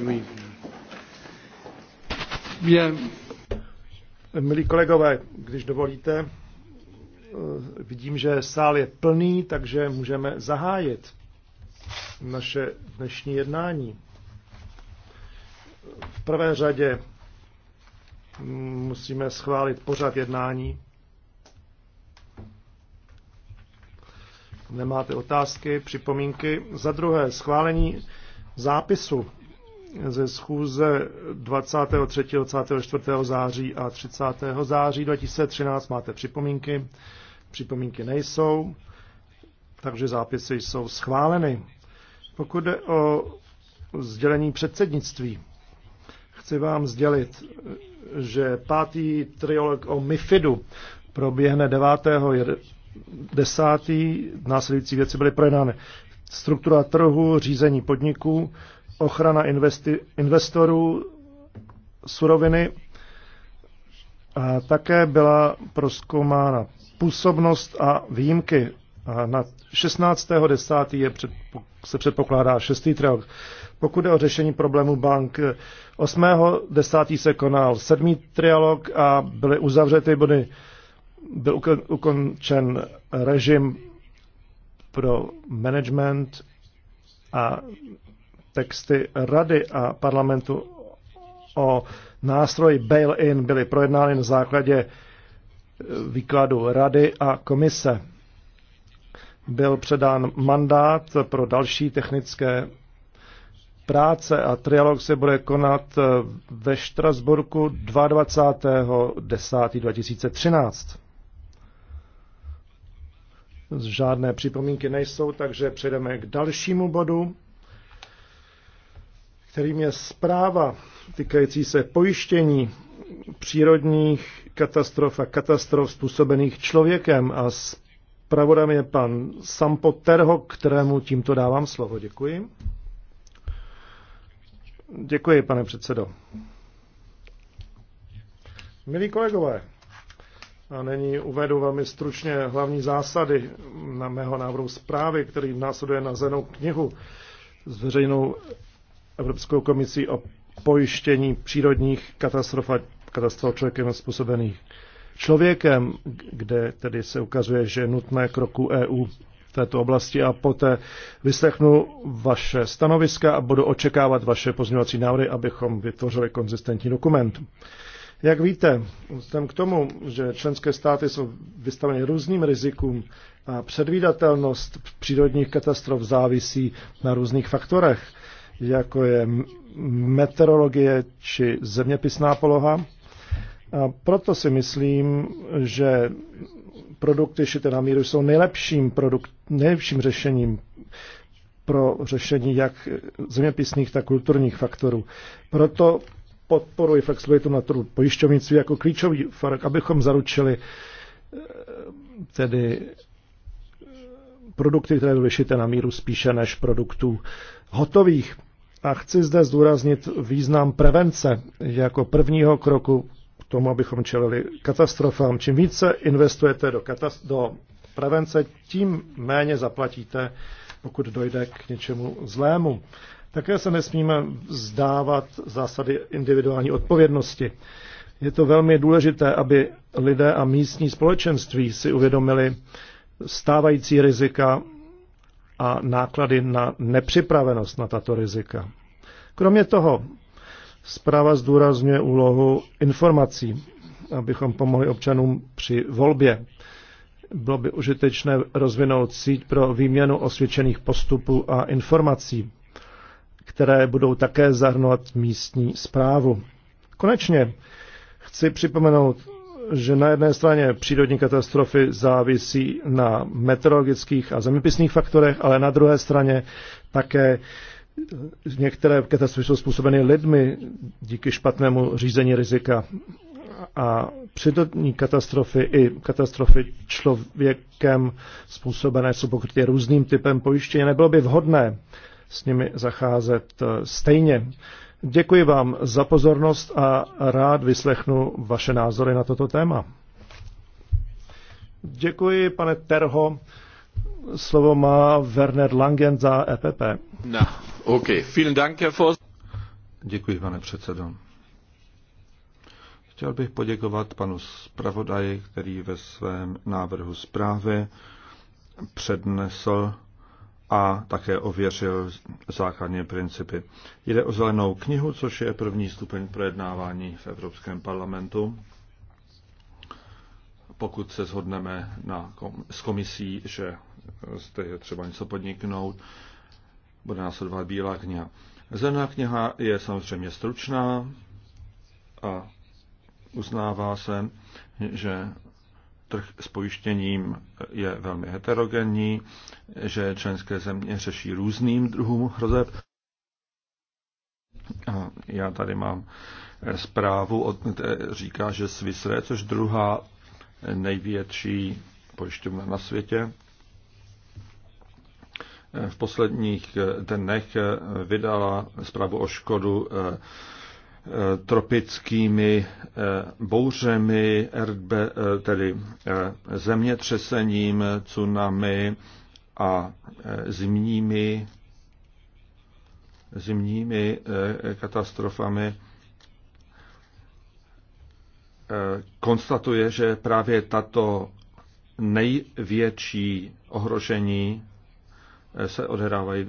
Oui. Bien. Milí kolegové, když dovolíte, eh, vidím, že sál je plný, takže můžeme zahájit naše dnešní jednání. V prvé řadě musíme schválit pořad jednání. Nemáte otázky, připomínky. Za druhé, schválení zápisu ze schůze 23. 24. září a 30. září 2013 máte připomínky. Připomínky nejsou, takže zápisy jsou schváleny. Pokud jde o sdělení předsednictví, chci vám sdělit, že pátý triolog o MIFIDu proběhne 9. 10. Následující věci byly projednány. Struktura trhu, řízení podniků, ochrana investi- investorů, suroviny a také byla proskoumána působnost a výjimky. A na 16.10. Je před, se předpokládá šestý trialog. Pokud je o řešení problému bank, 8.10. se konal sedmý trialog a byly uzavřety body, byl ukončen režim pro management a texty Rady a parlamentu o nástroji bail-in byly projednány na základě eh, výkladu Rady a komise. Byl předán mandát pro další technické práce a trialog se bude konat eh, ve Štrasburku 22.10.2013. Žádné připomínky nejsou, takže přejdeme k dalšímu bodu kterým je zpráva týkající se pojištění přírodních katastrof a katastrof způsobených člověkem a zpravodem je pan Sampo Terho, kterému tímto dávám slovo. Děkuji. Děkuji, pane předsedo. Milí kolegové, a nyní uvedu velmi stručně hlavní zásady na mého návrhu zprávy, který následuje na zenou knihu zveřejnou Evropskou komisí o pojištění přírodních katastrof a katastrof člověkem způsobených člověkem, kde tedy se ukazuje, že je nutné kroku EU v této oblasti a poté vyslechnu vaše stanoviska a budu očekávat vaše pozměňovací návrhy, abychom vytvořili konzistentní dokument. Jak víte, vzhledem k tomu, že členské státy jsou vystaveny různým rizikům a předvídatelnost přírodních katastrof závisí na různých faktorech, jako je meteorologie či zeměpisná poloha. A proto si myslím, že produkty šité na míru jsou nejlepším, produkt, nejlepším řešením pro řešení jak zeměpisných, tak kulturních faktorů. Proto podporuji flexibilitu na trhu pojišťovnictví jako klíčový fark, abychom zaručili eh, tedy eh, produkty, které byly šité na míru spíše než produktů hotových. A chci zde zdůraznit význam prevence jako prvního kroku k tomu, abychom čelili katastrofám. Čím více investujete do, katast- do prevence, tím méně zaplatíte, pokud dojde k něčemu zlému. Také se nesmíme vzdávat zásady individuální odpovědnosti. Je to velmi důležité, aby lidé a místní společenství si uvědomili stávající rizika a náklady na nepřipravenost na tato rizika. Kromě toho, zpráva zdůrazňuje úlohu informací, abychom pomohli občanům při volbě. Bylo by užitečné rozvinout síť pro výměnu osvědčených postupů a informací, které budou také zahrnovat místní zprávu. Konečně chci připomenout že na jedné straně přírodní katastrofy závisí na meteorologických a zeměpisných faktorech, ale na druhé straně také některé katastrofy jsou způsobeny lidmi díky špatnému řízení rizika. A přírodní katastrofy i katastrofy člověkem způsobené jsou pokryty různým typem pojištění. Nebylo by vhodné s nimi zacházet eh, stejně. Děkuji vám za pozornost a rád vyslechnu vaše názory na toto téma. Děkuji, pane Terho. Slovo má Werner Langen za EPP. Na, OK. Vielen Dank, Herr Voss. Děkuji, pane předsedo. Chtěl bych poděkovat panu zpravodaji, který ve svém návrhu zprávy přednesl a také ověřil základní principy. Jde o zelenou knihu, což je první stupeň projednávání v Evropském parlamentu. Pokud se shodneme na kom- s komisí, že zde je třeba něco podniknout, bude následovat bílá kniha. Zelená kniha je samozřejmě stručná a uznává se, že trh s pojištěním je velmi heterogenní, že členské země řeší různým druhům hrozeb. Já tady mám zprávu, od, říká, že Svisre, což druhá největší pojišťovna na světě, v posledních dnech vydala zprávu o škodu eh, Eh, tropickými eh, bouřemi, RB, eh, tedy zemětřesením, tsunami a zimními, zimními katastrofami, konstatuje, že právě tato největší ohrožení se odehrávají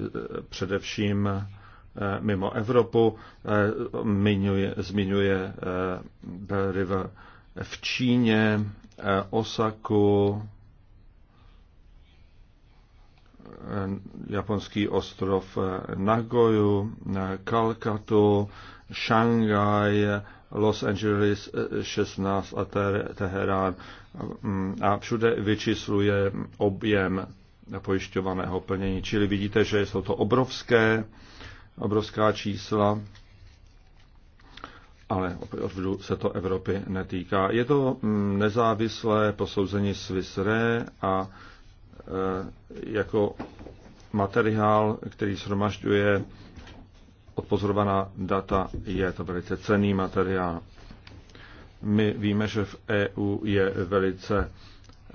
především Eh, mimo Evropu, eh, zmiňuje, zmiňuje eh, River v Číně, Osaku, japonský ostrov Nagoju, Kalkatu, Šangaj, Los Angeles 16 a Teherán a všude vyčisluje objem pojišťovaného plnění. Čili vidíte, že jsou to obrovské obrovská čísla, ale opravdu se to Evropy netýká. Je to mm, nezávislé posouzení Swiss Re a e, jako materiál, který shromažďuje odpozorovaná data, je to velice cený materiál. My víme, že v EU je velice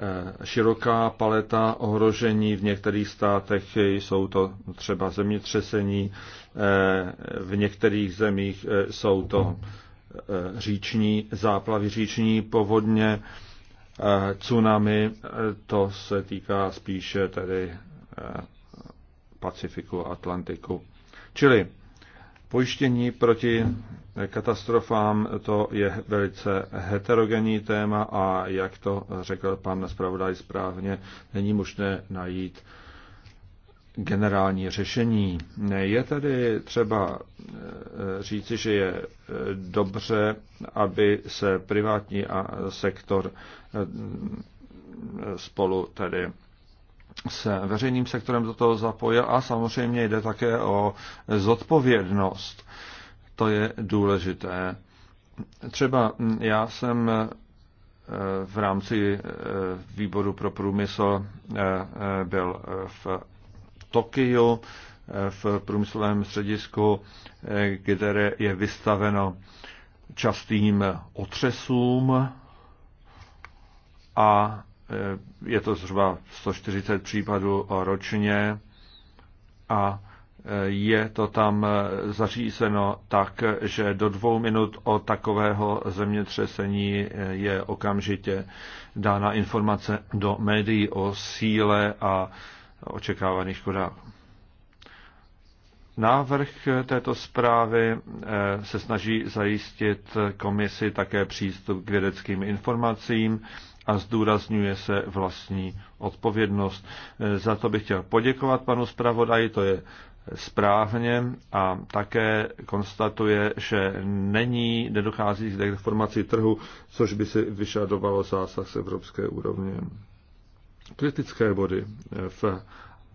Eh, široká paleta ohrožení. V některých státech jsou to třeba zemětřesení, eh, v některých zemích eh, jsou to říční záplavy, říční povodně, tsunami, to se týká spíše tedy Pacifiku a Atlantiku. Čili Pojištění proti katastrofám to je velice heterogenní téma a jak to řekl pan zpravodaj správně, není možné najít generální řešení. Je tedy třeba eh, říci, že je eh, dobře, aby se privátní a sektor eh, spolu tedy se veřejným sektorem do toho zapojil a samozřejmě jde také o zodpovědnost. To je důležité. Třeba já jsem eh, v rámci eh, výboru pro průmysl eh, byl v Tokiu v průmyslovém středisku, které je vystaveno častým otřesům a Eh, je to zhruba 140 případů ročně a eh, je to tam eh, zařízeno tak, že do dvou minut od takového zemětřesení je okamžitě dána informace do médií o síle a očekávaných škodách. Návrh této zprávy se snaží zajistit komisi také přístup k vědeckým informacím a zdůrazňuje se vlastní odpovědnost. E, za to bych chtěl poděkovat panu zpravodaji, to je správně a také konstatuje, že není, nedochází k deformaci trhu, což by si vyžadovalo zásah z evropské úrovně. Kritické body. E, v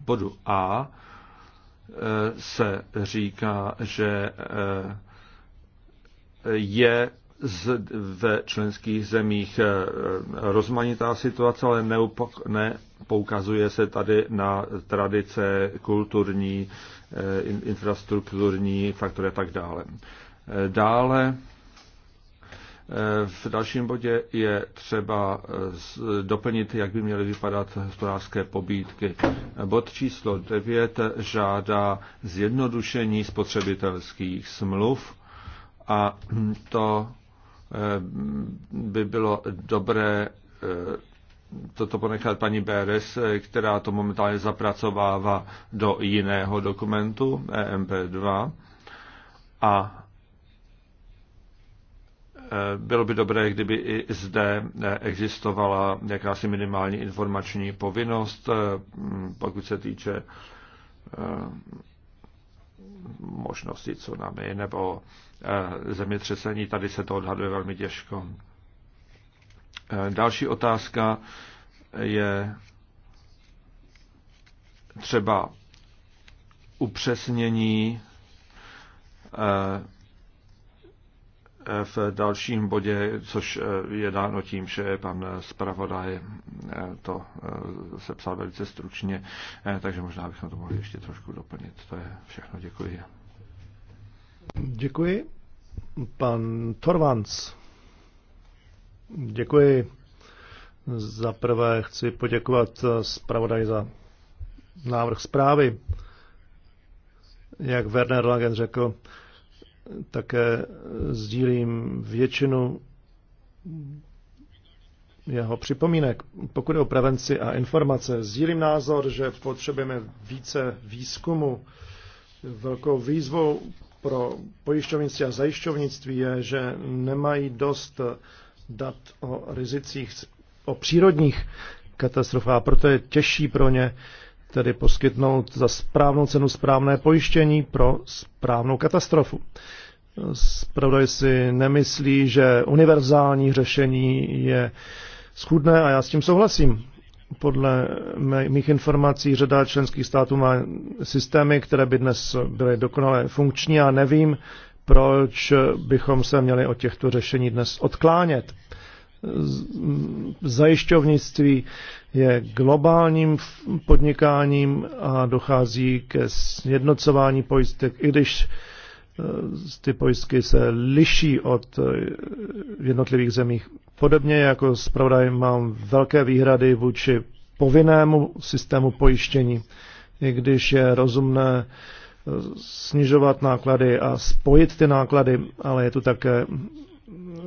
bodu A e, se říká, že je z, ve členských zemích eh, rozmanitá situace, ale neupok, nepoukazuje se tady na tradice kulturní, eh, infrastrukturní faktory a tak dále. Eh, dále v dalším bodě je třeba doplnit, jak by měly vypadat hospodářské pobídky. Bod číslo 9 žádá zjednodušení spotřebitelských smluv a to Eh, by bylo dobré eh, toto ponechat paní Beres, eh, která to momentálně zapracovává do jiného dokumentu, EMP2. A bylo by dobré, kdyby i zde existovala jakási minimální informační povinnost, pokud se týče možnosti tsunami nebo Eh, zemětřesení. Tady se to odhaduje velmi těžko. Eh, další otázka je třeba upřesnění eh, v dalším bodě, což je dáno tím, že pan zpravodaj to sepsal velice stručně, takže možná bychom to mohli ještě trošku doplnit. To je všechno, děkuji. Děkuji. Pan Torvanc. Děkuji. Za prvé chci poděkovat zpravodaj za návrh zprávy. Jak Werner Lagen řekl, také sdílím většinu jeho připomínek. Pokud je o prevenci a informace, sdílím názor, že potřebujeme více výzkumu. Velkou výzvou pro pojišťovnictví a zajišťovnictví je, že nemají dost dat o rizicích, o přírodních katastrofách, a proto je těžší pro ně tedy poskytnout za správnou cenu správné pojištění pro správnou katastrofu. Spravodaj si nemyslí, že univerzální řešení je schudné a já s tím souhlasím. Podle mých informací řada členských států má systémy, které by dnes byly dokonale funkční a nevím, proč bychom se měli od těchto řešení dnes odklánět. Zajišťovnictví je globálním podnikáním a dochází ke sjednocování pojistek, i když e, ty pojistky se liší od e, jednotlivých zemích. Podobně jako zpravodaj mám velké výhrady vůči povinnému systému pojištění, i když je rozumné eh, snižovat náklady a spojit ty náklady, ale je tu také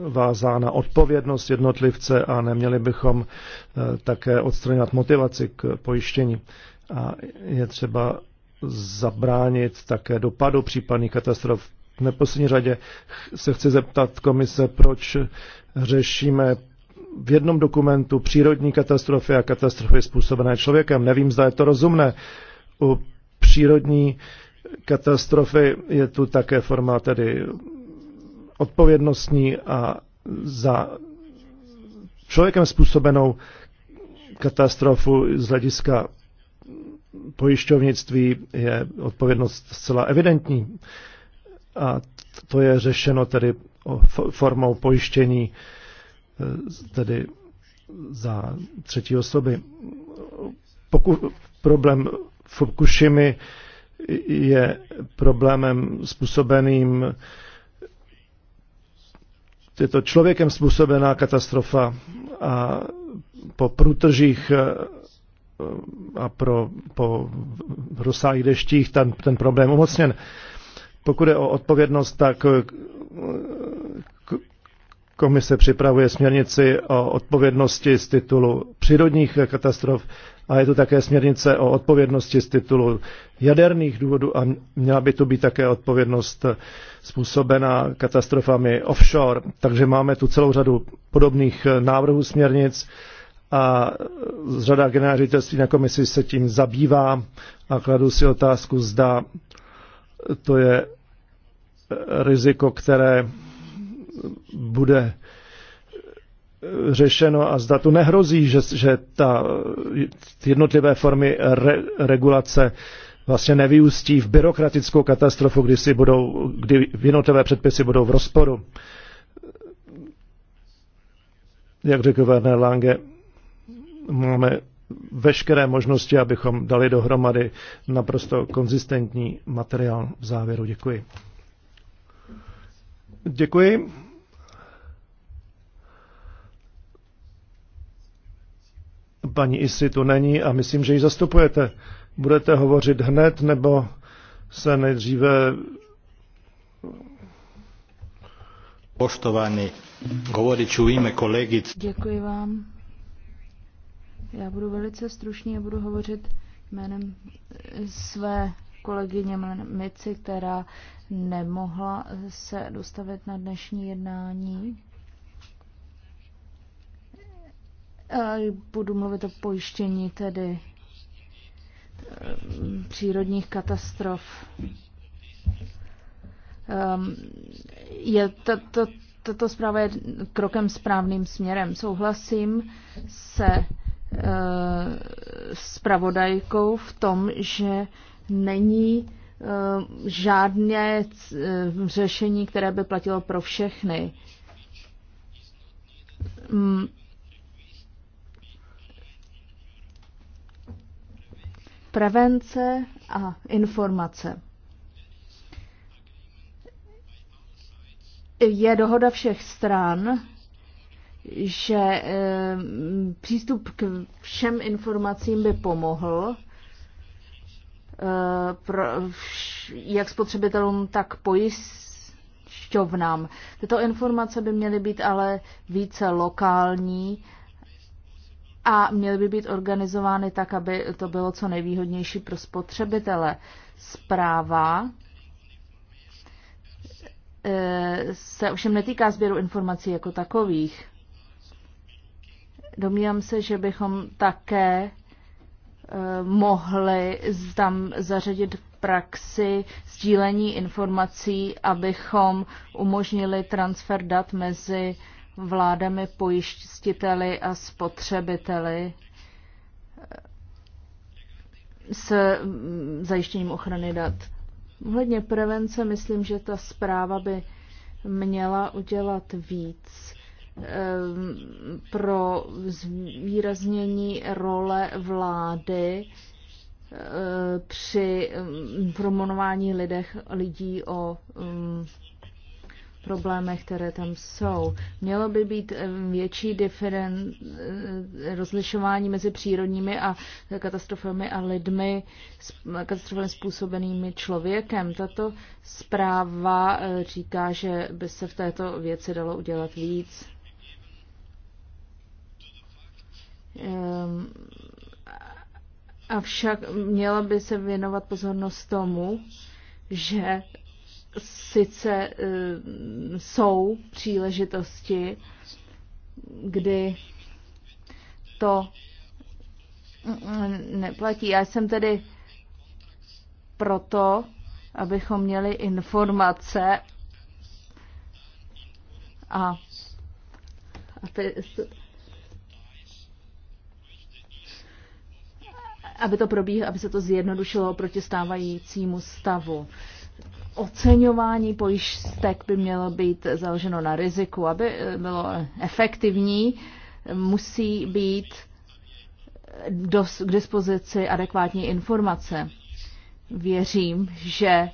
vázána odpovědnost jednotlivce a neměli bychom eh, také odstraňovat motivaci k pojištění. A je třeba zabránit také dopadu případných katastrof. V neposlední řadě se chci zeptat komise, proč řešíme v jednom dokumentu přírodní katastrofy a katastrofy způsobené člověkem. Nevím, zda je to rozumné. U přírodní katastrofy je tu také forma tedy odpovědnostní a za člověkem způsobenou katastrofu z hlediska pojišťovnictví je odpovědnost zcela evidentní. A to je řešeno tedy formou pojištění, e, tedy za třetí osoby. Poku, problém Fukushimi je problémem způsobeným je to člověkem způsobená katastrofa a po průtržích e, a pro, po rozsáhlých deštích ten, ten problém umocněn. Pokud je o odpovědnost, tak eh, komise připravuje směrnici o odpovědnosti z titulu přírodních katastrof a je tu také směrnice o odpovědnosti z titulu jaderných důvodů a měla by tu být také odpovědnost způsobená katastrofami offshore. Takže máme tu celou řadu podobných eh, návrhů směrnic a eh, řada generálitelství na komisi se tím zabývá a kladu si otázku, zda to je riziko, které bude řešeno a zda tu nehrozí, že, že ta jednotlivé formy re, regulace vlastně nevyústí v byrokratickou katastrofu, kdy, si budou, kdy jednotlivé předpisy budou v rozporu. Jak řekl Werner Lange, máme veškeré možnosti, abychom dali dohromady naprosto konzistentní materiál v závěru. Děkuji. Děkuji. Paní Isi tu není a myslím, že ji zastupujete. Budete hovořit hned nebo se nejdříve Poštovaný, govorit ću u ime Děkuji vám. Já budu velice stručný a budu hovořit jménem své kolegyně Mici, která nemohla se dostavit na dnešní jednání. Budu mluvit o pojištění tedy ehm, přírodních katastrof. Ehm, je to tato zpráva je krokem správným směrem. Souhlasím se zpravodajkou eh, v tom, že není eh, žádné eh, řešení, které by platilo pro všechny. Mm. Prevence a informace. Je dohoda všech stran, že eh, přístup k všem informacím by pomohl Eh, pro, jak spotřebitelům, tak pojišťovnám. Tyto informace by měly být ale více lokální a měly by být organizovány tak, aby to bylo co nejvýhodnější pro spotřebitele. Zpráva eh, se ovšem netýká sběru informací jako takových. Domnívám se, že bychom také Eh, mohli tam zařadit praxi sdílení informací, abychom umožnili transfer dat mezi vládami, pojištěteli a spotřebiteli eh, s mm, zajištěním ochrany dat. Ohledně prevence myslím, že ta zpráva by měla udělat víc Ehm, pro zvýraznění role vlády eh, při ehm, promonování lidech, lidí o ehm, problémech, které tam jsou. Mělo by být větší diferen, eh, rozlišování mezi přírodními a katastrofami a lidmi, katastrofami způsobenými člověkem. Tato zpráva eh, říká, že by se v této věci dalo udělat víc. Ehm, avšak měla by se věnovat pozornost tomu, že sice ehm, jsou příležitosti, kdy to mm, neplatí. Já jsem tedy proto, abychom měli informace a, a ty, aby to probíhalo, aby se to zjednodušilo proti stávajícímu stavu. Oceňování pojištek by mělo být založeno na riziku, aby bylo efektivní, musí být dos, k dispozici adekvátní informace. Věřím, že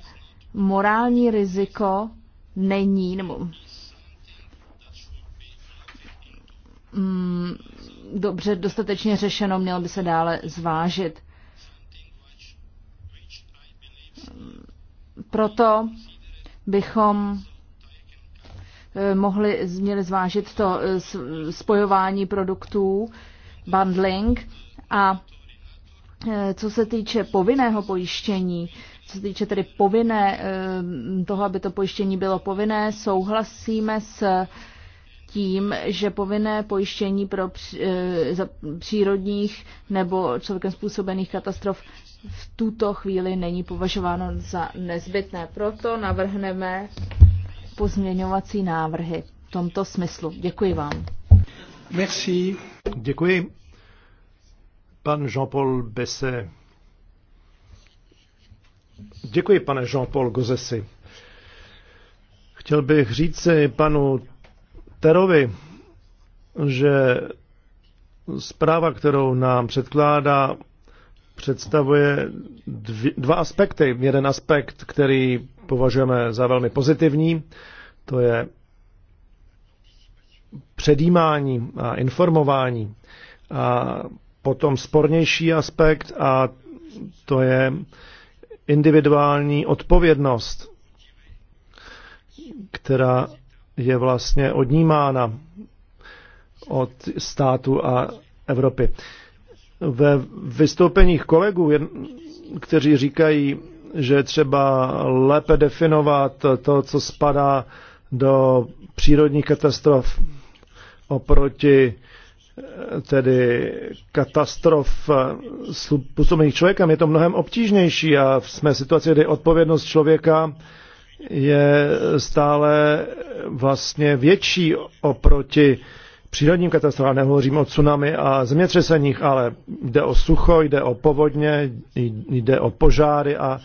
morální riziko není, nebo mm, dobře dostatečně řešeno, mělo by se dále zvážit. Proto bychom eh, mohli, měli zvážit to eh, spojování produktů, bundling a eh, co se týče povinného pojištění, co se týče tedy povinné, toho, aby to pojištění bylo povinné, souhlasíme s tím, že povinné pojištění pro eh, přírodních nebo člověkem způsobených katastrof v tuto chvíli není považováno za nezbytné. Proto navrhneme pozměňovací návrhy v tomto smyslu. Děkuji vám. Merci. Děkuji. Pan Jean-Paul Besse. Děkuji, pane Jean-Paul Gozesi. Chtěl bych říct panu Terovi, že zpráva, kterou nám předkládá, představuje dvě, dva aspekty. Jeden aspekt, který považujeme za velmi pozitivní, to je předjímání a informování. A potom spornější aspekt a to je individuální odpovědnost, která je vlastně odnímána od státu a Evropy. Ve vystoupeních kolegů, kteří říkají, že třeba lépe definovat to, co spadá do přírodních katastrof oproti eh, tedy katastrof eh, působených člověkem, je to mnohem obtížnější a jsme v situaci, kdy odpovědnost člověka je stále vlastně větší oproti přírodním katastrofám. Nehovořím o tsunami a zemětřeseních, ale jde o sucho, jde o povodně, jde o požáry a,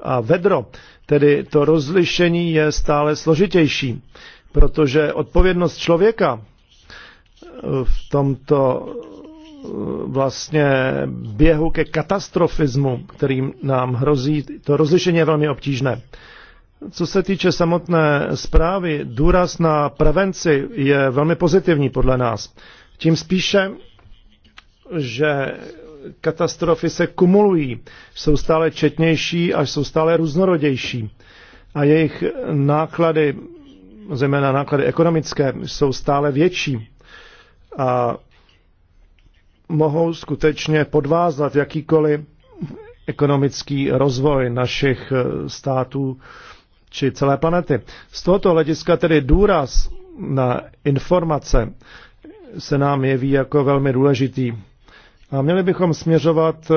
a vedro. Tedy to rozlišení je stále složitější, protože odpovědnost člověka v tomto vlastně běhu ke katastrofismu, kterým nám hrozí, to rozlišení je velmi obtížné. Co se týče samotné zprávy, důraz na prevenci je velmi pozitivní podle nás. Tím spíše, že katastrofy se kumulují, jsou stále četnější a jsou stále různorodější. A jejich náklady, zejména náklady ekonomické, jsou stále větší. A mohou skutečně podvázat jakýkoliv ekonomický rozvoj našich států či celé planety. Z tohoto hlediska tedy důraz na informace se nám jeví jako velmi důležitý. A měli bychom směřovat eh,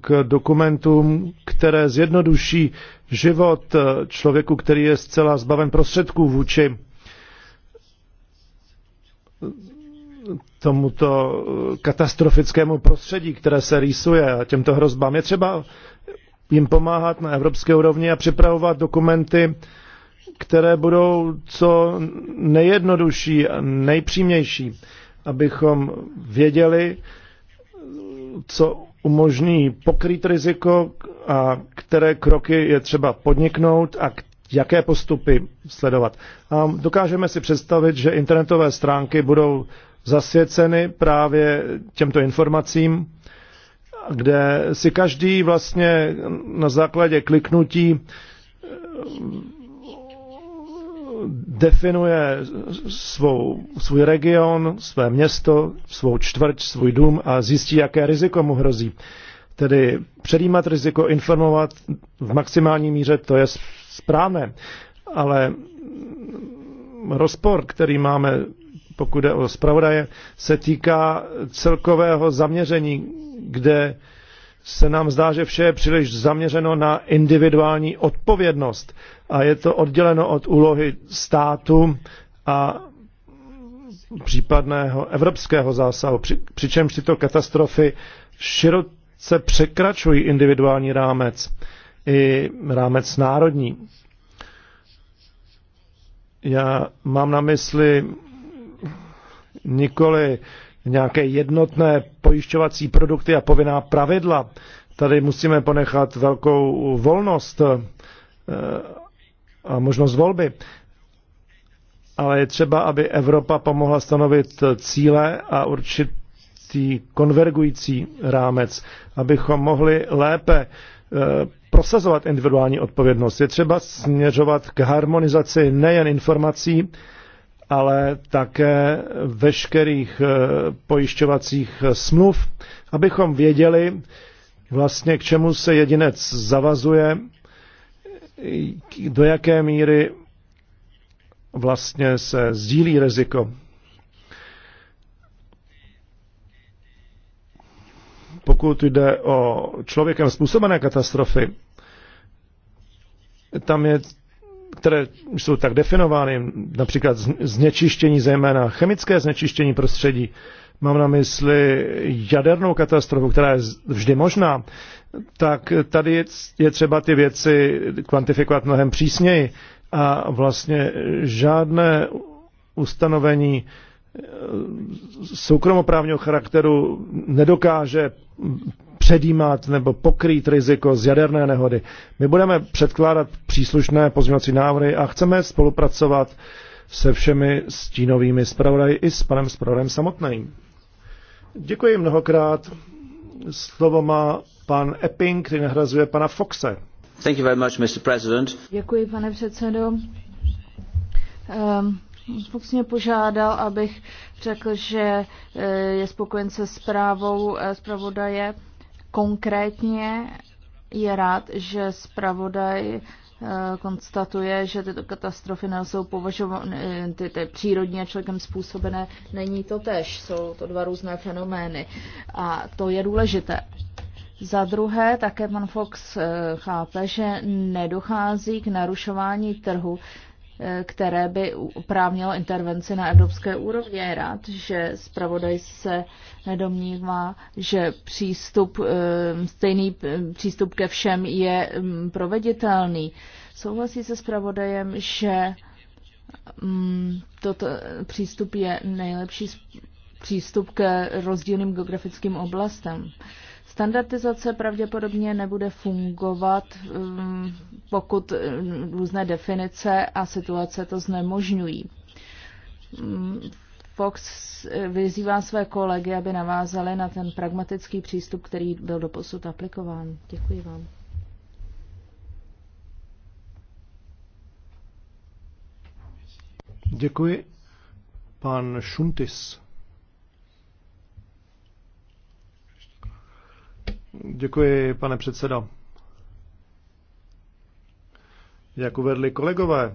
k dokumentům, které zjednoduší život eh, člověku, který je zcela zbaven prostředků vůči tomuto eh, katastrofickému prostředí, které se rýsuje a těmto hrozbám. Je třeba jim pomáhat na evropské úrovni a připravovat dokumenty, které budou co nejjednodušší a nejpřímější, abychom věděli, co umožní pokrýt riziko a které kroky je třeba podniknout a jaké postupy sledovat. A dokážeme si představit, že internetové stránky budou zasvěceny právě těmto informacím kde si každý vlastně na základě kliknutí eh, definuje svou, svůj region, své město, svou čtvrť, svůj dům a zjistí, jaké riziko mu hrozí. Tedy předjímat riziko, informovat v maximální míře, to je správné. Ale rozpor, který máme, pokud jde o zpravodaje, se týká celkového zaměření kde se nám zdá, že vše je příliš zaměřeno na individuální odpovědnost a je to odděleno od úlohy státu a případného evropského zásahu, při, přičemž tyto katastrofy široce překračují individuální rámec i rámec národní. Já mám na mysli nikoli nějaké jednotné pojišťovací produkty a povinná pravidla. Tady musíme ponechat velkou volnost eh, a možnost volby. Ale je třeba, aby Evropa pomohla stanovit cíle a určitý konvergující rámec, abychom mohli lépe eh, prosazovat individuální odpovědnost. Je třeba směřovat k harmonizaci nejen informací, ale také veškerých eh, pojišťovacích eh, smluv, abychom věděli vlastně, k čemu se jedinec zavazuje, do jaké míry vlastně se sdílí riziko. Pokud jde o člověkem způsobené katastrofy, tam je které jsou tak definovány, například znečištění, zejména chemické znečištění prostředí, mám na mysli jadernou katastrofu, která je vždy možná, tak tady je třeba ty věci kvantifikovat mnohem přísněji a vlastně žádné ustanovení eh, soukromoprávního charakteru nedokáže předjímat nebo pokrýt riziko z jaderné nehody. My budeme předkládat příslušné pozměňovací návrhy a chceme spolupracovat se všemi stínovými zpravodaji i s panem zpravodajem samotným. Děkuji mnohokrát. Slovo má pan Epping, který nahrazuje pana Foxe. Thank you very much, Mr. President. Děkuji, pane předsedo. Um, Fox mě požádal, abych řekl, že eh, je spokojen se zprávou eh, zpravodaje Konkrétně je rád, že zpravodaj eh, konstatuje, že tyto katastrofy nejsou považovány, eh, ty, ty přírodní a člověkem způsobené, není to tež, jsou to dva různé fenomény. A to je důležité. Za druhé, také pan Fox eh, chápe, že nedochází k narušování trhu které by oprávnilo intervenci na evropské úrovni. Je rád, že zpravodaj se nedomnívá, že přístup, eh, stejný eh, přístup ke všem je mm, proveditelný. Souhlasí se zpravodajem, že mm, toto přístup je nejlepší přístup k rozdílným geografickým oblastem. Standardizace pravděpodobně nebude fungovat mm, pokud eh, různé definice a situace to znemožňují. Mm, Fox eh, vyzývá své kolegy, aby navázali na ten pragmatický přístup, který byl doposud aplikován. Děkuji vám. Děkuji. Pan Šuntis. Děkuji, pane předsedo. Jak uvedli kolegové,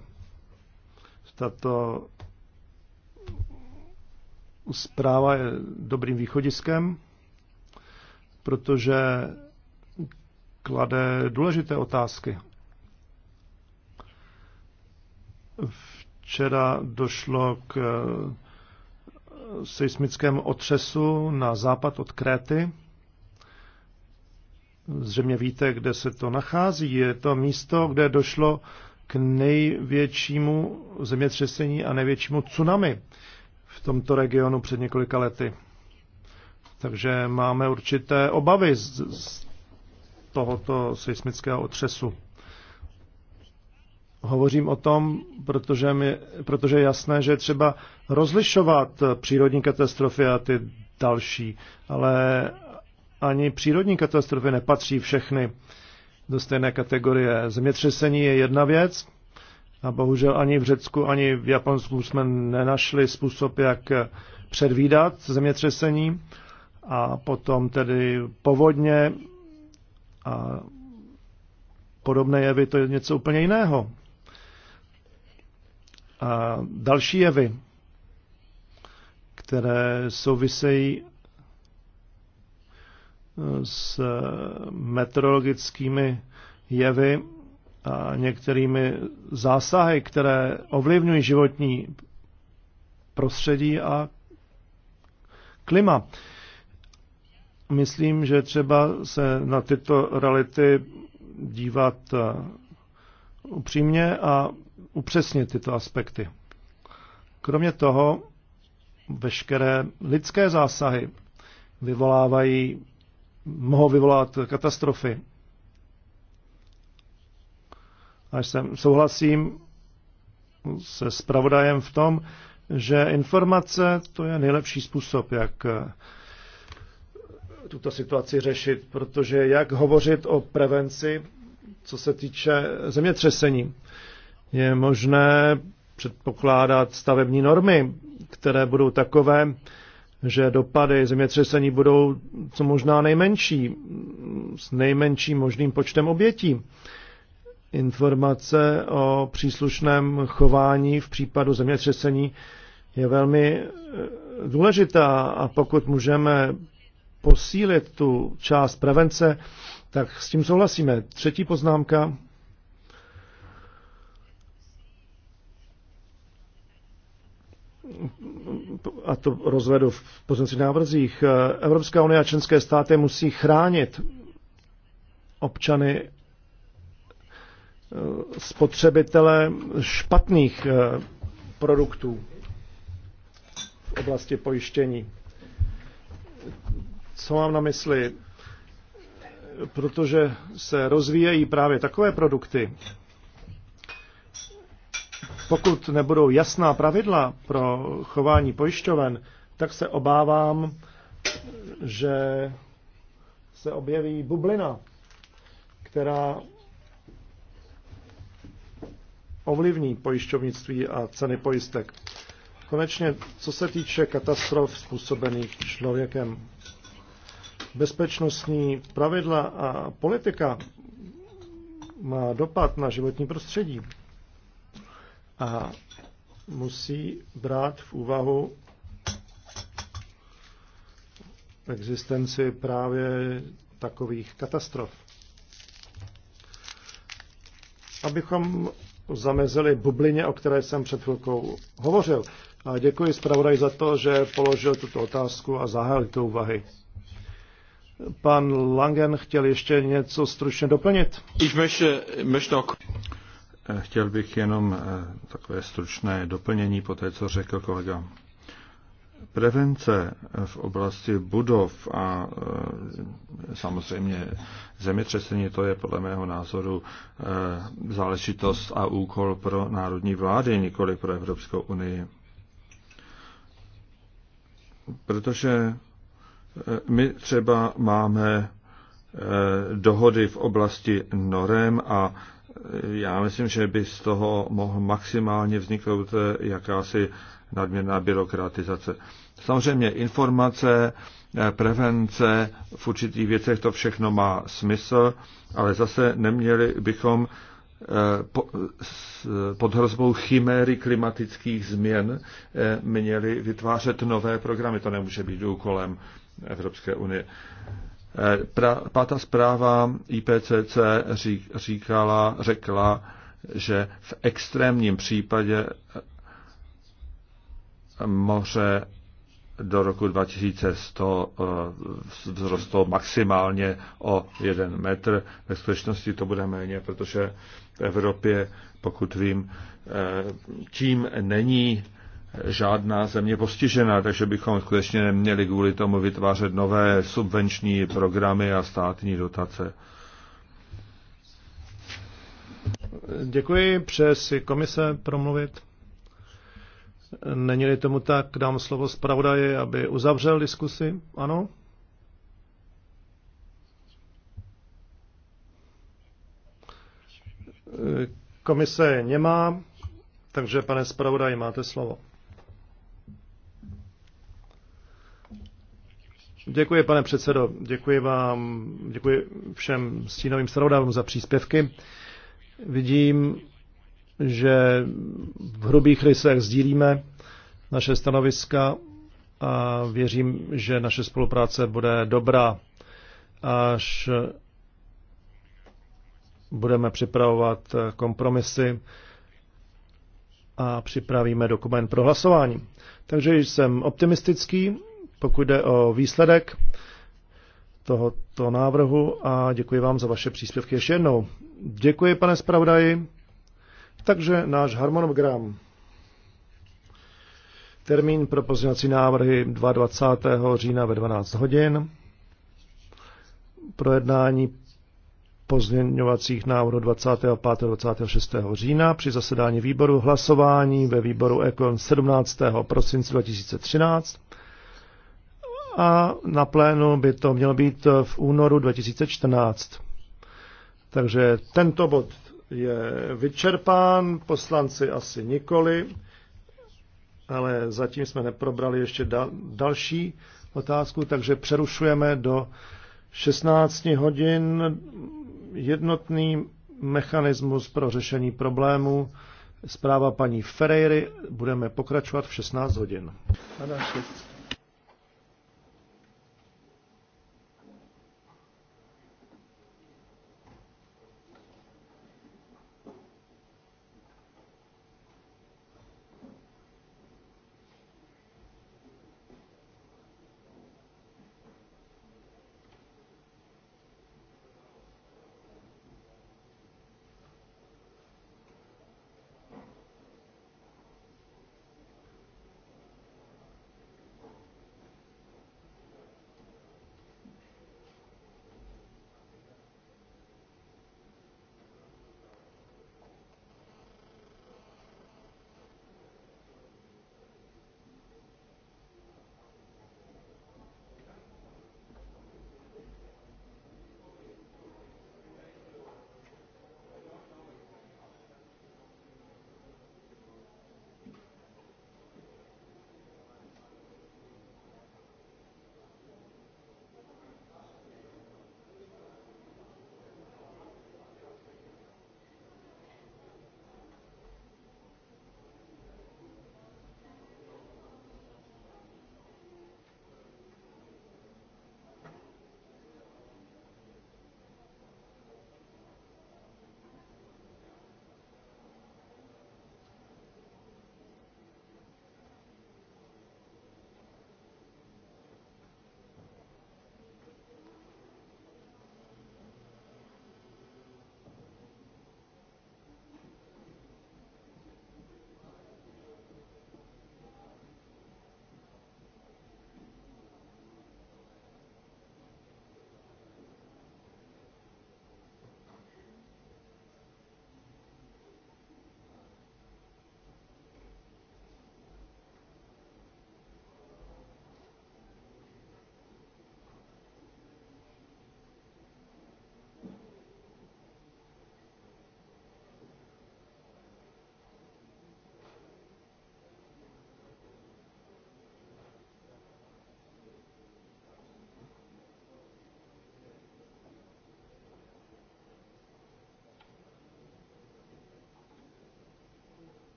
tato zpráva je dobrým východiskem, protože klade důležité otázky. Včera došlo k seismickému otřesu na západ od Kréty Zřejmě víte, kde se to nachází. Je to místo, kde došlo k největšímu zemětřesení a největšímu tsunami v tomto regionu před několika lety. Takže máme určité obavy z, z tohoto seismického otřesu. Hovořím o tom, protože, mi, protože je jasné, že je třeba rozlišovat přírodní katastrofy a ty další, ale ani přírodní katastrofy nepatří všechny do stejné kategorie. Zemětřesení je jedna věc a bohužel ani v Řecku, ani v Japonsku jsme nenašli způsob, jak předvídat zemětřesení a potom tedy povodně a podobné jevy, to je něco úplně jiného. A další jevy, které souvisejí s meteorologickými jevy a některými zásahy, které ovlivňují životní prostředí a klima. Myslím, že třeba se na tyto reality dívat eh, upřímně a upřesnit tyto aspekty. Kromě toho, veškeré lidské zásahy vyvolávají mohou vyvolat katastrofy. Až jsem souhlasím se spravodajem v tom, že informace to je nejlepší způsob, jak eh, tuto situaci řešit, protože jak hovořit o prevenci, co se týče zemětřesení, je možné předpokládat stavební normy, které budou takové, že dopady zemětřesení budou co možná nejmenší, s nejmenším možným počtem obětí. Informace o příslušném chování v případu zemětřesení je velmi e, důležitá a pokud můžeme posílit tu část prevence, tak s tím souhlasíme. Třetí poznámka a to rozvedu v pozemcích návrzích, Evropská unie a členské státy musí chránit občany eh, spotřebitele špatných eh, produktů v oblasti pojištění. Co mám na mysli? Protože se rozvíjejí právě takové produkty, pokud nebudou jasná pravidla pro chování pojišťoven, tak se obávám, že se objeví bublina, která ovlivní pojišťovnictví a ceny pojistek. Konečně, co se týče katastrof způsobených člověkem, bezpečnostní pravidla a politika má dopad na životní prostředí a musí brát v úvahu existenci právě takových katastrof. Abychom zamezili bublině, o které jsem před chvilkou hovořil. A děkuji zpravodaj za to, že položil tuto otázku a zahájil tu úvahy. Pan Langen chtěl ještě něco stručně doplnit. Ich möchte, möchte noch... Chtěl bych jenom eh, takové stručné doplnění po té, co řekl kolega. Prevence v oblasti budov a eh, samozřejmě zemětřesení, to je podle mého názoru eh, záležitost a úkol pro národní vlády, nikoli pro Evropskou unii. Protože my třeba máme dohody v oblasti norem a já myslím, že by z toho mohl maximálně vzniknout eh, jakási nadměrná byrokratizace. Samozřejmě informace, eh, prevence v určitých věcech, to všechno má smysl, ale zase neměli bychom eh, pod hrozbou chiméry klimatických změn měli vytvářet nové programy. To nemůže být úkolem Evropské unie. Pátá zpráva IPCC říkala, řekla, že v extrémním případě moře do roku 2100 eh, vzrostlo maximálně o jeden metr. Ve skutečnosti to bude méně, protože v Evropě, pokud vím, eh, tím není žádná země postižena, takže bychom skutečně neměli kvůli tomu vytvářet nové subvenční programy a státní dotace. Děkuji, přes komise promluvit. Není-li tomu tak, dám slovo zpravodaji, aby uzavřel diskusi. Ano? Komise nemá, takže pane zpravodaji, máte slovo. Děkuji, pane předsedo. Děkuji vám, děkuji všem stínovým starodávům za příspěvky. Vidím, že v hrubých rysech sdílíme naše stanoviska a věřím, že naše spolupráce bude dobrá, až budeme připravovat kompromisy a připravíme dokument pro hlasování. Takže jsem optimistický pokud jde o výsledek tohoto návrhu a děkuji vám za vaše příspěvky ještě jednou. Děkuji, pane zpravodaji. Takže náš harmonogram. Termín pro pozměňovací návrhy 22. října ve 12 hodin. Projednání pozměňovacích návrhů 25. a 26. října při zasedání výboru hlasování ve výboru EKON 17. prosince 2013 a na plénu by to mělo být v únoru 2014. Takže tento bod je vyčerpán, poslanci asi nikoli, ale zatím jsme neprobrali ještě dal, další otázku, takže přerušujeme do 16 hodin jednotný mechanismus pro řešení problémů. Zpráva paní Ferreiry, budeme pokračovat v 16 hodin.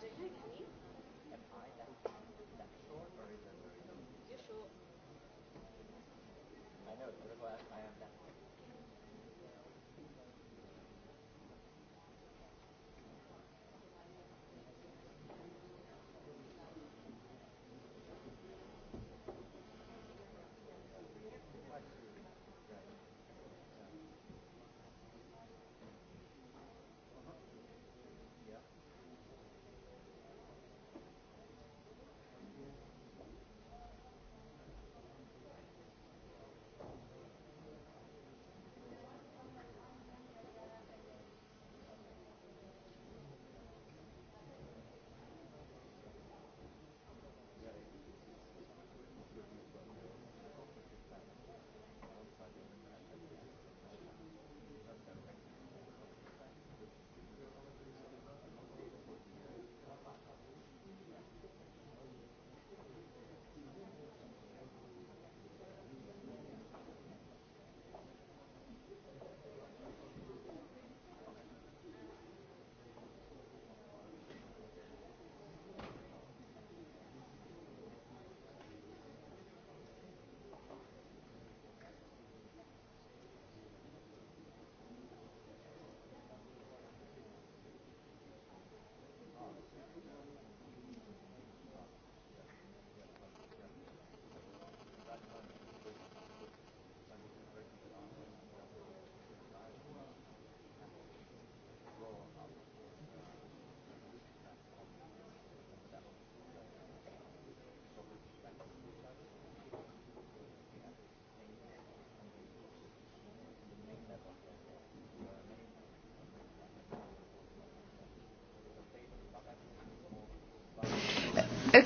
degré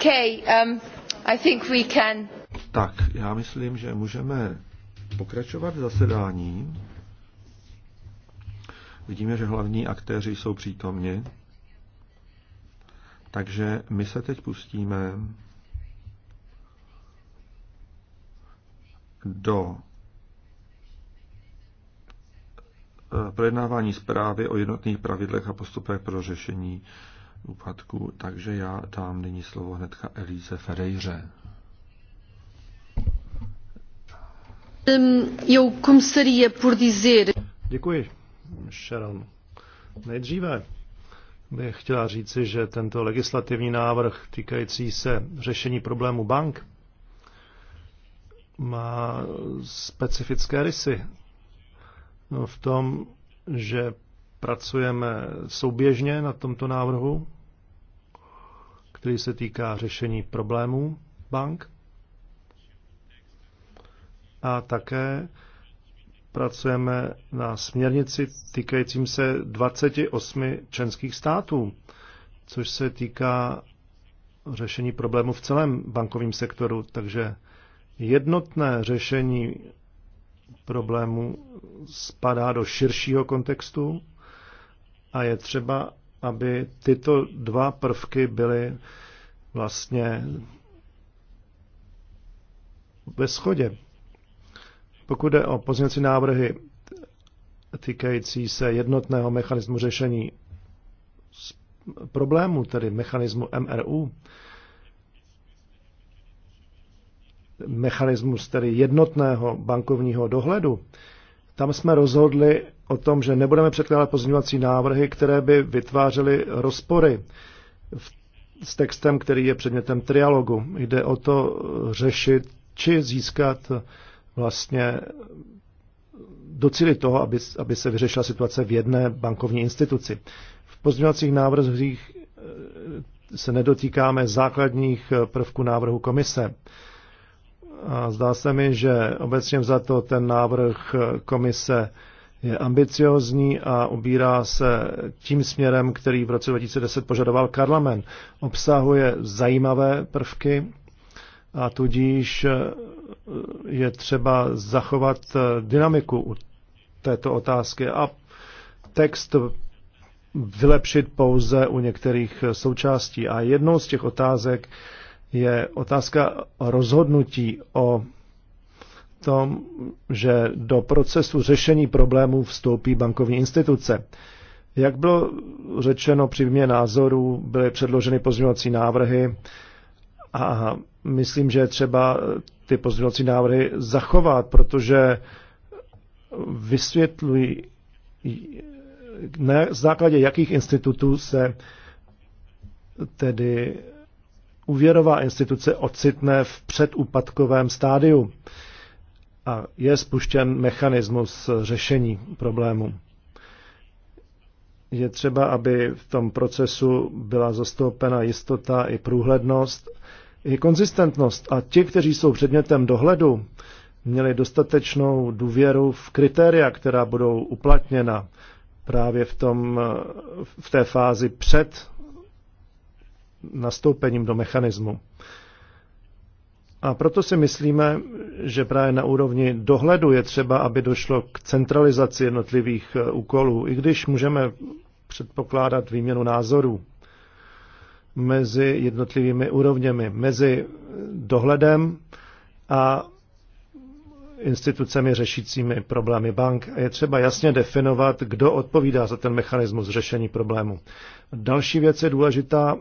Okay, um, I think we can. Tak, já myslím, že můžeme pokračovat v zasedání. Vidíme, že hlavní aktéři jsou přítomni. Takže my se teď pustíme do eh, projednávání zprávy o jednotných pravidlech a postupech pro řešení úpadku, takže já dám nyní slovo hnedka Elíze Ferejře. Um, Děkuji, Sharon. Nejdříve bych chtěla říci, že tento legislativní návrh týkající se řešení problému bank má specifické rysy v tom, že pracujeme souběžně na tomto návrhu, který se týká řešení problémů bank. A také pracujeme na směrnici týkajícím se 28 členských států, což se týká řešení problému v celém bankovním sektoru. Takže jednotné řešení problému spadá do širšího kontextu a je třeba, aby tyto dva prvky byly vlastně ve schodě. Pokud jde o pozměnci návrhy týkající se jednotného mechanismu řešení problému, tedy mechanismu MRU, mechanismus tedy jednotného bankovního dohledu, tam jsme rozhodli, o tom, že nebudeme předkládat pozměňovací návrhy, které by vytvářely rozpory v, s textem, který je předmětem trialogu. Jde o to řešit či získat vlastně docílit toho, aby, aby se vyřešila situace v jedné bankovní instituci. V pozměňovacích návrzích eh, se nedotýkáme základních eh, prvků návrhu komise. A zdá se mi, že obecně to ten návrh eh, komise je ambiciozní a ubírá se tím směrem, který v roce 2010 požadoval Karlamen. Obsahuje zajímavé prvky a tudíž eh, je třeba zachovat eh, dynamiku u této otázky a text vylepšit pouze u některých eh, součástí. A jednou z těch otázek je otázka rozhodnutí o tom, že do procesu řešení problémů vstoupí bankovní instituce. Jak bylo řečeno při mě názoru, byly předloženy pozměňovací návrhy a myslím, že je třeba ty pozměňovací návrhy zachovat, protože vysvětlují, na základě jakých institutů se tedy úvěrová instituce ocitne v předúpadkovém stádiu a je spuštěn mechanismus řešení problému. Je třeba, aby v tom procesu byla zastoupena jistota i průhlednost, i konzistentnost. A ti, kteří jsou předmětem dohledu, měli dostatečnou důvěru v kritéria, která budou uplatněna právě v, tom, v té fázi před nastoupením do mechanismu. A proto si myslíme, že právě na úrovni dohledu je třeba, aby došlo k centralizaci jednotlivých e, úkolů, i když můžeme předpokládat výměnu názorů mezi jednotlivými úrovněmi, mezi dohledem a institucemi řešícími problémy bank. Je třeba jasně definovat, kdo odpovídá za ten mechanismus řešení problému. Další věc je důležitá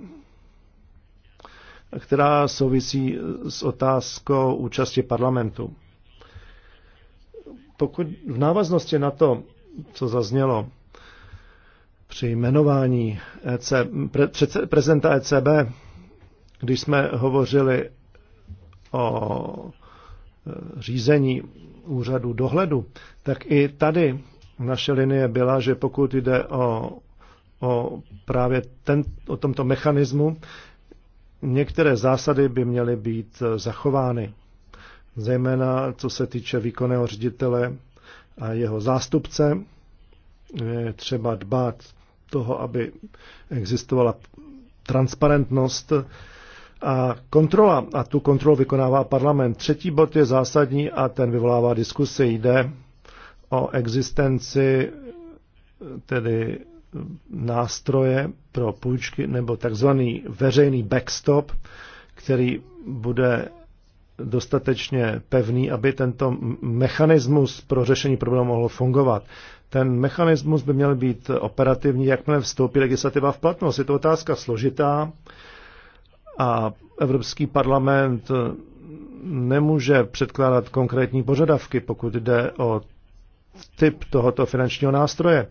která souvisí s otázkou účasti parlamentu. Pokud v návaznosti na to, co zaznělo při jmenování EC, pre, prezidenta ECB, když jsme hovořili o e, řízení úřadu dohledu, tak i tady naše linie byla, že pokud jde o, o právě ten, o tomto mechanismu, Některé zásady by měly být eh, zachovány, zejména co se týče výkonného ředitele a jeho zástupce. Je třeba dbát toho, aby existovala transparentnost a kontrola. A tu kontrolu vykonává parlament. Třetí bod je zásadní a ten vyvolává diskusy. Jde o existenci tedy nástroje pro půjčky nebo takzvaný veřejný backstop, který bude dostatečně pevný, aby tento mechanismus pro řešení problému mohl fungovat. Ten mechanismus by měl být operativní, jakmile vstoupí legislativa v platnost. Je to otázka složitá a Evropský parlament nemůže předkládat konkrétní požadavky, pokud jde o typ tohoto finančního nástroje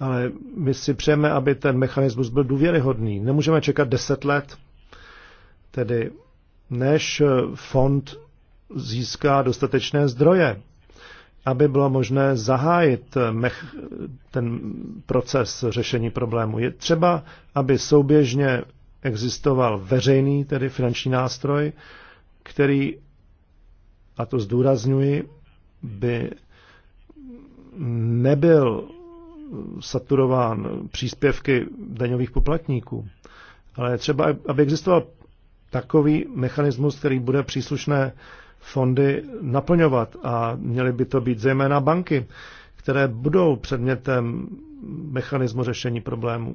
ale my si přejeme, aby ten mechanismus byl důvěryhodný. Nemůžeme čekat 10 let, tedy než fond získá dostatečné zdroje, aby bylo možné zahájit mech, ten proces řešení problému. Je třeba, aby souběžně existoval veřejný, tedy finanční nástroj, který, a to zdůrazňuji, by nebyl saturován příspěvky daňových poplatníků. Ale třeba, aby existoval takový mechanismus, který bude příslušné fondy naplňovat a měly by to být zejména banky, které budou předmětem mechanismu řešení problémů.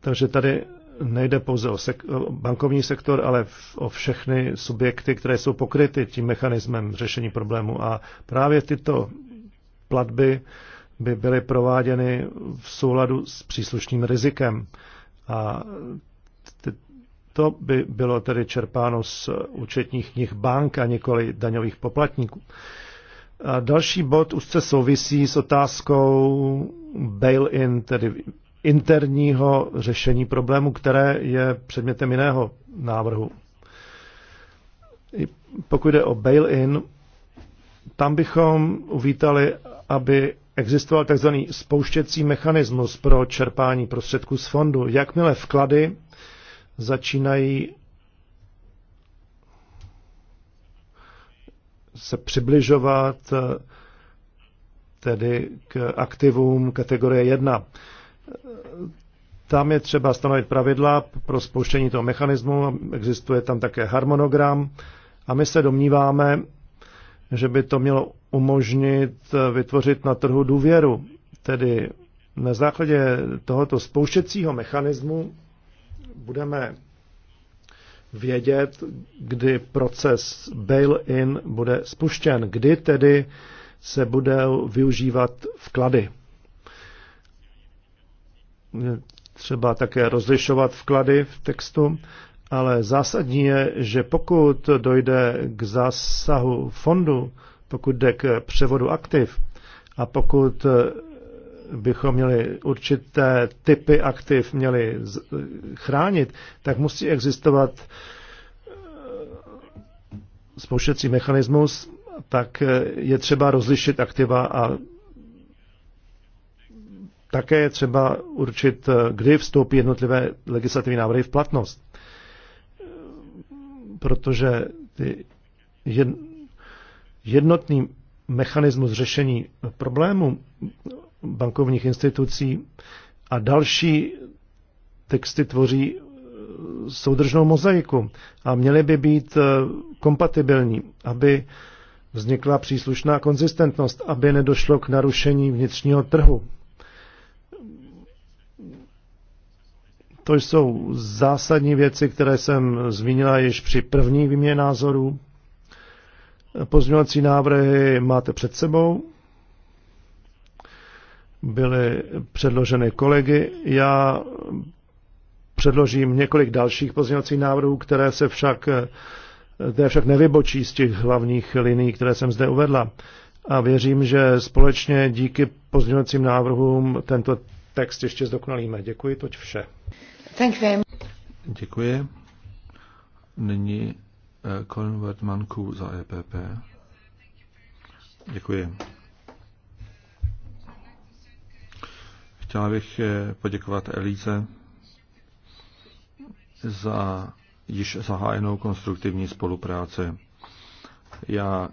Takže tady nejde pouze o, sek- o bankovní sektor, ale o všechny subjekty, které jsou pokryty tím mechanismem řešení problému. A právě tyto platby by byly prováděny v souladu s příslušným rizikem. A to by bylo tedy čerpáno z účetních knih bank a nikoli daňových poplatníků. A další bod úzce souvisí s otázkou bail-in, tedy interního řešení problému, které je předmětem jiného návrhu. Pokud jde o bail-in, tam bychom uvítali, aby existoval tzv. spouštěcí mechanismus pro čerpání prostředků z fondu. Jakmile vklady začínají se přibližovat tedy k aktivům kategorie 1. Tam je třeba stanovit pravidla pro spouštění toho mechanismu, existuje tam také harmonogram a my se domníváme, že by to mělo umožnit vytvořit na trhu důvěru. Tedy na základě tohoto spouštěcího mechanismu budeme vědět, kdy proces bail-in bude spuštěn, kdy tedy se budou využívat vklady. Třeba také rozlišovat vklady v textu ale zásadní je, že pokud dojde k zásahu fondu, pokud jde k převodu aktiv a pokud eh, bychom měli určité typy aktiv měli eh, chránit, tak musí existovat eh, spouštěcí mechanismus, tak je třeba rozlišit aktiva a také je třeba určit, kdy vstoupí jednotlivé legislativní návrhy v platnost protože ty jednotný mechanismus řešení problému bankovních institucí a další texty tvoří eh, soudržnou mozaiku a měly by být eh, kompatibilní, aby vznikla příslušná konzistentnost, aby nedošlo k narušení vnitřního trhu To jsou zásadní věci, které jsem zmínila již při první výměně názorů. Pozměňovací návrhy máte před sebou. Byly předloženy kolegy. Já předložím několik dalších pozměňovacích návrhů, které se však, které však nevybočí z těch hlavních liní, které jsem zde uvedla. A věřím, že společně díky pozměňovacím návrhům tento text ještě zdokonalíme. Děkuji, toť vše. Děkuji. Nyní eh, Colin Wertmanku za EPP. Děkuji. Chtěla bych eh, poděkovat Elíze za již zahájenou konstruktivní spolupráci. Já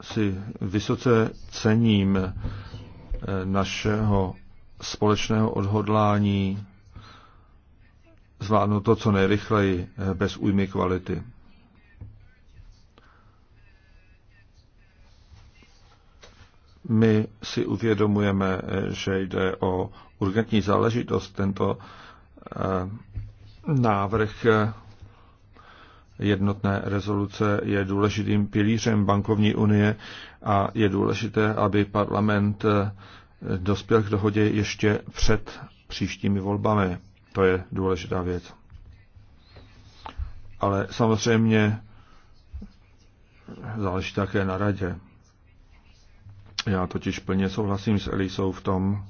si vysoce cením eh, našeho společného odhodlání zvládnout to co nejrychleji eh, bez újmy kvality. My si uvědomujeme, eh, že jde o urgentní záležitost. Tento eh, návrh jednotné rezoluce je důležitým pilířem bankovní unie a je důležité, aby parlament dospěl k dohodě ještě před příštími volbami. To je důležitá věc. Ale samozřejmě záleží také na radě. Já totiž plně souhlasím s Elisou v tom,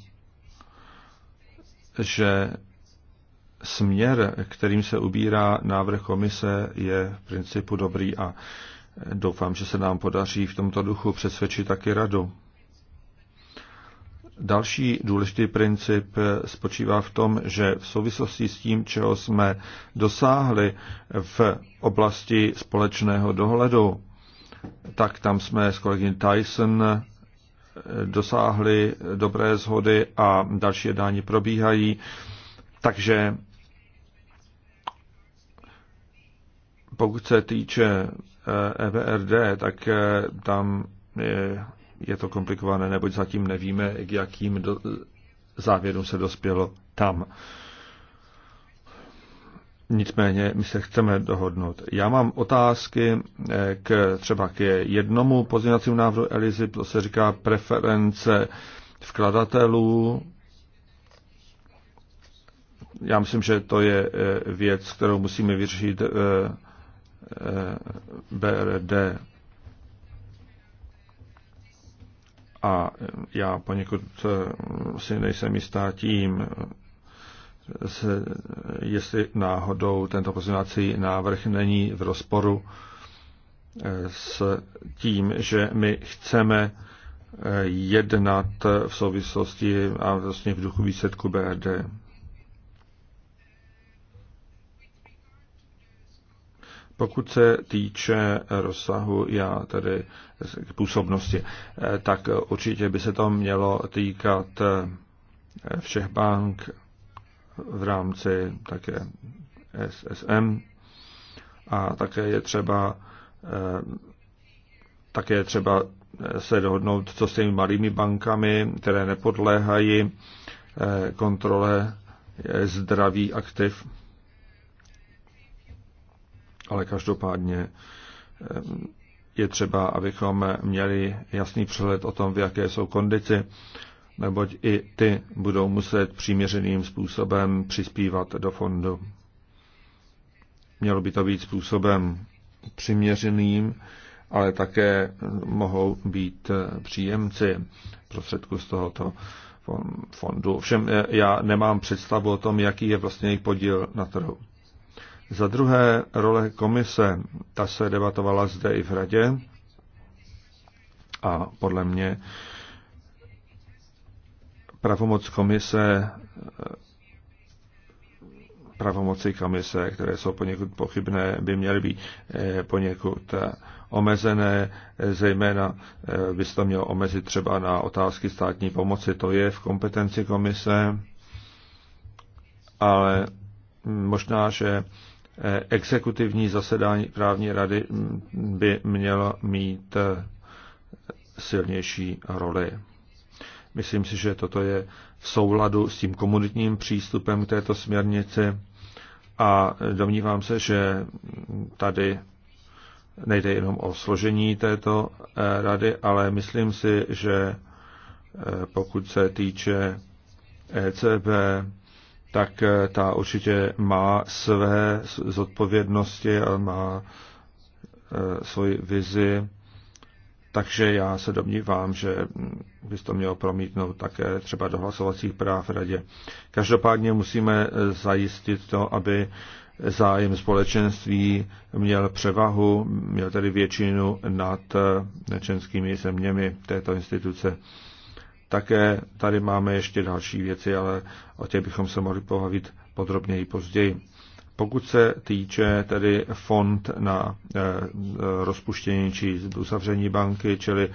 že směr, kterým se ubírá návrh komise, je v principu dobrý a doufám, že se nám podaří v tomto duchu přesvědčit taky radu. Další důležitý princip spočívá v tom, že v souvislosti s tím, čeho jsme dosáhli v oblasti společného dohledu, tak tam jsme s kolegyní Tyson dosáhli dobré zhody a další jednání probíhají. Takže pokud se týče EVRD, tak eh, tam je to komplikované, neboť zatím nevíme, k jakým do, závěrům se dospělo tam. Nicméně my se chceme dohodnout. Já mám otázky eh, k třeba k jednomu pozměňovacímu návrhu Elizy, to se říká preference vkladatelů. Já myslím, že to je eh, věc, kterou musíme vyřešit eh, BRD. a já poněkud eh, si nejsem jistá tím, jestli náhodou tento pozměňovací návrh není v rozporu eh, s tím, že my chceme eh, jednat v souvislosti a vlastně v duchu výsledku BRD. Pokud se týče rozsahu, já tedy působnosti, tak určitě by se to mělo týkat eh, všech bank v rámci také SSM a také je třeba eh, také je třeba eh, se dohodnout, co s těmi malými bankami, které nepodléhají kontrole zdraví aktiv ale každopádně eh, je třeba, abychom měli jasný přehled o tom, v jaké jsou kondici, neboť i ty budou muset přiměřeným způsobem přispívat do fondu. Mělo by to být způsobem přiměřeným, ale také mohou být eh, příjemci prostředku z tohoto fondu. Ovšem eh, já nemám představu o tom, jaký je vlastně jejich podíl na trhu. Za druhé role komise, ta se debatovala zde i v radě a podle mě pravomoc komise pravomoci komise, které jsou poněkud pochybné, by měly být eh, poněkud eh, omezené, zejména eh, by se to mělo omezit třeba na otázky státní pomoci. To je v kompetenci komise, ale hm, možná, že exekutivní zasedání právní rady by měla mít eh, silnější roli. Myslím si, že toto je v souladu s tím komunitním přístupem k této směrnici a domnívám se, že tady nejde jenom o složení této eh, rady, ale myslím si, že eh, pokud se týče ECB, tak eh, ta určitě má své zodpovědnosti a má eh, svoji vizi. Takže já se domnívám, že bys to mělo promítnout také třeba do hlasovacích práv radě. Každopádně musíme eh, zajistit to, aby zájem společenství měl převahu, měl tedy většinu nad nečenskými zeměmi této instituce. Také tady máme ještě další věci, ale o těch bychom se mohli pobavit podrobněji později. Pokud se týče tedy fond na eh, rozpuštění či uzavření banky, čili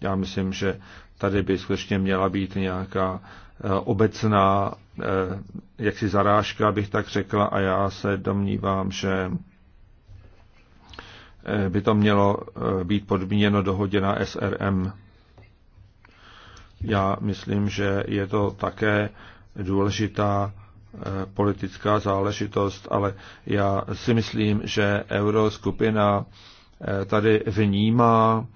já myslím, že tady by skutečně měla být nějaká eh, obecná eh, jaksi zarážka, bych tak řekla, a já se domnívám, že by to mělo být podmíněno dohodě na SRM. Já myslím, že je to také důležitá eh, politická záležitost, ale já si myslím, že euroskupina eh, tady vnímá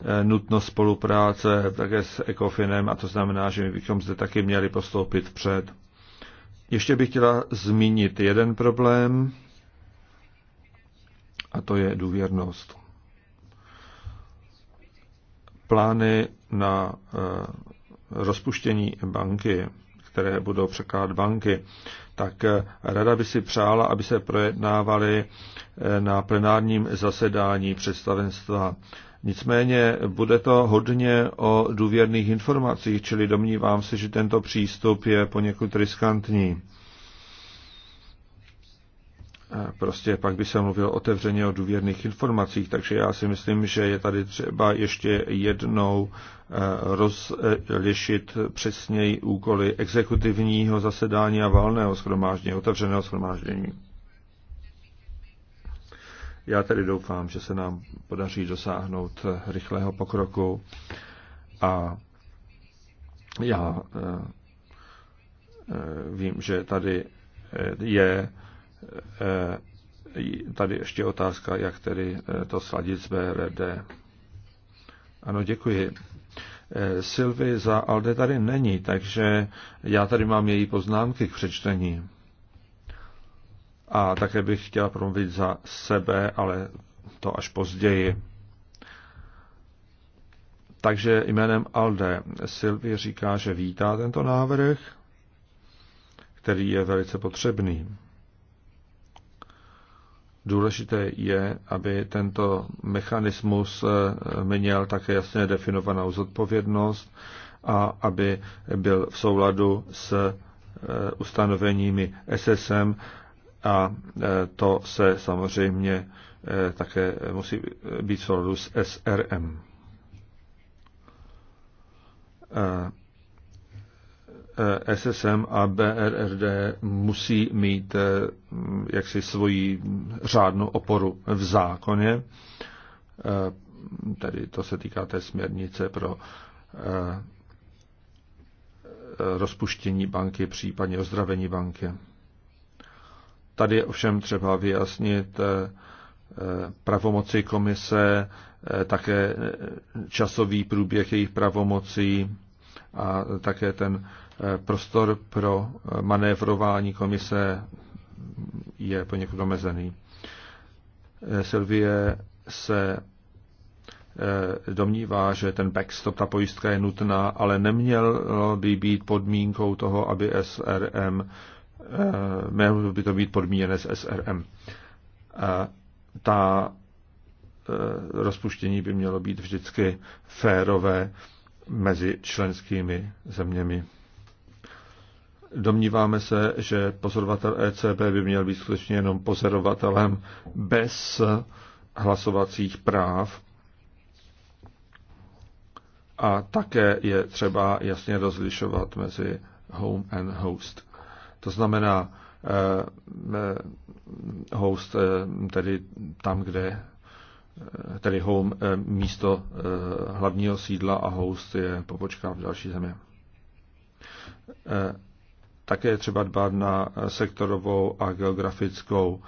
eh, nutnost spolupráce také s ECOFINem a to znamená, že my bychom zde taky měli postoupit před. Ještě bych chtěla zmínit jeden problém a to je důvěrnost. Plány na eh, rozpuštění banky, které budou překládat banky, tak eh, rada by si přála, aby se projednávaly eh, na plenárním zasedání představenstva. Nicméně bude to hodně o důvěrných informacích, čili domnívám se, že tento přístup je poněkud riskantní. Prostě pak by se mluvil otevřeně o důvěrných informacích, takže já si myslím, že je tady třeba ještě jednou rozlišit přesněji úkoly exekutivního zasedání a valného schromáždění, otevřeného schromáždění. Já tedy doufám, že se nám podaří dosáhnout rychlého pokroku a já eh, vím, že tady eh, je eh, tady ještě otázka, jak tedy to sladit s BRD. Ano, děkuji. Silvy za Alde tady není, takže já tady mám její poznámky k přečtení. A také bych chtěla promluvit za sebe, ale to až později. Takže jménem Alde Silvy říká, že vítá tento návrh, který je velice potřebný. Důležité je, aby tento mechanismus eh, měl také jasně definovanou zodpovědnost a aby byl v souladu s eh, ustanoveními SSM a eh, to se samozřejmě také musí být v souladu s SRM. Eh, SSM a BRRD musí mít eh, jaksi svoji řádnou oporu v zákoně, eh, tedy to se týká té směrnice pro rozpuštění banky, případně ozdravení banky. Tady je ovšem třeba vyjasnit pravomoci komise, také časový průběh jejich pravomocí a také ten prostor pro eh, manévrování komise je poněkud omezený. Eh, Silvie se eh, domnívá, že ten backstop, ta pojistka je nutná, ale nemělo by být podmínkou toho, aby SRM, mělo by to být podmíněné s SRM. A ta rozpuštění by mělo být vždycky férové mezi členskými zeměmi. Domníváme se, že pozorovatel ECB by měl být skutečně jenom pozorovatelem bez hlasovacích práv. A také je třeba jasně rozlišovat mezi home and host. To znamená eh, eh, host, eh, tedy tam, kde tedy home místo hlavního sídla a host je pobočka v další zemi. Také je třeba dbát na sektorovou a geografickou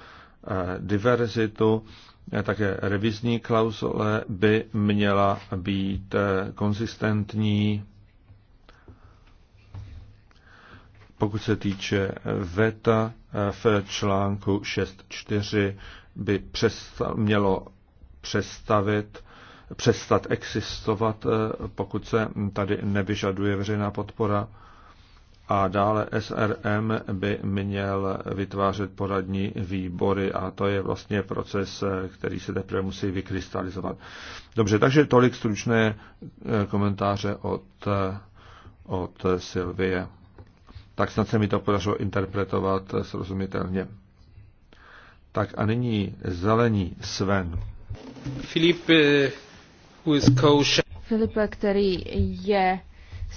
eh, diverzitu. Eh, také revizní klauzule by měla být eh, konzistentní, pokud se týče VETA v článku 6.4 by přesta- mělo přestavit, přestat existovat, pokud se tady nevyžaduje veřejná podpora. A dále SRM by měl vytvářet poradní výbory a to je vlastně proces, eh, který se teprve musí vykrystalizovat. Dobře, takže tolik stručné eh, komentáře od, eh, od Silvie. Tak snad se mi to podařilo interpretovat srozumitelně. Tak a nyní zelení Sven. Filip, who is Filip, který je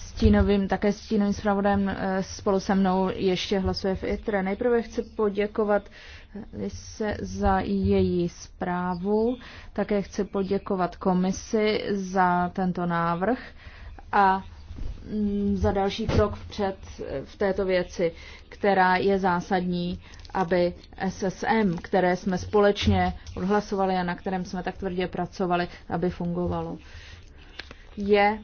stínovým, také stínovým zpravodajem eh, spolu se mnou ještě hlasuje v ITRE. Nejprve chci poděkovat Lise za její zprávu, také chci poděkovat komisi za tento návrh a mm, za další krok vpřed eh, v této věci, která je zásadní, aby SSM, které jsme společně odhlasovali a na kterém jsme tak tvrdě pracovali, aby fungovalo. Je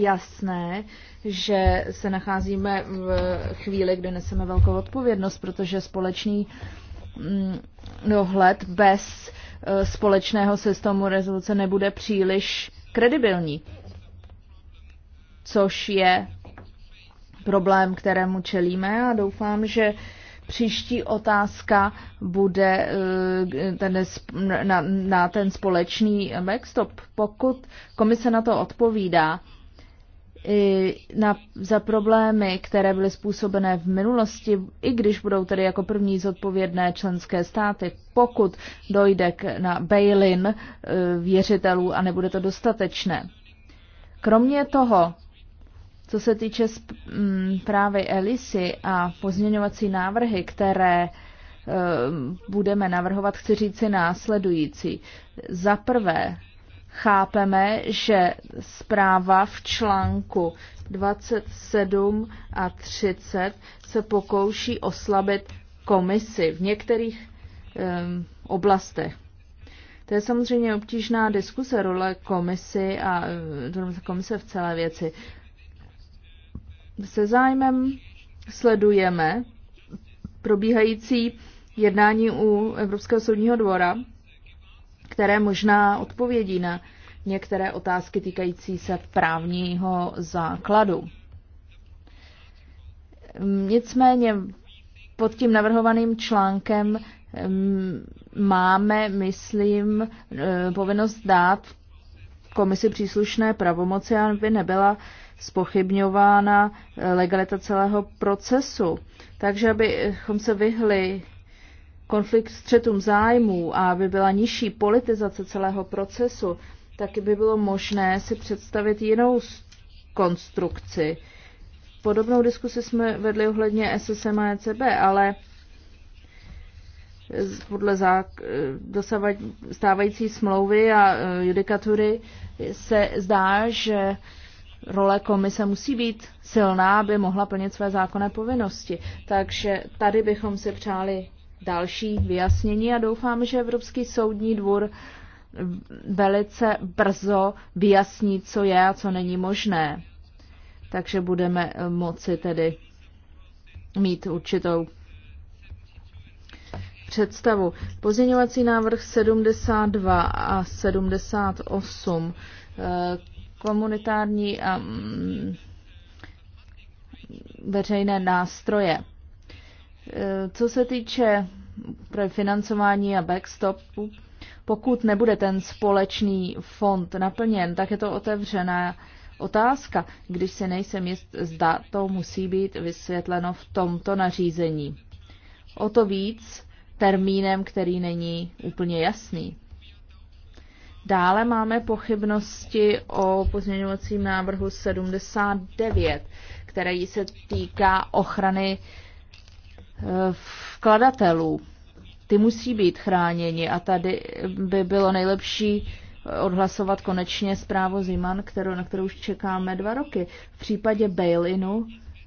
jasné, že se nacházíme v chvíli, kdy neseme velkou odpovědnost, protože společný mm, dohled bez eh, společného systému rezoluce nebude příliš kredibilní, což je problém, kterému čelíme a doufám, že příští otázka bude eh, ten, na, na ten společný backstop. Pokud komise na to odpovídá, na, za problémy, které byly způsobené v minulosti, i když budou tedy jako první zodpovědné členské státy, pokud dojde k, na bail-in e, věřitelů a nebude to dostatečné. Kromě toho, co se týče mm, právě Elisy a pozměňovací návrhy, které e, budeme navrhovat, chci říci následující. Za prvé, chápeme, že zpráva v článku 27 a 30 se pokouší oslabit komisi v některých um, oblastech. To je samozřejmě obtížná diskuse role komisy a e, komise v celé věci. Se zájmem sledujeme probíhající jednání u Evropského soudního dvora které možná odpovědí na některé otázky týkající se právního základu. Nicméně pod tím navrhovaným článkem mm, máme, myslím, eh, povinnost dát komisi příslušné pravomoci, aby nebyla spochybňována legalita celého procesu. Takže abychom se vyhli konflikt střetům zájmů a aby byla nižší politizace celého procesu, tak by bylo možné si představit jinou konstrukci. Podobnou diskusi jsme vedli ohledně SSM a ECB, ale podle stávající smlouvy a e, judikatury se zdá, že role komise musí být silná, aby mohla plnit své zákonné povinnosti. Takže tady bychom si přáli další vyjasnění a doufám, že Evropský soudní dvůr velice brzo vyjasní, co je a co není možné. Takže budeme eh, moci tedy mít určitou představu. Pozměňovací návrh 72 a 78 eh, komunitární a mm, veřejné nástroje. Eh, co se týče eh, financování a backstopu, pokud nebude ten společný fond naplněn, tak je to otevřená otázka, když se nejsem jist, zda to musí být vysvětleno v tomto nařízení. O to víc termínem, který není úplně jasný. Dále máme pochybnosti o pozměňovacím návrhu 79, který se týká ochrany vkladatelů. Ty musí být chráněni a tady by bylo nejlepší odhlasovat konečně zprávu Ziman, kterou, na kterou už čekáme dva roky. V případě bail-inu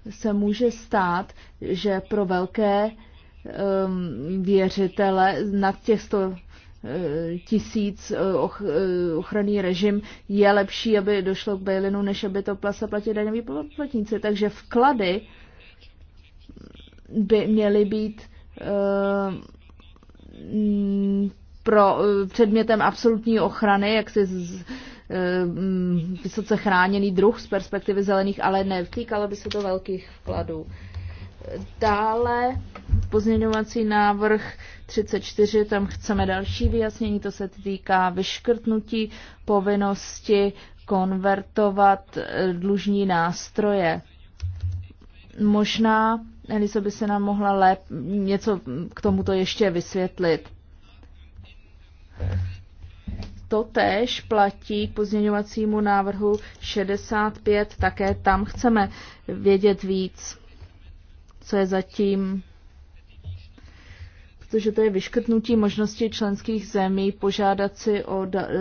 se může stát, že pro velké um, věřitele nad těch 100 uh, tisíc uh, uh, ochranný režim je lepší, aby došlo k bailinu, než aby to plasa platili daňový poplatníci. Takže vklady by měly být eh, mm, pro eh, předmětem absolutní ochrany, jak si z, eh, vysoce chráněný druh z perspektivy zelených, ale nevtýkalo by se to velkých vkladů. Dále pozměňovací návrh 34, tam chceme další vyjasnění, to se týká vyškrtnutí povinnosti konvertovat dlužní nástroje. Možná Eliso by se nám mohla lép něco k tomuto ještě vysvětlit. To též platí k pozměňovacímu návrhu 65, také tam chceme vědět víc, co je zatím protože to je vyškrtnutí možnosti členských zemí požádat si o da, e,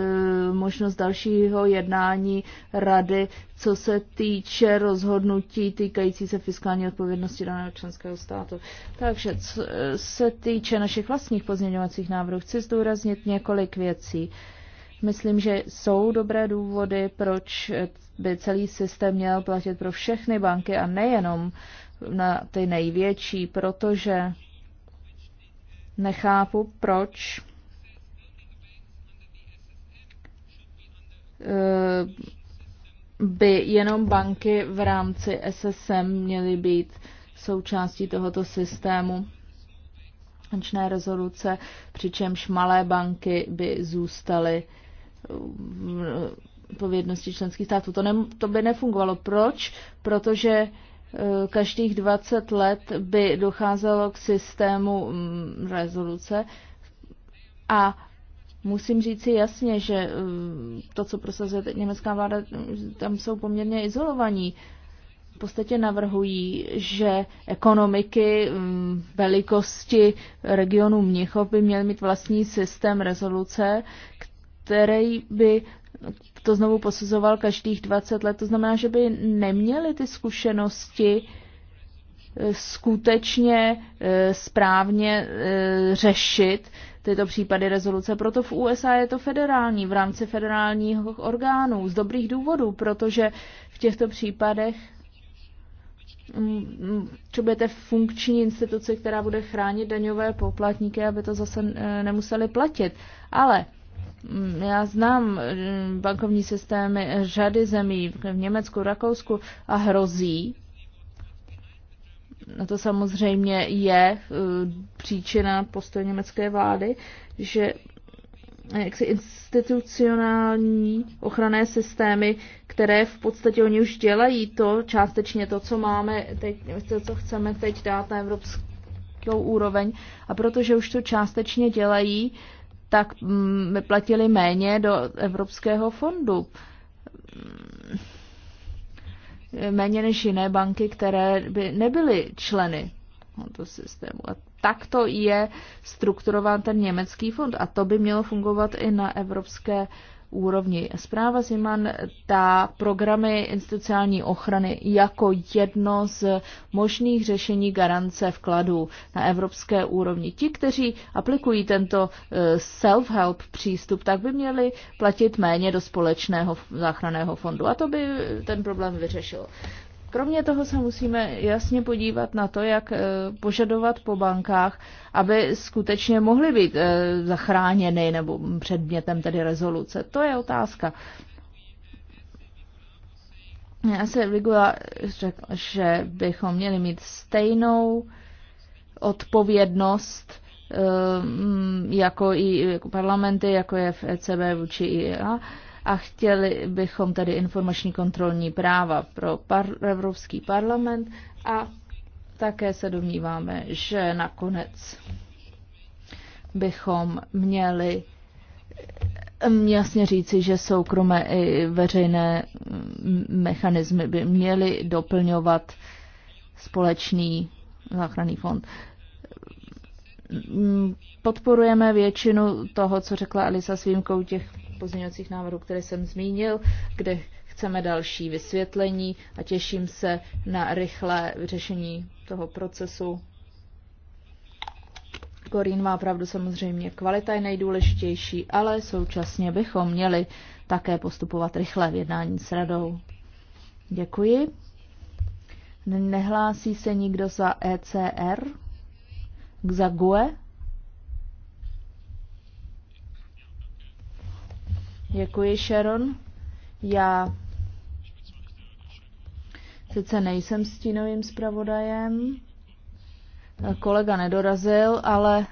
možnost dalšího jednání rady, co se týče rozhodnutí týkající se fiskální odpovědnosti daného členského státu. Takže co e, se týče našich vlastních pozměňovacích návrhů, chci zdůraznit několik věcí. Myslím, že jsou dobré důvody, proč by celý systém měl platit pro všechny banky a nejenom na ty největší, protože nechápu, proč by jenom banky v rámci SSM měly být součástí tohoto systému finančné rezoluce, přičemž malé banky by zůstaly v povědnosti členských států. To, ne, to by nefungovalo. Proč? Protože Eh, každých 20 let by docházelo k systému mm, rezoluce a musím říci jasně, že eh, to, co prosazuje německá vláda, tam jsou poměrně izolovaní. V podstatě navrhují, že ekonomiky mm, velikosti regionu Mnichov by měly mít vlastní systém rezoluce, který by to znovu posuzoval každých 20 let. To znamená, že by neměli ty zkušenosti eh, skutečně eh, správně eh, řešit tyto případy rezoluce. Proto v USA je to federální, v rámci federálních orgánů, z dobrých důvodů, protože v těchto případech mm, mm, potřebujete funkční instituci, která bude chránit daňové poplatníky, aby to zase nemuseli platit. Ale Mm, já znám mm, bankovní systémy řady zemí, v Německu, Rakousku a hrozí. A no to samozřejmě je e, příčina postoje německé vlády, že jaksi institucionální ochranné systémy, které v podstatě oni už dělají to, částečně to, co máme teď, to, co chceme teď dát na evropskou úroveň. A protože už to částečně dělají, tak mm, platili méně do Evropského fondu. Mm, méně než jiné banky, které by nebyly členy tohoto systému. A takto je strukturován ten německý fond a to by mělo fungovat i na evropské úrovni. Zpráva Ziman dá programy instituciální ochrany jako jedno z možných řešení garance vkladu na evropské úrovni. Ti, kteří aplikují tento eh, self-help přístup, tak by měli platit méně do společného záchranného fondu a to by ten problém vyřešil. Kromě toho se musíme jasně podívat na to, jak eh, požadovat po bankách, aby skutečně mohly být eh, zachráněny nebo předmětem tedy rezoluce. To je otázka. Já se Vigula řekl, že bychom měli mít stejnou odpovědnost eh, jako i jako parlamenty, jako je v ECB vůči IA a chtěli bychom tady informační kontrolní práva pro par- Evropský parlament a také se domníváme, že nakonec bychom měli jasně říci, že soukromé i veřejné mechanismy by měly doplňovat společný záchranný fond. Podporujeme většinu toho, co řekla Elisa s výjimkou těch pozměňovacích návrhů, které jsem zmínil, kde chceme další vysvětlení a těším se na rychlé vyřešení toho procesu. Korín má pravdu samozřejmě, kvalita je nejdůležitější, ale současně bychom měli také postupovat rychle v jednání s radou. Děkuji. Nehlásí se nikdo za ECR? Za GUE? Děkuji, Sharon. Já sice nejsem stínovým zpravodajem, kolega nedorazil, ale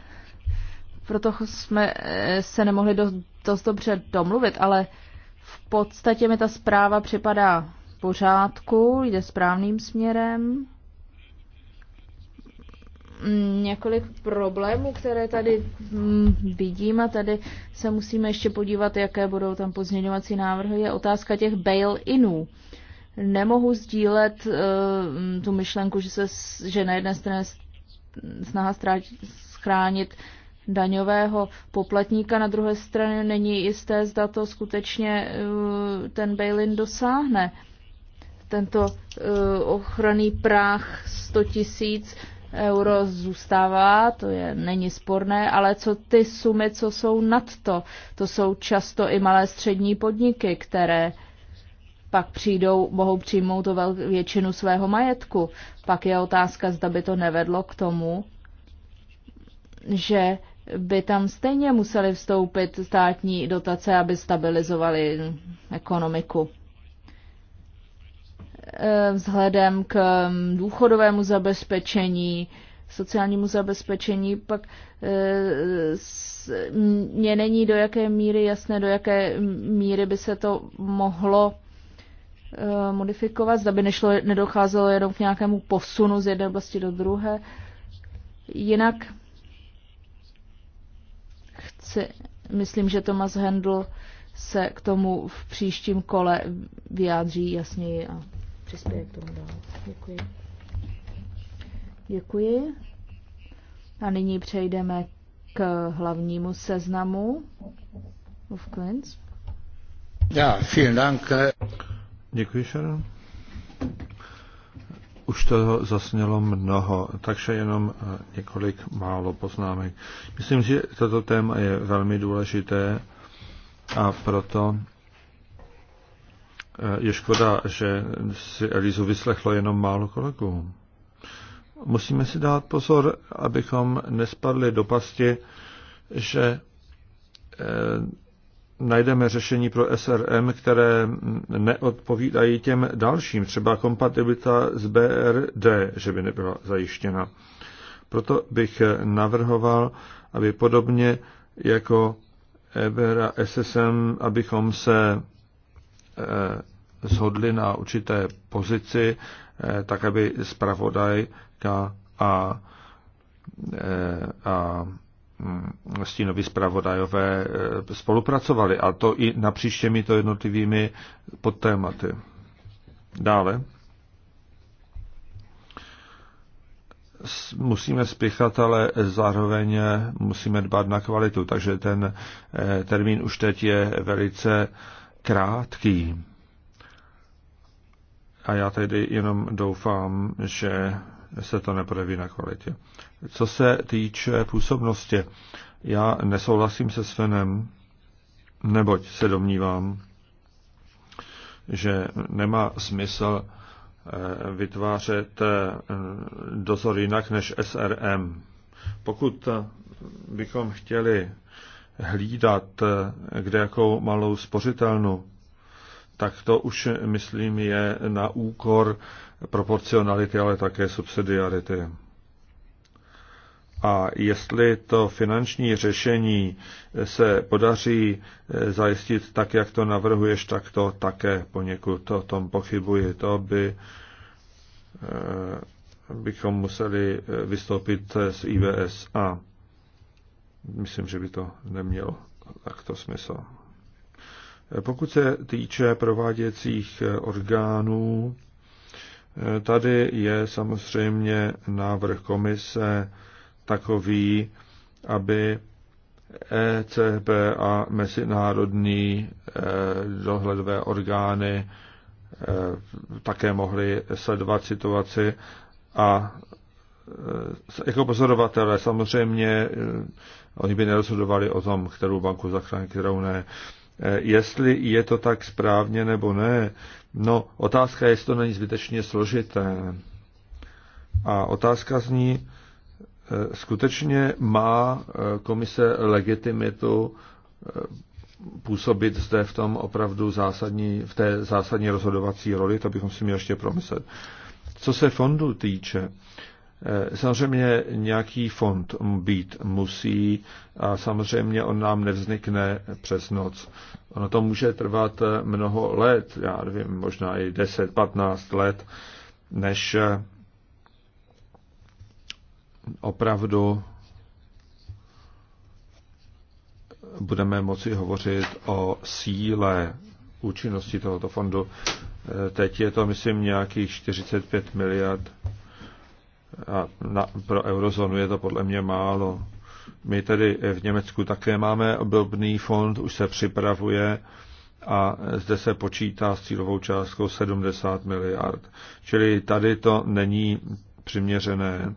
proto jsme eh, se nemohli dost, dobře domluvit, ale v podstatě mi ta zpráva připadá pořádku, jde správným směrem. Mm, několik problémů, které tady mm, vidím a tady se musíme ještě podívat, jaké budou tam pozměňovací návrhy, je otázka těch bail-inů. Nemohu sdílet uh, tu myšlenku, že, se, že na jedné straně snaha schránit daňového poplatníka, na druhé straně není jisté, zda to skutečně uh, ten bail-in dosáhne. Tento uh, ochranný práh 100 tisíc euro zůstává, to je, není sporné, ale co ty sumy, co jsou nad to? To jsou často i malé střední podniky, které pak přijdou, mohou přijmout to vel, většinu svého majetku. Pak je otázka, zda by to nevedlo k tomu, že by tam stejně museli vstoupit státní dotace, aby stabilizovali ekonomiku. Eh, vzhledem k mm, důchodovému zabezpečení, sociálnímu zabezpečení, pak eh, mně není do jaké míry jasné, do jaké míry by se to mohlo eh, modifikovat, zda by nešlo, nedocházelo jenom k nějakému posunu z jedné oblasti do druhé. Jinak chci, myslím, že Thomas Hendl se k tomu v příštím kole vyjádří jasněji a přispěje k tomu dál. Děkuji. Děkuji. A nyní přejdeme k hlavnímu seznamu. Uf, Klins. Já, vielen Dank. Děkuji, Sharon. Už to zasnělo mnoho, takže jenom eh, několik málo poznámek. Myslím, že toto téma je velmi důležité a proto je škoda, že si Elizu vyslechlo jenom málo kolegů. Musíme si dát pozor, abychom nespadli do pasti, že eh, najdeme řešení pro SRM, které neodpovídají těm dalším, třeba kompatibilita s BRD, že by nebyla zajištěna. Proto bych navrhoval, aby podobně jako EBR a SSM, abychom se zhodli eh, na určité pozici, eh, tak aby zpravodajka a, eh, a mm, stínoví zpravodajové spolupracovali a to i napříč to jednotlivými podtématy. Dále. Musíme spěchat, ale zároveň musíme dbát na kvalitu, takže ten termín už teď je velice krátký. A já tedy jenom doufám, že se to neprojeví na kvalitě. Co se týče působnosti, já nesouhlasím se Svenem, neboť se domnívám, že nemá smysl eh, vytvářet eh, dozor jinak než SRM. Pokud eh, bychom chtěli hlídat eh, kde jakou malou spořitelnu, tak to už, myslím, je na úkor proporcionality, ale také subsidiarity. A jestli to finanční řešení se podaří eh, zajistit tak, jak to navrhuješ, tak to také poněkud o tom pochybuji. To by eh, bychom museli vystoupit z IBS. A myslím, že by to nemělo takto smysl. Pokud se týče prováděcích orgánů, tady je samozřejmě návrh komise takový, aby ECB a mezinárodní eh, dohledové orgány eh, také mohly sledovat situaci a eh, jako pozorovatelé samozřejmě Oni by nerozhodovali o tom, kterou banku zachránit, kterou ne. E, jestli je to tak správně nebo ne, no otázka je, jestli to není zbytečně složité. A otázka zní, e, skutečně má e, komise legitimitu působit zde v tom opravdu zásadní, v té zásadní rozhodovací roli, to bychom si měli ještě promyslet. Co se fondu týče, Eh, samozřejmě nějaký fond být musí a samozřejmě on nám nevznikne přes noc. Ono to může trvat eh, mnoho let, já nevím, možná i 10-15 let, než eh, opravdu budeme moci hovořit o síle účinnosti tohoto fondu. Teď je to, myslím, nějakých 45 miliard a na, pro eurozónu je to podle mě málo. My tedy v Německu také máme obdobný fond, už se připravuje a zde se počítá s cílovou částkou 70 miliard. Čili tady to není přiměřené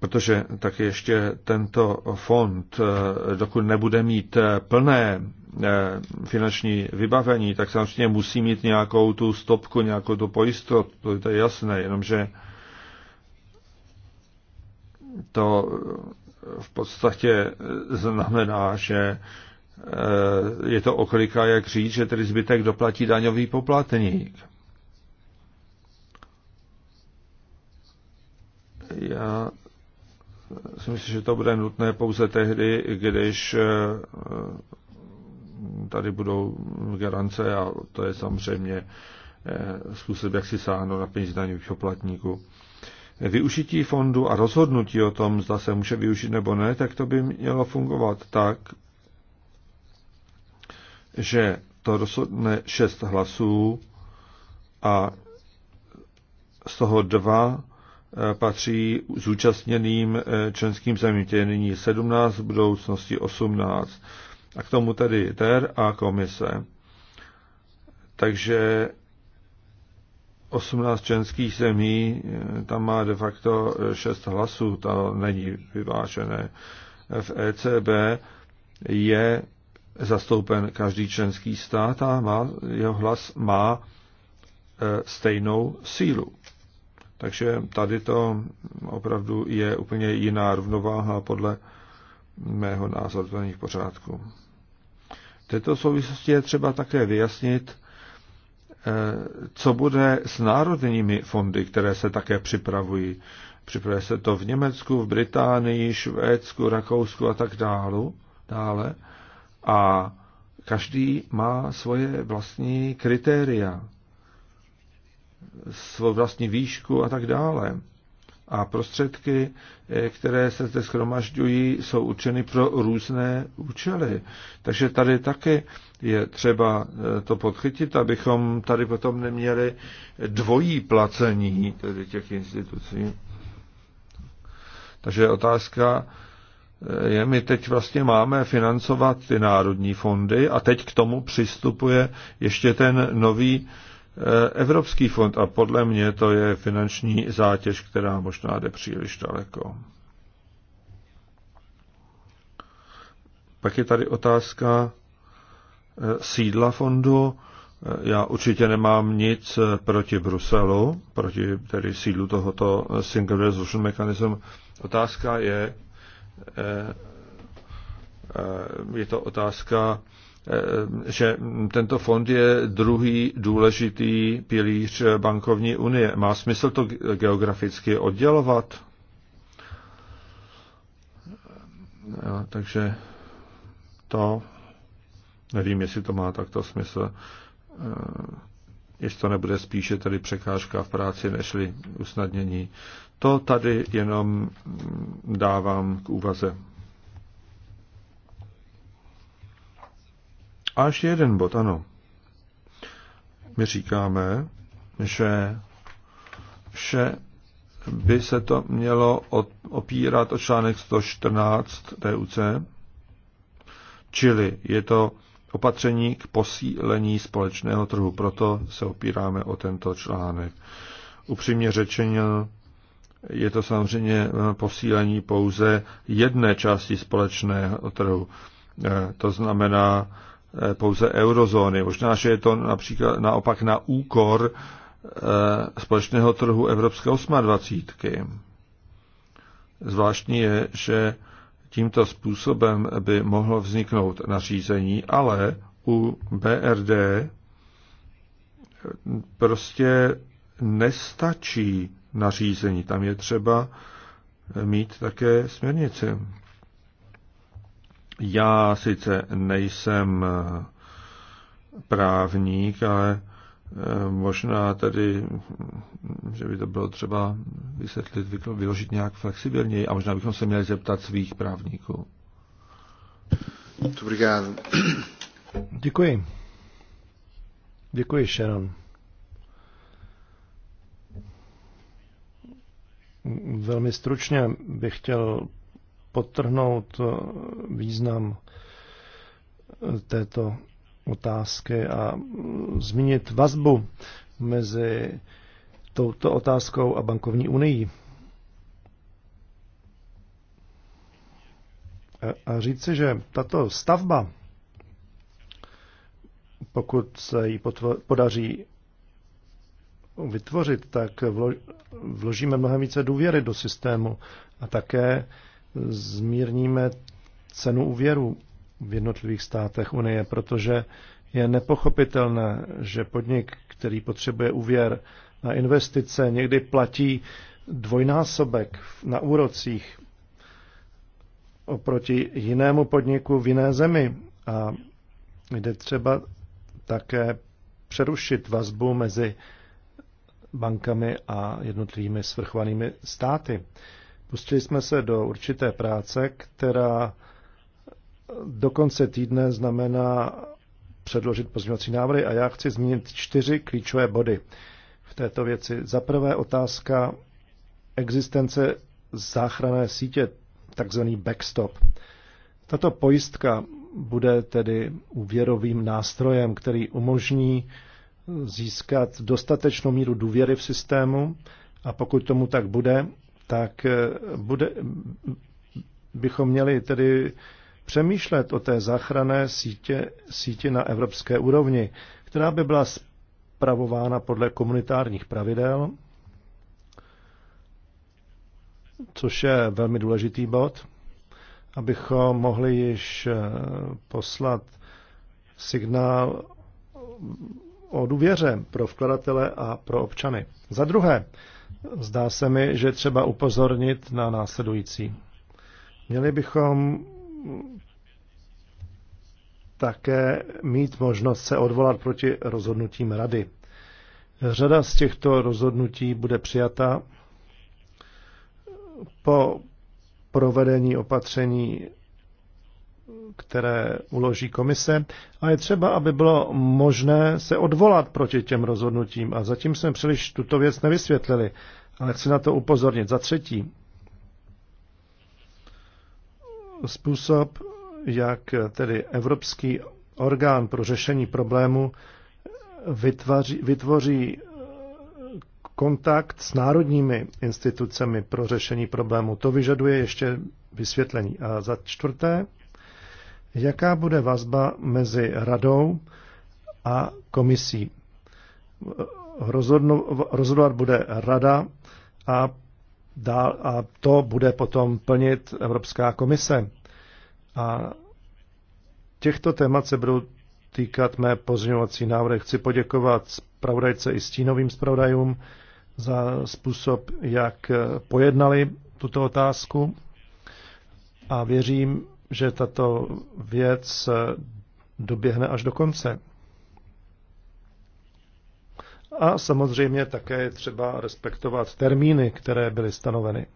protože tak ještě tento fond, eh, dokud nebude mít eh, plné eh, finanční vybavení, tak samozřejmě musí mít nějakou tu stopku, nějakou tu pojistotu, to je jasné, jenomže to v podstatě znamená, že je to okolika, jak říct, že tedy zbytek doplatí daňový poplatník. Já si myslím, že to bude nutné pouze tehdy, když eh, tady budou garance a to je samozřejmě eh, způsob, jak si sáhnout na peníze daňových oplatníků. Využití fondu a rozhodnutí o tom, zda se může využít nebo ne, tak to by mělo fungovat tak, že to rozhodne šest hlasů a z toho dva patří zúčastněným eh, členským zemím. Tě je nyní 17, v budoucnosti 18. A k tomu tedy TER a komise. Takže 18 členských zemí, eh, tam má de facto 6 eh, hlasů, to není vyvážené. V ECB je zastoupen každý členský stát a má, jeho hlas má stejnou sílu. Takže tady to opravdu je úplně jiná rovnováha podle mého názoru to není v pořádku. V této souvislosti je třeba také vyjasnit, eh, co bude s národními fondy, které se také připravují. Připravuje se to v Německu, v Británii, Švédsku, Rakousku a tak dále. dále. A každý má svoje vlastní kritéria svou vlastní výšku a tak dále. A prostředky, eh, které se zde schromažďují, jsou určeny pro různé účely. Takže tady taky je třeba eh, to podchytit, abychom tady potom neměli dvojí placení tedy těch institucí. Takže otázka eh, je, my teď vlastně máme financovat ty národní fondy a teď k tomu přistupuje ještě ten nový Evropský fond a podle mě to je finanční zátěž, která možná jde příliš daleko. Pak je tady otázka eh, sídla fondu. Eh, já určitě nemám nic eh, proti Bruselu, proti tedy sídlu tohoto Single Resolution Mechanism. Otázka je, je to otázka Eh, že tento fond je druhý důležitý pilíř bankovní unie. Má smysl to geograficky oddělovat? Jo, takže to, nevím, jestli to má takto smysl, eh, jestli to nebude spíše tedy překážka v práci, nežli usnadnění. To tady jenom dávám k úvaze. Až jeden bod, ano. My říkáme, že vše by se to mělo opírat o článek 114 TUC, čili je to opatření k posílení společného trhu. Proto se opíráme o tento článek. Upřímně řečeno, je to samozřejmě posílení pouze jedné části společného trhu. E, to znamená Eh, pouze eurozóny. Možná, že je to například naopak na úkor eh, společného trhu Evropské 28. Zvláštní je, že tímto způsobem by mohlo vzniknout nařízení, ale u BRD prostě nestačí nařízení. Tam je třeba mít také směrnici. Já sice nejsem eh, právník, ale eh, možná tedy, že by to bylo třeba vysvětlit, vyložit nějak flexibilněji a možná bychom se měli zeptat svých právníků. Děkuji. Děkuji, Sharon. Velmi stručně bych chtěl podtrhnout eh, význam eh, této otázky a eh, zmínit vazbu mezi touto otázkou a bankovní unii. A říci, že tato stavba, pokud se ji podaří vytvořit, tak vložíme mnohem více důvěry do systému a také zmírníme cenu úvěru v jednotlivých státech Unie, protože je nepochopitelné, že podnik, který potřebuje úvěr na investice, někdy platí dvojnásobek na úrocích oproti jinému podniku v jiné zemi. A jde třeba také přerušit vazbu mezi bankami a jednotlivými svrchovanými státy. Pustili jsme se do určité práce, která do konce týdne znamená předložit pozměňovací návrhy a já chci zmínit čtyři klíčové body v této věci. Za prvé otázka existence záchranné sítě, takzvaný backstop. Tato pojistka bude tedy úvěrovým nástrojem, který umožní získat dostatečnou míru důvěry v systému a pokud tomu tak bude, tak eh, bude, bychom měli tedy přemýšlet o té záchrané sítě, sítě na evropské úrovni, která by byla spravována podle komunitárních pravidel, což je velmi důležitý bod, abychom mohli již eh, poslat signál o důvěře pro vkladatele a pro občany. Za druhé, zdá se mi, že třeba upozornit na následující. Měli bychom také mít možnost se odvolat proti rozhodnutím rady. Řada z těchto rozhodnutí bude přijata po provedení opatření které uloží komise a je třeba, aby bylo možné se odvolat proti těm rozhodnutím a zatím jsme příliš tuto věc nevysvětlili, ale chci na to upozornit. Za třetí, způsob, jak tedy Evropský orgán pro řešení problému vytvoří, vytvoří eh, kontakt s národními institucemi pro řešení problému. To vyžaduje ještě vysvětlení. A za čtvrté, jaká bude vazba mezi radou a komisí. Rozhodnu, rozhodovat bude rada a, dál, a to bude potom plnit Evropská komise. A těchto témat se budou týkat mé pozměňovací návrhy. Chci poděkovat zpravodajce i stínovým zpravodajům za způsob, jak pojednali tuto otázku a věřím, že tato věc doběhne až do konce. A samozřejmě také je třeba respektovat termíny, které byly stanoveny.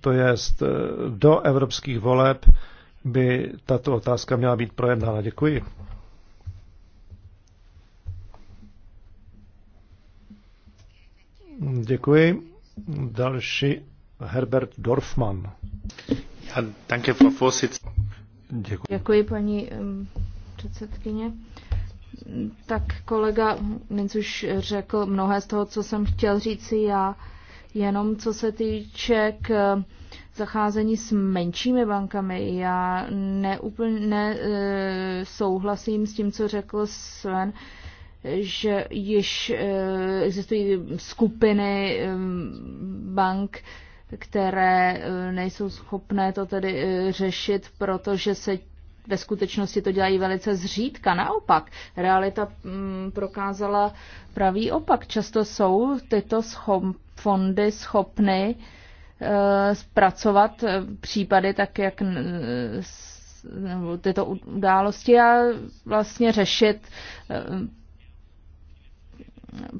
To jest do evropských voleb by tato otázka měla být projednána. Děkuji. Děkuji. Další Herbert Dorfman. Děkuji. paní um, předsedkyně. Tak kolega Nic už řekl mnohé z toho, co jsem chtěl říct si já, jenom co se týče k eh, zacházení s menšími bankami. Já neúplně ne, eh, souhlasím s tím, co řekl Sven, že již eh, existují skupiny bank, které e, nejsou schopné to tedy e, řešit, protože se ve skutečnosti to dělají velice zřídka. Naopak, realita mm, prokázala pravý opak. Často jsou tyto schop, fondy schopny e, zpracovat případy tak, jak tyto události a vlastně řešit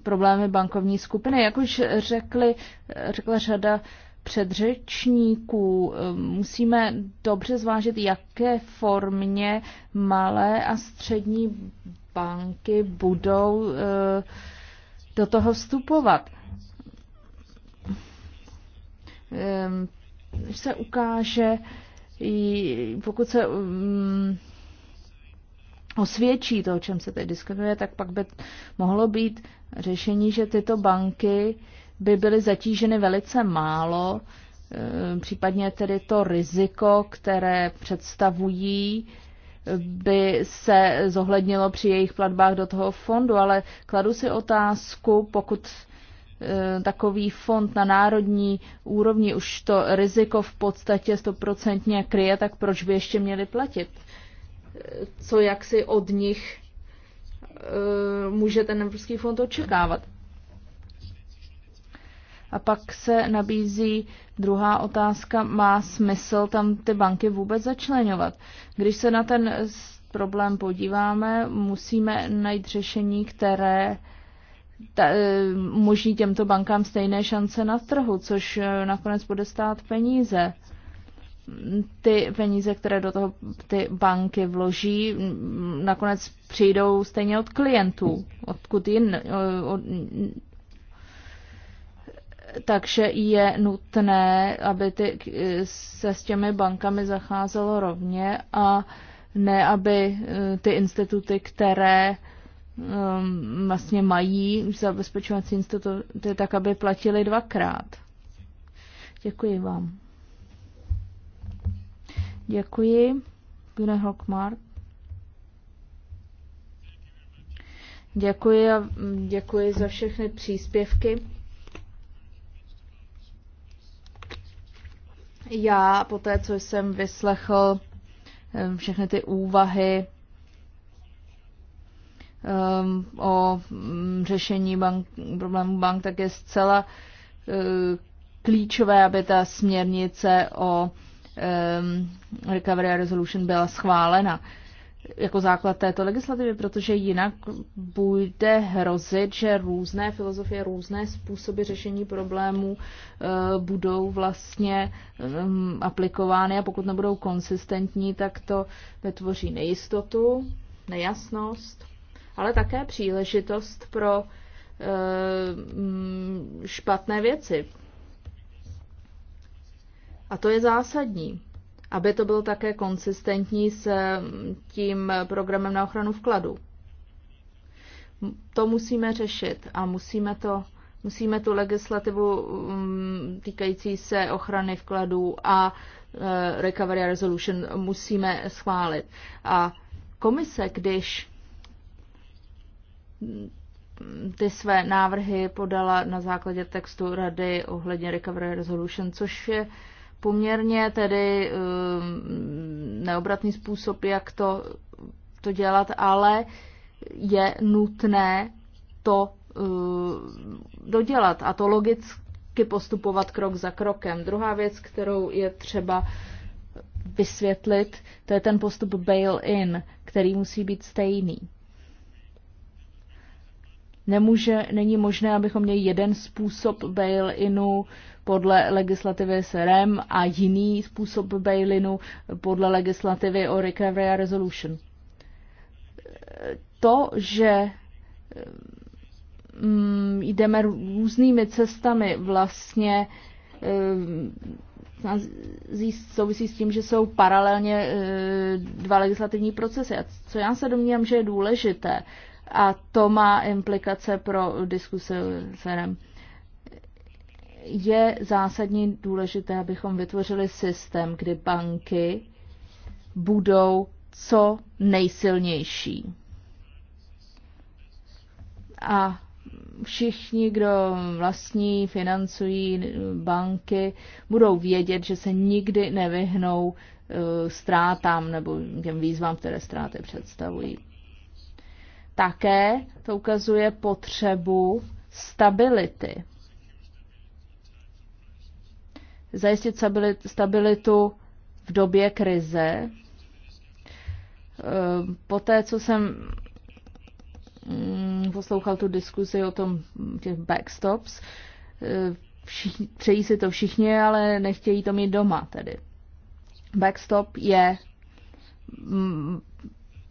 problémy bankovní skupiny. Jak už řekli, řekla řada předřečníků. Ehm, musíme dobře zvážit, jaké formě malé a střední banky budou eh, do toho vstupovat. Ehm, když se ukáže, pokud se mm, osvědčí to, o čem se teď diskutuje, tak pak by mohlo být řešení, že tyto banky by byly zatíženy velice málo, eh, případně tedy to riziko, které představují, by se zohlednilo při jejich platbách do toho fondu, ale kladu si otázku, pokud eh, takový fond na národní úrovni už to riziko v podstatě stoprocentně kryje, tak proč by ještě měli platit? Eh, co jak si od nich může ten Evropský fond očekávat? A pak se nabízí druhá otázka, má smysl tam ty banky vůbec začlenovat. Když se na ten problém podíváme, musíme najít řešení, které ta, e, umožní těmto bankám stejné šance na trhu, což e, nakonec bude stát peníze. Ty peníze, které do toho ty banky vloží, nakonec přijdou stejně od klientů, odkud jin, od, takže je nutné, aby ty, se s těmi bankami zacházelo rovně a ne, aby eh, ty instituty, které um, vlastně mají zabezpečovací instituty, tak aby platili dvakrát. Děkuji vám. Děkuji. Gune Hockmark. Děkuji a děkuji za všechny příspěvky. Já po té, co jsem vyslechl eh, všechny ty úvahy ehm, o mm, řešení bank, problémů bank, tak je zcela eh, klíčové, aby ta směrnice o ehm, Recovery a Resolution byla schválena jako základ této legislativy, protože jinak bude hrozit, že různé filozofie, různé způsoby řešení problémů eh, budou vlastně ehm, aplikovány a pokud nebudou konsistentní, tak to vytvoří nejistotu, nejasnost, ale také příležitost pro eh, mm, špatné věci. A to je zásadní aby to bylo také konsistentní s eh, tím programem na ochranu vkladu. To musíme řešit a musíme, to, musíme tu legislativu mm, týkající se ochrany vkladů a eh, Recovery Resolution musíme schválit. A komise, když mm, ty své návrhy podala na základě textu rady ohledně Recovery Resolution, což je poměrně tedy um, neobratný způsob, jak to, to dělat, ale je nutné to uh, dodělat a to logicky postupovat krok za krokem. Druhá věc, kterou je třeba vysvětlit, to je ten postup bail-in, který musí být stejný. Nemůže, není možné, abychom měli jeden způsob bail-inu podle legislativy SRM a jiný způsob bail-inu podle legislativy o recovery a resolution. To, že mm, jdeme různými cestami, vlastně eh, souvisí s tím, že jsou paralelně eh, dva legislativní procesy. A co já se domnívám, že je důležité, a to má implikace pro diskuse s RM. Je zásadně důležité, abychom vytvořili systém, kdy banky budou co nejsilnější. A všichni, kdo vlastní, financují banky, budou vědět, že se nikdy nevyhnou eh, ztrátám nebo těm výzvám, které ztráty představují. Také to ukazuje potřebu stability. Zajistit stabilitu v době krize. Ehm, poté, co jsem mm, poslouchal tu diskuzi o tom těch backstops, eh, všichni, přejí si to všichni, ale nechtějí to mít doma tedy. Backstop je, mm,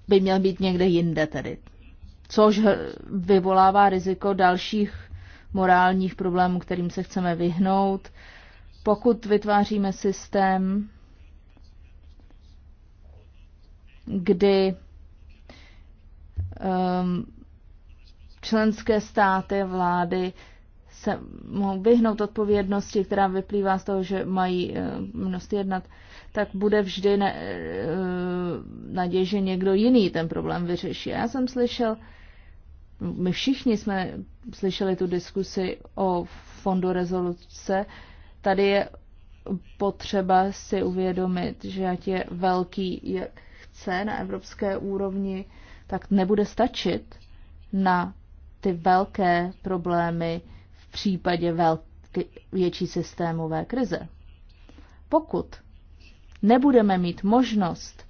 by měl být někde jinde tedy což vyvolává riziko dalších morálních problémů, kterým se chceme vyhnout. Pokud vytváříme systém, kdy um, členské státy, vlády se mohou vyhnout odpovědnosti, která vyplývá z toho, že mají eh, množství jednat, tak bude vždy ne, eh, naděje, že někdo jiný ten problém vyřeší. Já jsem slyšel my všichni jsme slyšeli tu diskusi o fondu rezoluce. Tady je potřeba si uvědomit, že ať je velký, jak chce na evropské úrovni, tak nebude stačit na ty velké problémy v případě velké, větší systémové krize. Pokud nebudeme mít možnost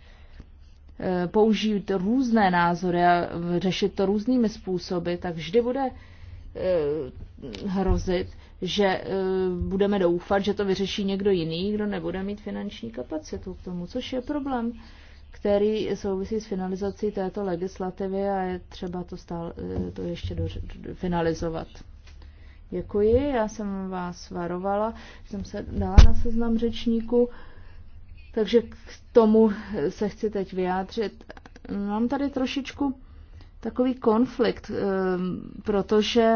Eh, použít různé názory a řešit to různými způsoby, tak vždy bude eh, hrozit, že eh, budeme doufat, že to vyřeší někdo jiný, kdo nebude mít finanční kapacitu k tomu, což je problém, který souvisí s finalizací této legislativy a je třeba to, stále, to ještě do, finalizovat. Děkuji, já jsem vás varovala, jsem se dala na seznam řečníku. Takže k tomu se chci teď vyjádřit. Mám tady trošičku takový konflikt, eh, protože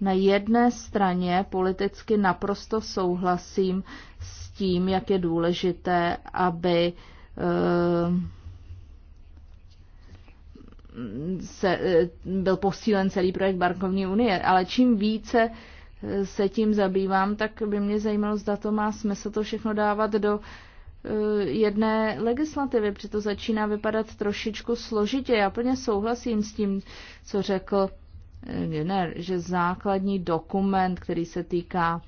na jedné straně politicky naprosto souhlasím s tím, jak je důležité, aby eh, se, eh, byl posílen celý projekt bankovní unie, ale čím více se tím zabývám, tak by mě zajímalo, zda to má smysl to všechno dávat do Eh, jedné legislativy, přitom začíná vypadat trošičku složitě. Já plně souhlasím s tím, co řekl eh, ne, že základní dokument, který se týká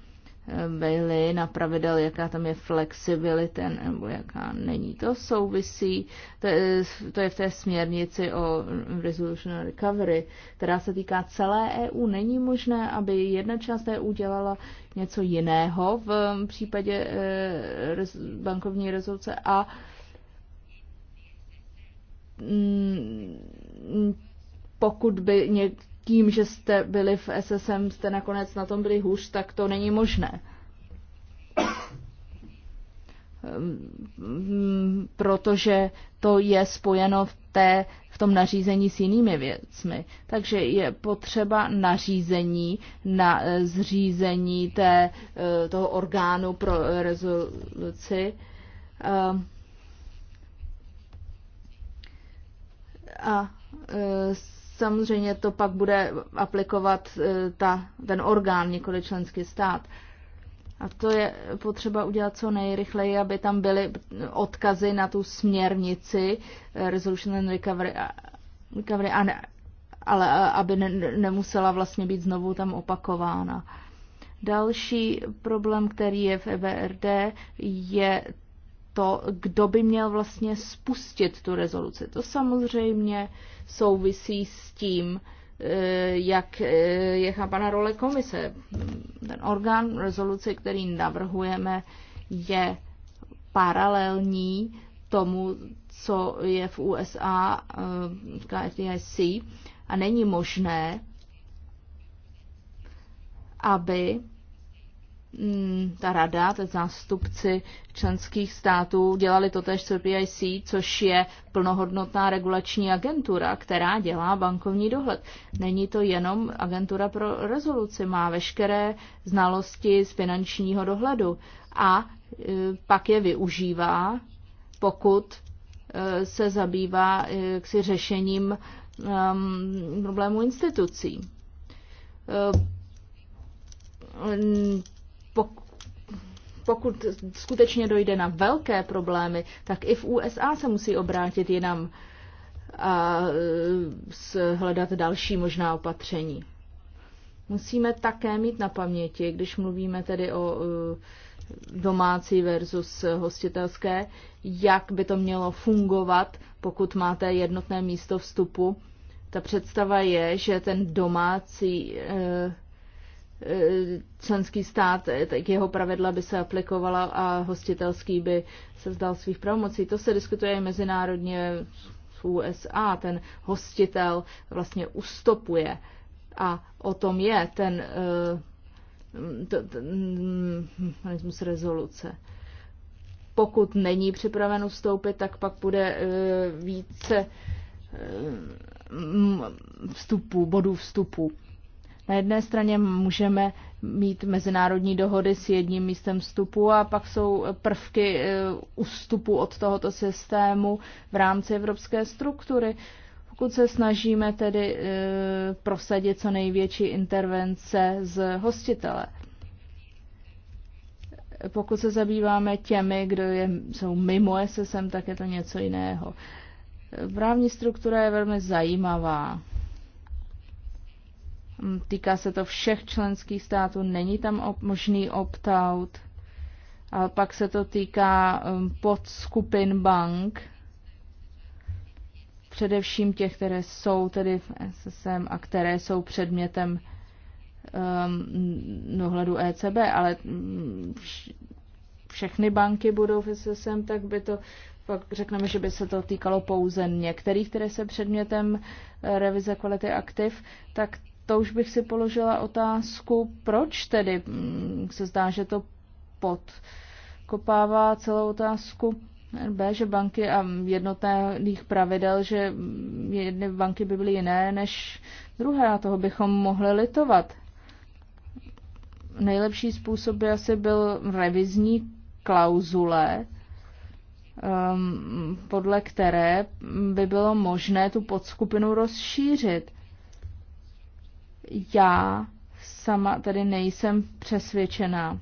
byly na pravidel, jaká tam je flexibilita nebo jaká není. To souvisí, to je, to je v té směrnici o resolution recovery, která se týká celé EU. Není možné, aby jedna část EU dělala něco jiného v případě eh, bankovní rezoluce a mm, pokud by něk, tím, že jste byli v SSM, jste nakonec na tom byli hůř, tak to není možné. Protože to je spojeno v, té, v tom nařízení s jinými věcmi. Takže je potřeba nařízení na eh, zřízení té, eh, toho orgánu pro rezoluci. Eh, a, a samozřejmě to pak bude aplikovat e, ta, ten orgán, nikoli členský stát. A to je potřeba udělat co nejrychleji, aby tam byly odkazy na tu směrnici e, Resolution and Recovery, recovery a e, ne, ale aby ne, nemusela vlastně být znovu tam opakována. Další problém, který je v EBRD, je to, kdo by měl vlastně spustit tu rezoluci. To samozřejmě souvisí s tím, eh, jak eh, je chápana role komise. Ten orgán rezoluce, který navrhujeme, je paralelní tomu, co je v USA eh, KFDIC a není možné, aby Mm, ta rada, ty zástupci členských států dělali to tež CPIC, což je plnohodnotná regulační agentura, která dělá bankovní dohled. Není to jenom agentura pro rezoluci, má veškeré znalosti z finančního dohledu a e, pak je využívá, pokud e, se zabývá e, si řešením um, problému institucí pokud skutečně dojde na velké problémy, tak i v USA se musí obrátit jinam a hledat další možná opatření. Musíme také mít na paměti, když mluvíme tedy o e, domácí versus hostitelské, jak by to mělo fungovat, pokud máte jednotné místo vstupu. Ta představa je, že ten domácí e, Eh, členský stát, eh, tak jeho pravidla by se aplikovala a hostitelský by se vzdal svých pravomocí. To se diskutuje i mezinárodně v USA. Ten hostitel vlastně ustopuje a o tom je ten eh, hm, mechanismus rezoluce. Pokud není připraven ustoupit, tak pak bude více vstupu bodů vstupu. Na jedné straně můžeme mít mezinárodní dohody s jedním místem vstupu a pak jsou prvky ústupu eh, od tohoto systému v rámci evropské struktury. Pokud se snažíme tedy eh, prosadit co největší intervence z hostitele, pokud se zabýváme těmi, kdo je, jsou mimo SSM, tak je to něco jiného. Právní struktura je velmi zajímavá. Mm, týká se to všech členských států, není tam možný opt-out. Ale pak se to týká mm, podskupin bank, především těch, které jsou tedy v SSM a které jsou předmětem um, dohledu ECB, ale všechny banky budou v SSM, tak by to pak řekneme, že by se to týkalo pouze některých, které se předmětem eh, revize kvality aktiv, tak to už bych si položila otázku, proč tedy mm, se zdá, že to podkopává celou otázku B, že banky a jednotných pravidel, že jedny banky by byly jiné než druhé a toho bychom mohli litovat. Nejlepší způsob by asi byl revizní klauzule, um, podle které by bylo možné tu podskupinu rozšířit já sama tady nejsem přesvědčená,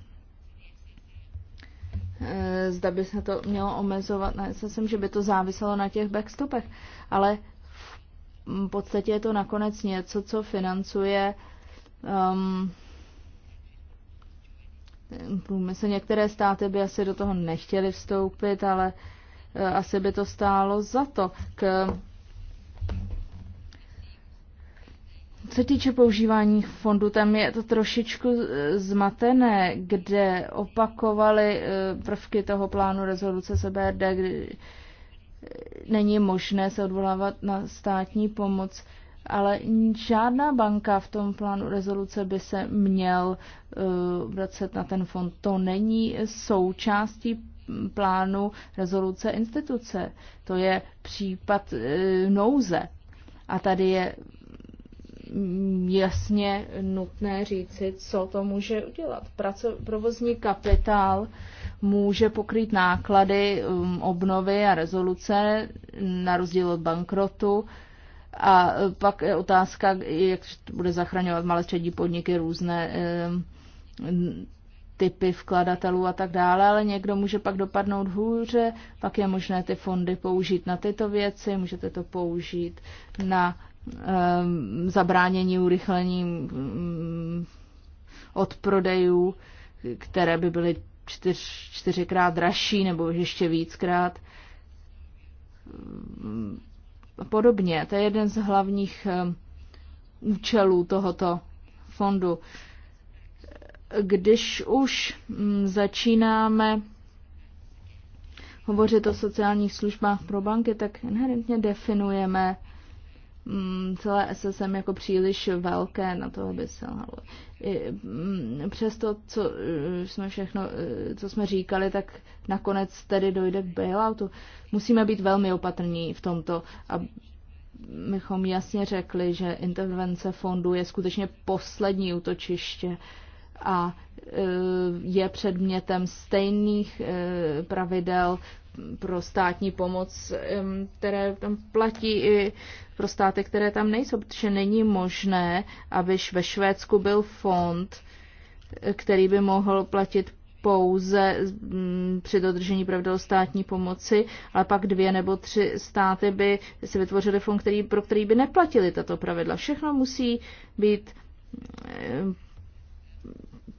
eh, zda by se to mělo omezovat. Ne, jsem, že by to záviselo na těch backstopech, ale v podstatě je to nakonec něco, co financuje um, ehm, Myslím, Některé státy by asi do toho nechtěly vstoupit, ale eh, asi by to stálo za to. K Co týče používání fondu, tam je to trošičku zmatené, kde opakovali e, prvky toho plánu rezoluce CBRD, kdy e, není možné se odvolávat na státní pomoc, ale žádná banka v tom plánu rezoluce by se měl e, vracet na ten fond. To není součástí plánu rezoluce instituce. To je případ nouze. A tady je jasně nutné říci, co to může udělat. Praco, provozní kapitál může pokrýt náklady um, obnovy a rezoluce na rozdíl od bankrotu. A eh, pak je otázka, jak bude zachraňovat malé střední podniky různé eh, typy vkladatelů a tak dále, ale někdo může pak dopadnout hůře, pak je možné ty fondy použít na tyto věci, můžete to použít na Ehm, zabránění urychlení mm, odprodejů, které by byly čtyř, čtyřikrát dražší nebo ještě víckrát. Ehm, podobně, to je jeden z hlavních ehm, účelů tohoto fondu. Když už mm, začínáme hovořit o sociálních službách pro banky, tak inherentně definujeme Mm, celé SSM jako příliš velké na to, aby selhalo. Mm, Přesto, co eh, jsme všechno, eh, co jsme říkali, tak nakonec tedy dojde k bailoutu. Musíme být velmi opatrní v tomto, abychom jasně řekli, že intervence fondu je skutečně poslední útočiště a eh, je předmětem stejných pravidel pro státní pomoc, které tam platí i pro státy, které tam nejsou, protože není možné, aby ve Švédsku byl fond, který by mohl platit pouze mm, při dodržení pravidel státní pomoci, ale pak dvě nebo tři státy by si vytvořily fond, který, pro který by neplatili tato pravidla. Všechno musí být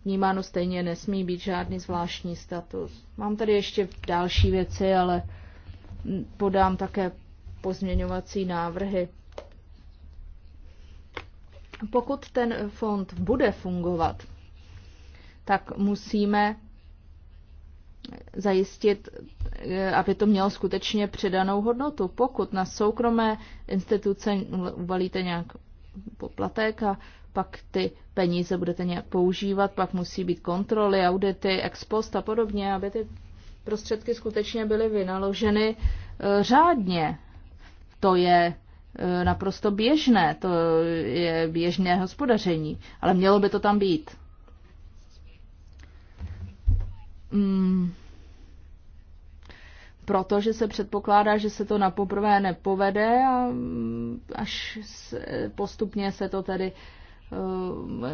vnímáno stejně, nesmí být žádný zvláštní status. Mám tady ještě další věci, ale podám také pozměňovací návrhy. Pokud ten fond bude fungovat, tak musíme zajistit, aby to mělo skutečně předanou hodnotu. Pokud na soukromé instituce uvalíte nějak poplatek a pak ty peníze budete nějak používat, pak musí být kontroly, audity, ex post a podobně, aby ty prostředky skutečně byly vynaloženy e, řádně. To je e, naprosto běžné, to je běžné hospodaření, ale mělo by to tam být. Hmm protože se předpokládá, že se to na poprvé nepovede a mm, až postupně se to tedy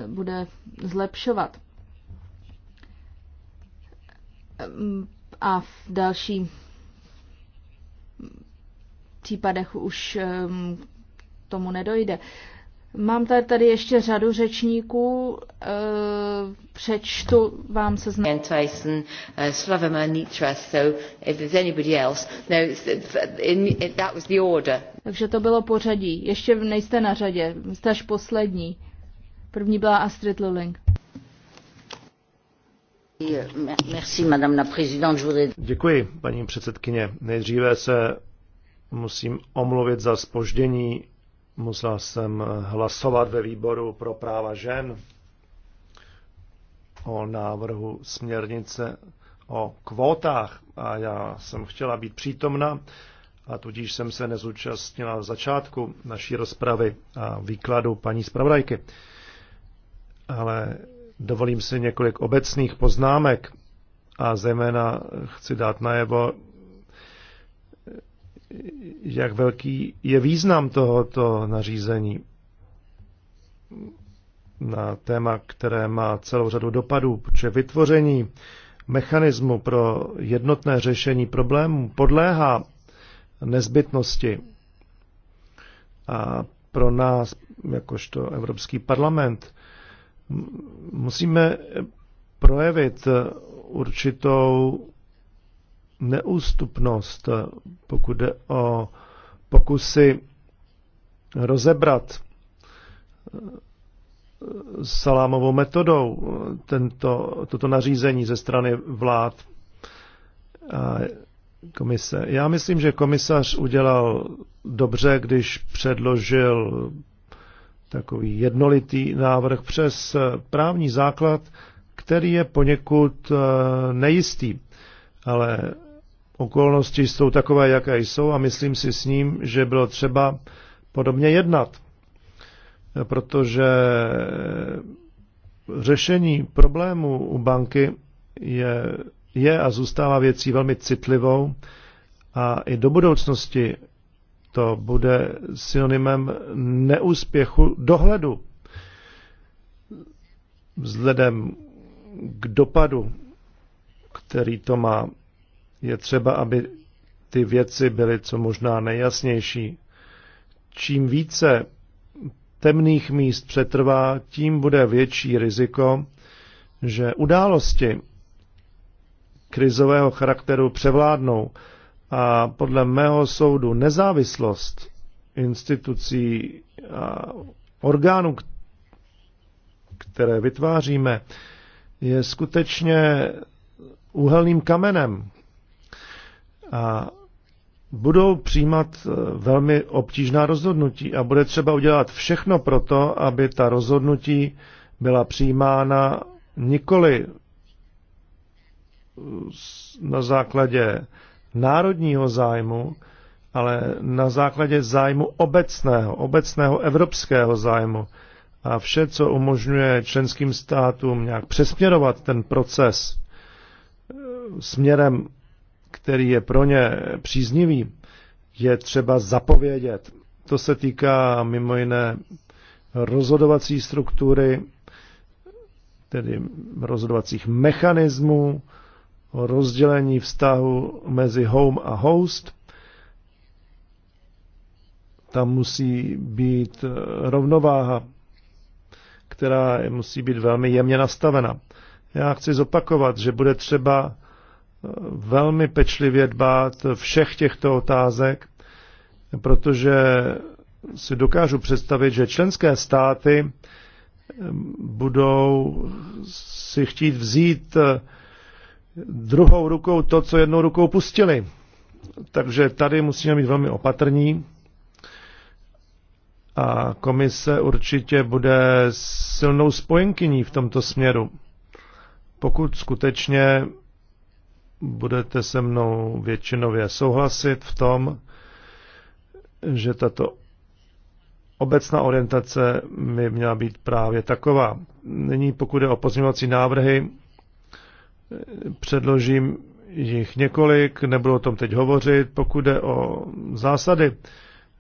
eh, bude zlepšovat. Eh, a v další případech už eh, tomu nedojde. Mám tady, tady ještě řadu řečníků, e, přečtu vám se Ian Tyson, uh, eh, Slavomir Nitras, so if there's anybody else. No, in, in, that was the order. Takže to bylo pořadí. Ještě nejste na řadě, jste až poslední. První byla Astrid Luling. Děkuji, paní předsedkyně. Nejdříve se musím omluvit za spoždění Musela jsem hlasovat ve výboru pro práva žen o návrhu směrnice o kvótách a já jsem chtěla být přítomna a tudíž jsem se nezúčastnila v začátku naší rozpravy a výkladu paní zpravodajky. Ale dovolím si několik obecných poznámek a zejména chci dát najevo, jak velký je význam tohoto nařízení na téma, které má celou řadu dopadů, protože vytvoření mechanismu pro jednotné řešení problémů podléhá nezbytnosti. A pro nás, jakožto Evropský parlament, musíme projevit určitou neústupnost, pokud jde o pokusy rozebrat eh, salámovou metodou tento, toto nařízení ze strany vlád a komise. Já myslím, že komisař udělal dobře, když předložil takový jednolitý návrh přes právní základ, který je poněkud eh, nejistý. Ale Okolnosti jsou takové, jaké jsou a myslím si s ním, že bylo třeba podobně jednat, protože řešení problému u banky je, je a zůstává věcí velmi citlivou a i do budoucnosti to bude synonymem neúspěchu dohledu vzhledem k dopadu, který to má je třeba, aby ty věci byly co možná nejasnější. Čím více temných míst přetrvá, tím bude větší riziko, že události krizového charakteru převládnou a podle mého soudu nezávislost institucí a orgánů, které vytváříme, je skutečně úhelným kamenem a budou přijímat eh, velmi obtížná rozhodnutí a bude třeba udělat všechno pro to, aby ta rozhodnutí byla přijímána nikoli eh, na základě národního zájmu, ale na základě zájmu obecného, obecného evropského zájmu. A vše, co umožňuje členským státům nějak přesměrovat ten proces eh, směrem který je pro ně příznivý, je třeba zapovědět. To se týká mimo jiné rozhodovací struktury, tedy rozhodovacích mechanismů, rozdělení vztahu mezi home a host. Tam musí být rovnováha, která musí být velmi jemně nastavena. Já chci zopakovat, že bude třeba velmi pečlivě dbát všech těchto otázek, protože si dokážu představit, že členské státy budou si chtít vzít druhou rukou to, co jednou rukou pustili. Takže tady musíme být velmi opatrní a komise určitě bude silnou spojenkyní v tomto směru. Pokud skutečně budete se mnou většinově souhlasit v tom, že tato obecná orientace mi měla být právě taková. Nyní pokud je o pozměňovací návrhy, předložím jich několik, nebudu o tom teď hovořit. Pokud je o zásady,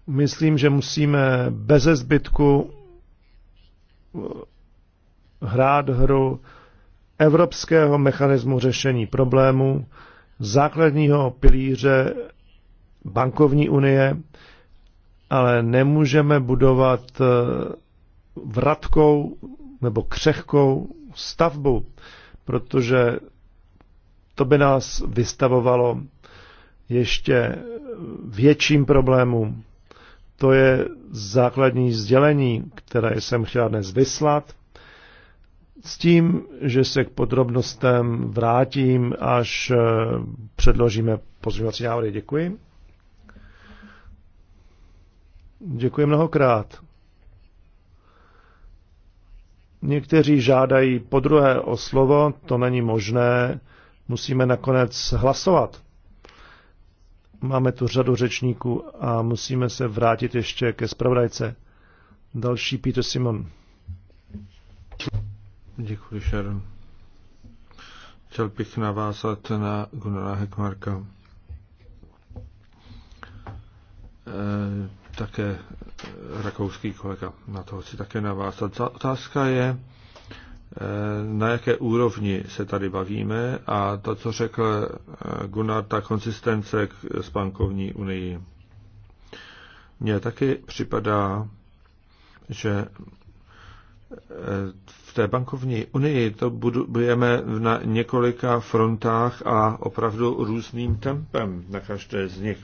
myslím, že musíme beze zbytku hrát hru evropského mechanismu řešení problémů, základního pilíře bankovní unie, ale nemůžeme budovat eh, vratkou nebo křehkou stavbu, protože to by nás vystavovalo ještě větším problémům. To je základní sdělení, které jsem chtěl dnes vyslat s tím, že se k podrobnostem vrátím, až eh, předložíme pozměňovací návrhy. Děkuji. Děkuji mnohokrát. Někteří žádají po druhé o slovo, to není možné, musíme nakonec hlasovat. Máme tu řadu řečníků a musíme se vrátit ještě ke zpravodajce. Další Peter Simon. Děkuji, Sharon. Chtěl bych navázat na Gunnara Hekmarka. E, také rakouský kolega, na toho chci také navázat. Ta otázka je, e, na jaké úrovni se tady bavíme a to, co řekl e, Gunnar, ta konsistence s bankovní unii. Mně taky připadá, že e, té bankovní unii to budujeme na několika frontách a opravdu různým tempem na každé z nich.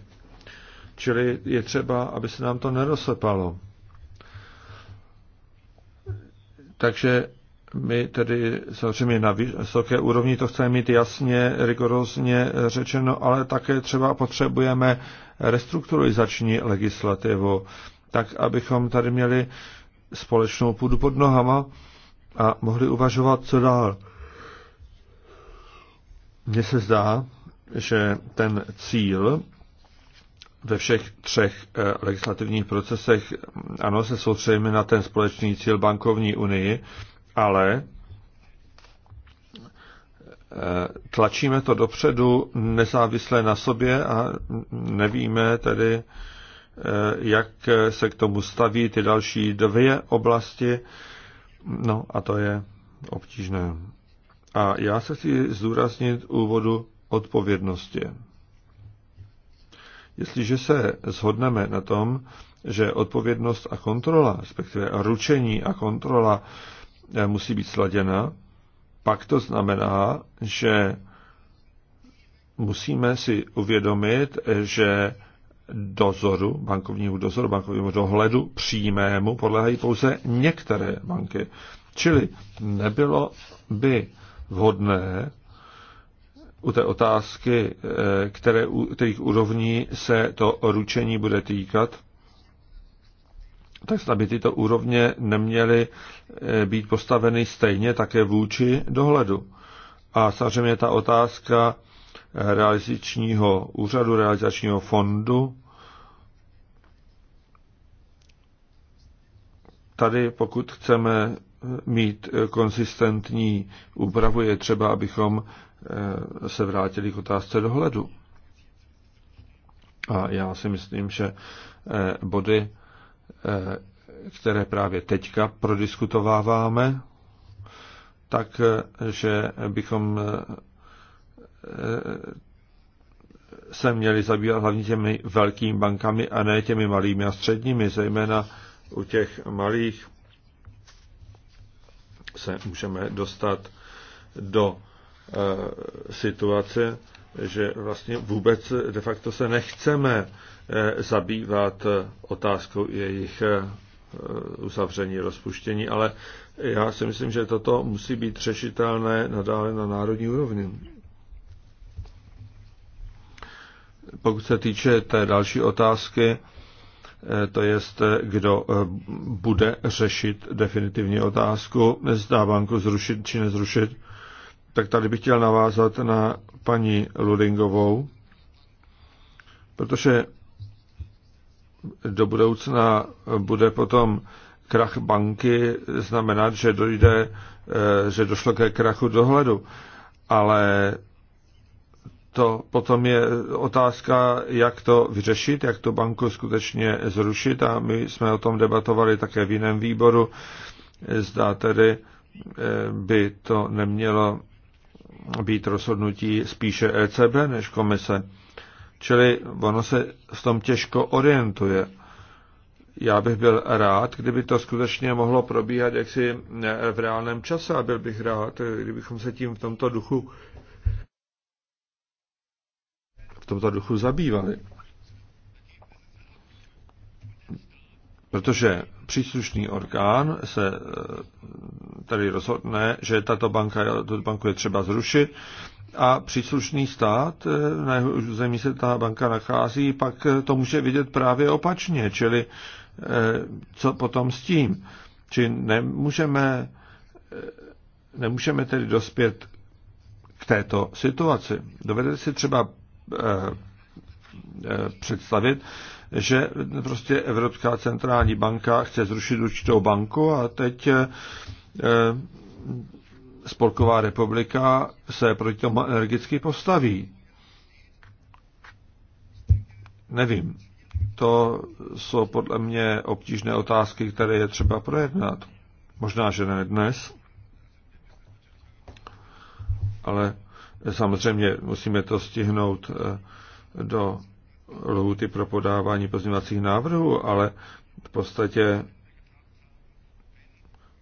Čili je třeba, aby se nám to nerozsepalo. Takže my tedy samozřejmě na vysoké úrovni to chceme mít jasně, rigorózně řečeno, ale také třeba potřebujeme restrukturalizační legislativu, tak abychom tady měli společnou půdu pod nohama a mohli uvažovat, co dál. Mně se zdá, že ten cíl ve všech třech eh, legislativních procesech, ano, se soustředíme na ten společný cíl bankovní unii, ale eh, tlačíme to dopředu nezávisle na sobě a nevíme tedy, eh, jak se k tomu staví ty další dvě oblasti, No a to je obtížné. A já se chci zdůraznit úvodu odpovědnosti. Jestliže se shodneme na tom, že odpovědnost a kontrola, respektive ručení a kontrola eh, musí být sladěna, pak to znamená, že musíme si uvědomit, eh, že dozoru, bankovního dozoru, bankovního dohledu přímému podléhají pouze některé banky. Čili nebylo by vhodné u té otázky, eh, které, kterých úrovní se to ručení bude týkat, tak aby tyto úrovně neměly eh, být postaveny stejně také vůči dohledu. A samozřejmě ta otázka realizačního úřadu, realizačního fondu. Tady, pokud chceme mít konsistentní úpravu, je třeba, abychom eh, se vrátili k otázce dohledu. A já si myslím, že eh, body, eh, které právě teďka prodiskutováváme, takže bychom Eh, se měli zabývat hlavně těmi velkými bankami a ne těmi malými a středními, zejména u těch malých se můžeme dostat do e, situace, že vlastně vůbec de facto se nechceme e, zabývat otázkou jejich e, uzavření, rozpuštění, ale já si myslím, že toto musí být řešitelné nadále na národní úrovni. pokud se týče té další otázky, eh, to jest, eh, kdo eh, bude řešit definitivní otázku, zda banku zrušit či nezrušit, tak tady bych chtěl navázat na paní Ludingovou, protože do budoucna bude potom krach banky znamenat, že dojde, že došlo ke krachu dohledu. Ale to potom je otázka, jak to vyřešit, jak to banku skutečně zrušit a my jsme o tom debatovali také v jiném výboru. Zdá tedy, eh, by to nemělo být rozhodnutí spíše ECB než komise. Čili ono se v tom těžko orientuje. Já bych byl rád, kdyby to skutečně mohlo probíhat jaksi v reálném čase a byl bych rád, kdybychom se tím v tomto duchu tomto duchu zabývali. Protože příslušný orgán se eh, tady rozhodne, že tato banka, tuto banku je třeba zrušit a příslušný stát, eh, na jeho území se ta banka nachází, pak eh, to může vidět právě opačně, čili co potom s tím. Či nemůžeme, nemůžeme tedy dospět k této situaci. Dovedete si třeba Eh, eh, představit, že prostě Evropská centrální banka chce zrušit určitou banku a teď eh, Spolková republika se proti tomu energicky postaví. Nevím. To jsou podle mě obtížné otázky, které je třeba projednat. Možná, že ne dnes, ale Samozřejmě musíme to stihnout eh, do lhuty pro podávání pozměňovacích návrhů, ale v podstatě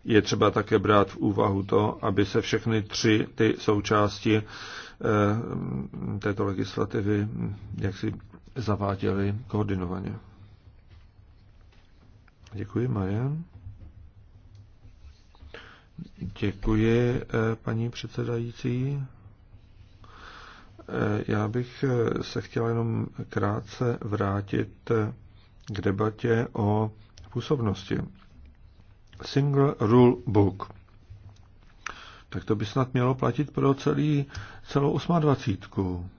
je třeba také brát v úvahu to, aby se všechny tři ty součásti eh, této legislativy jak si zaváděly koordinovaně. Děkuji, Marian. Děkuji, eh, paní předsedající. Eh, já bych eh, se chtěl jenom krátce vrátit eh, k debatě o působnosti. Single Rule Book. Tak to by snad mělo platit pro celý, celou 28.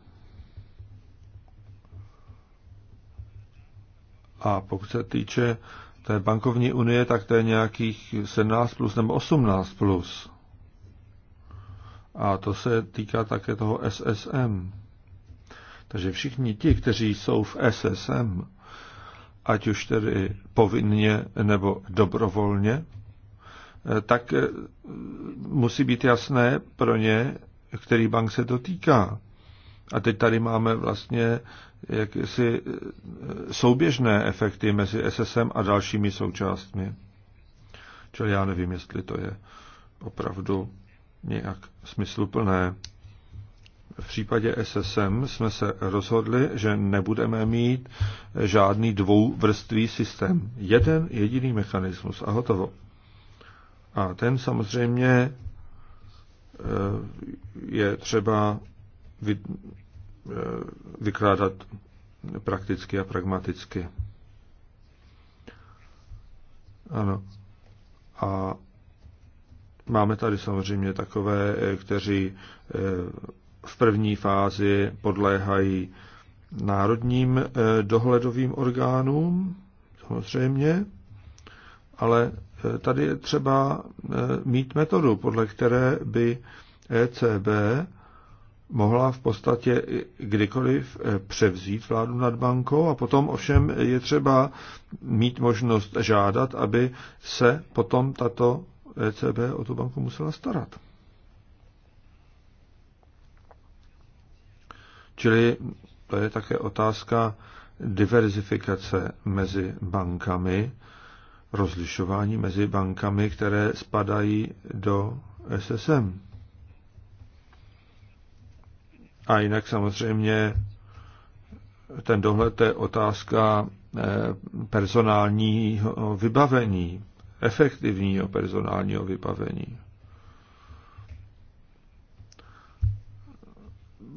A pokud se týče té bankovní unie, tak to je nějakých 17 plus nebo 18 plus. A to se týká také toho SSM. Takže všichni ti, kteří jsou v SSM, ať už tedy povinně nebo dobrovolně, eh, tak eh, musí být jasné pro ně, který bank se to týká. A teď tady máme vlastně jakési eh, souběžné efekty mezi SSM a dalšími součástmi. Čili já nevím, jestli to je opravdu nějak smysluplné. V případě SSM jsme se rozhodli, že nebudeme mít žádný dvouvrstvý systém. Jeden jediný mechanismus a hotovo. A ten samozřejmě eh, je třeba eh, vykládat prakticky a pragmaticky. Ano. A Máme tady samozřejmě takové, eh, kteří eh, v první fázi podléhají národním eh, dohledovým orgánům, samozřejmě, ale tady je třeba mít metodu, podle které by ECB mohla v podstatě kdykoliv převzít vládu nad bankou a potom ovšem je třeba mít možnost žádat, aby se potom tato ECB o tu banku musela starat. Čili to je také otázka diverzifikace mezi bankami, rozlišování mezi bankami, které spadají do SSM. A jinak samozřejmě ten dohled je otázka eh, personálního vybavení, efektivního personálního vybavení.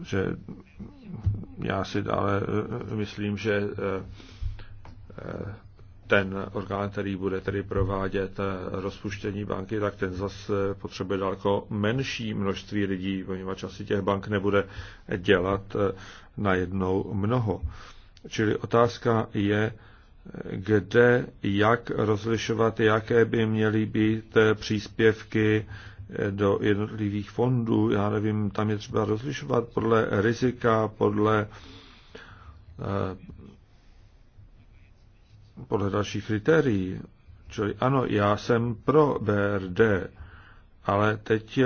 Že já si dále eh, myslím, že eh, eh, ten orgán, který bude tedy provádět rozpuštění banky, tak ten zase potřebuje daleko menší množství lidí, poněvadž asi těch bank nebude dělat najednou mnoho. Čili otázka je, kde, jak rozlišovat, jaké by měly být eh, příspěvky eh, do jednotlivých fondů. Já nevím, tam je třeba rozlišovat podle rizika, podle, eh, podle dalších kritérií. Čili ano, já jsem pro BRD, ale teď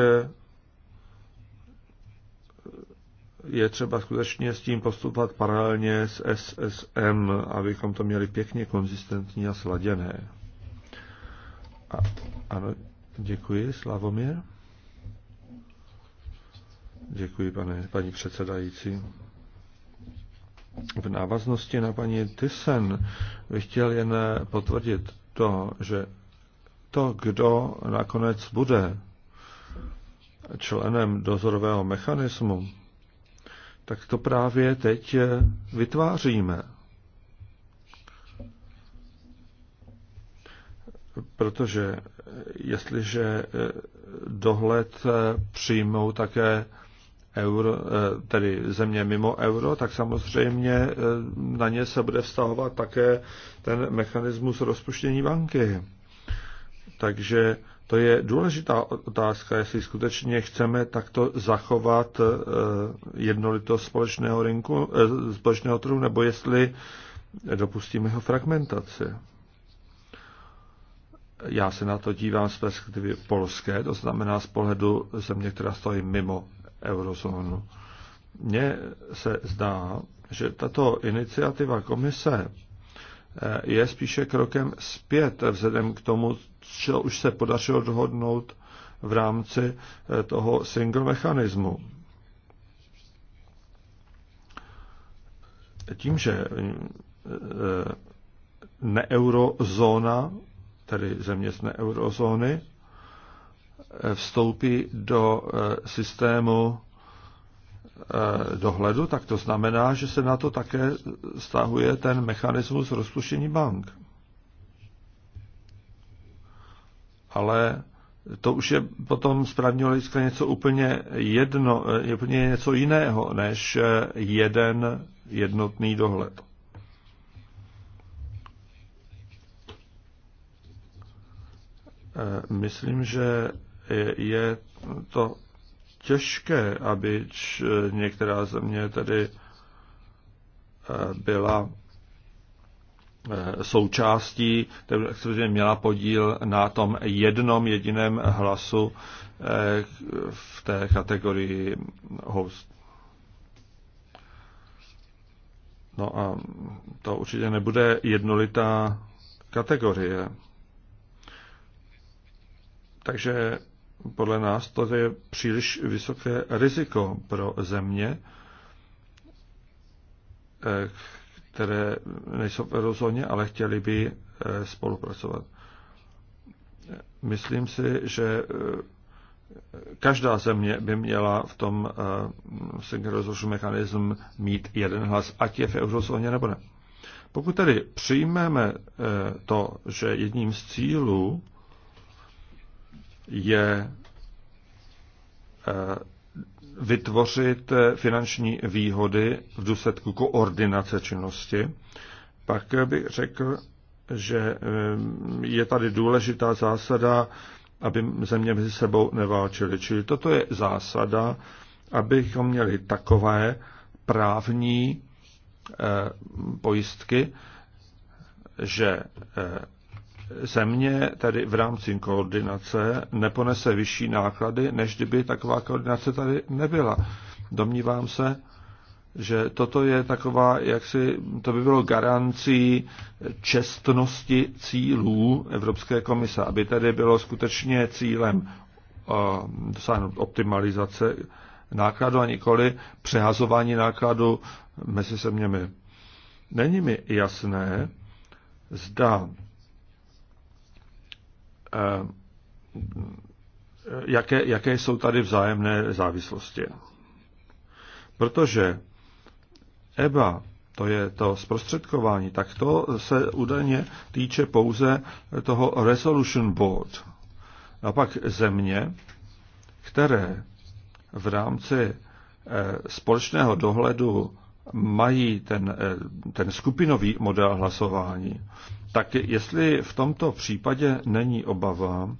je třeba skutečně s tím postupovat paralelně s SSM, abychom to měli pěkně konzistentní a sladěné. A, ano, děkuji, Slavomír. Děkuji, pane, paní předsedající. V návaznosti na paní Tysen bych chtěl jen potvrdit to, že to, kdo nakonec bude členem dozorového mechanismu, tak to právě teď eh, vytváříme. Protože eh, jestliže eh, dohled přijmou také euro, tedy země mimo euro, tak samozřejmě na ně se bude vztahovat také ten mechanismus rozpuštění banky. Takže to je důležitá otázka, jestli skutečně chceme takto zachovat eh, jednolitost společného, rynku, eh, společného trhu, nebo jestli dopustíme jeho fragmentaci. Já se na to dívám z perspektivy polské, to znamená z pohledu země, která stojí mimo eurozónu. Mně se zdá, že tato iniciativa komise je spíše krokem zpět vzhledem k tomu, co už se podařilo dohodnout v rámci eh, toho single mechanismu. Tím, že eh, neeurozóna, tedy země z neeurozóny, eh, vstoupí do systému Eh, dohledu, tak to znamená, že se na to také stahuje ten mechanismus rozpuštění bank. Ale to už je potom z právního hlediska něco úplně jedno, eh, úplně něco jiného, než eh, jeden jednotný dohled. Myslím, že je to těžké, aby některá země tedy eh, byla eh, součástí, které měla podíl na tom jednom jediném hlasu eh, v té kategorii host. No a to určitě nebude jednolitá kategorie. Takže podle nás to je příliš vysoké riziko pro země, eh, které nejsou v eurozóně, ale chtěli by eh, spolupracovat. Myslím si, že eh, každá země by měla v tom synchronizovaném mechanismu mít jeden hlas, ať je v eurozóně nebo ne. Pokud tedy přijmeme to, že jedním z cílů je eh, vytvořit eh, finanční výhody v důsledku koordinace činnosti. Pak bych řekl, že eh, je tady důležitá zásada, aby země mezi sebou neválčily. Čili toto je zásada, abychom měli takové právní pojistky, že země tady v rámci koordinace neponese vyšší náklady, než kdyby taková koordinace tady nebyla. Domnívám se, že toto je taková, jak si to by bylo garancí čestnosti cílů Evropské komise, aby tady bylo skutečně cílem eh, dosáhnout optimalizace nákladu a nikoli přehazování nákladu mezi seměmi. Není mi jasné, zda Eh, jaké, jaké jsou tady vzájemné závislosti. Protože EBA, to je to zprostředkování, tak to se údajně týče pouze toho Resolution Board. A pak země, které v rámci eh, společného dohledu mají ten, eh, ten skupinový model hlasování, tak jestli v tomto případě není obava,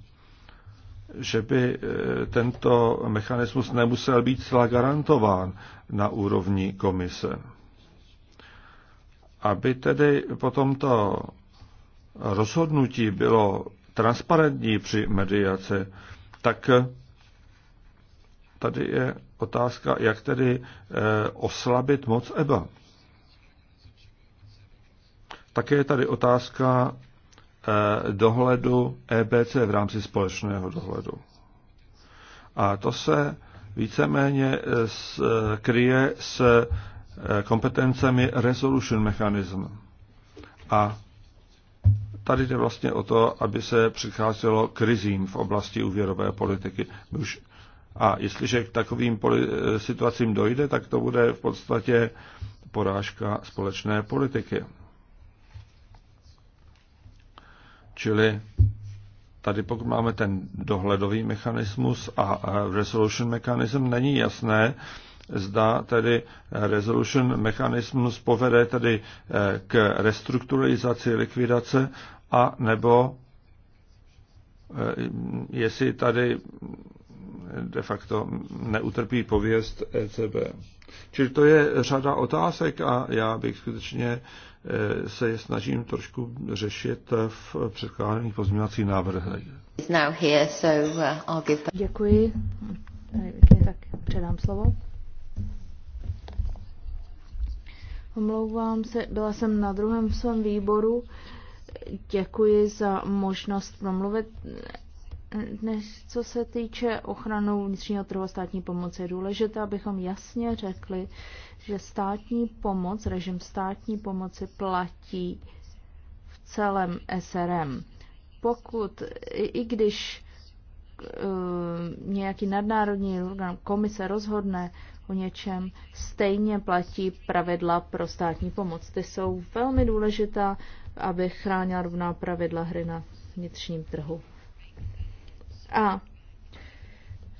že by eh, tento mechanismus nemusel být celá garantován na úrovni komise. Aby tedy po tomto rozhodnutí bylo transparentní při mediaci, tak tady je otázka, jak tedy eh, oslabit moc EBA. Také je tady otázka eh, dohledu EBC v rámci společného dohledu. A to se víceméně eh, kryje s kompetencemi resolution mechanism. A tady jde vlastně o to, aby se přicházelo krizím v oblasti úvěrové politiky. My už a jestliže k takovým eh, situacím dojde, tak to bude v podstatě porážka společné politiky. Čili tady pokud máme ten dohledový mechanismus a resolution mechanism, není jasné, zda tedy resolution mechanismus povede tedy eh, k restrukturalizaci likvidace a nebo eh, jestli tady de facto neutrpí pověst ECB. Čili to je řada otázek a já bych skutečně e, se je snažím trošku řešit v předkládaných pozměňovacích návrhech. Uh, Děkuji. Eh, tak předám slovo. Omlouvám se, byla jsem na druhém svém výboru. Děkuji za možnost promluvit dnes, co se týče ochranou vnitřního trhu a státní pomoci, je důležité, abychom jasně řekli, že státní pomoc, režim státní pomoci platí v celém SRM. Pokud, i, i když uh, nějaký nadnárodní orgán komise rozhodne o něčem, stejně platí pravidla pro státní pomoc. Ty jsou velmi důležitá, aby chránila rovná pravidla hry na vnitřním trhu. A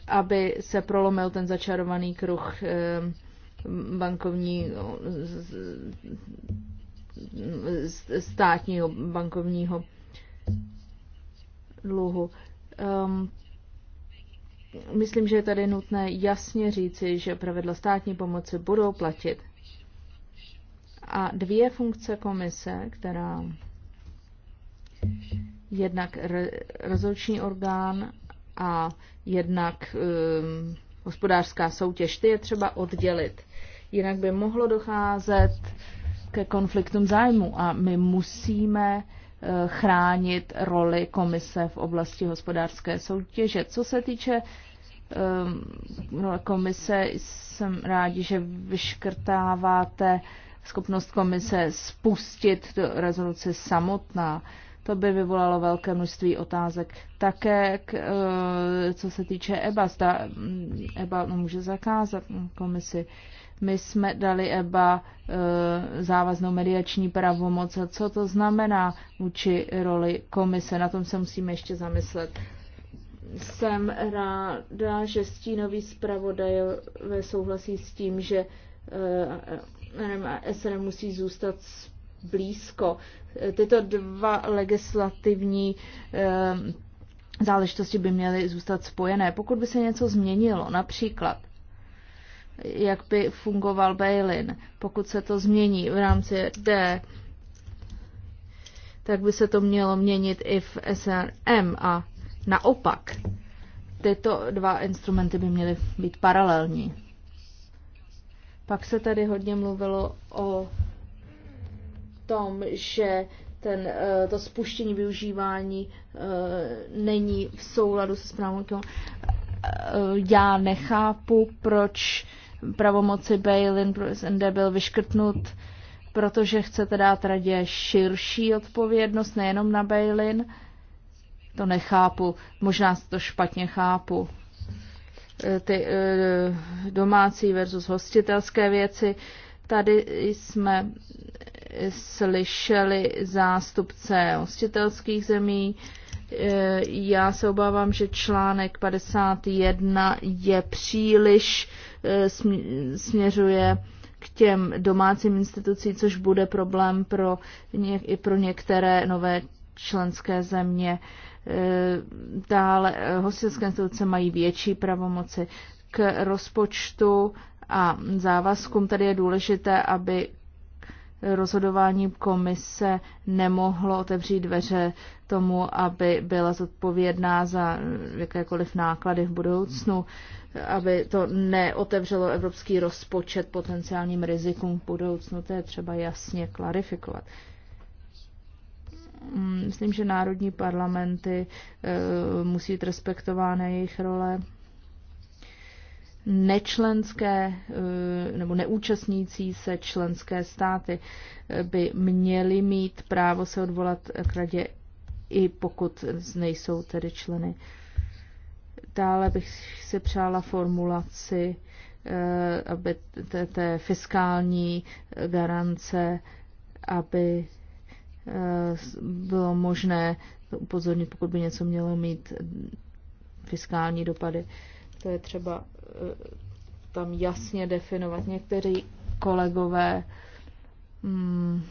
aby se prolomil ten začarovaný kruh ehm, bankovní státního bankovního dluhu. Ehm, myslím, že je tady nutné jasně říci, že pravidla státní pomoci budou platit. A dvě funkce komise, která jednak rozhodčí orgán a jednak um, hospodářská soutěž. Ty je třeba oddělit. Jinak by mohlo docházet ke konfliktům zájmu a my musíme uh, chránit roli komise v oblasti hospodářské soutěže. Co se týče um, komise, jsem rádi, že vyškrtáváte schopnost komise spustit do rezoluce samotná. Uh, to by vyvolalo velké množství otázek. Také, k, eh, co se týče EBA, zda mm, EBA může zakázat komisi. My jsme dali EBA eh, závaznou mediační pravomoc. A co to znamená vůči roli komise? Na tom se musíme ještě zamyslet. Jsem ráda, že stínový zpravodajové souhlasí s tím, že eh, SRM musí zůstat blízko. Tyto dva legislativní eh, záležitosti by měly zůstat spojené. Pokud by se něco změnilo, například jak by fungoval bail-in, pokud se to změní v rámci D, tak by se to mělo měnit i v SRM a naopak. Tyto dva instrumenty by měly být paralelní. Pak se tady hodně mluvilo o tom, že ten, eh, to spuštění využívání eh, není v souladu se správnou eh, Já nechápu, proč pravomoci Bailin pro SND byl vyškrtnut, protože chcete dát radě širší odpovědnost, nejenom na Bailin. To nechápu, možná to špatně chápu. Ty domácí versus hostitelské věci. Tady jsme slyšeli zástupce hostitelských zemí. E, já se obávám, že článek 51 je příliš e, směřuje k těm domácím institucím, což bude problém pro, něk, i pro některé nové členské země. E, dále hostitelské instituce mají větší pravomoci k rozpočtu a závazkům. Tady je důležité, aby rozhodování komise nemohlo otevřít dveře tomu, aby byla zodpovědná za jakékoliv náklady v budoucnu, aby to neotevřelo evropský rozpočet potenciálním rizikům v budoucnu. To je třeba jasně klarifikovat. Mm, myslím, že národní parlamenty eh, musí být respektována jejich role nečlenské eh, nebo neúčastnící se členské státy eh, by měly mít právo se odvolat k radě, i pokud nejsou tedy členy. Dále bych si přála formulaci, eh, aby té fiskální garance, aby bylo možné upozornit, pokud by něco mělo mít fiskální dopady. To je třeba Eh, tam jasně definovat. Někteří kolegové hmm,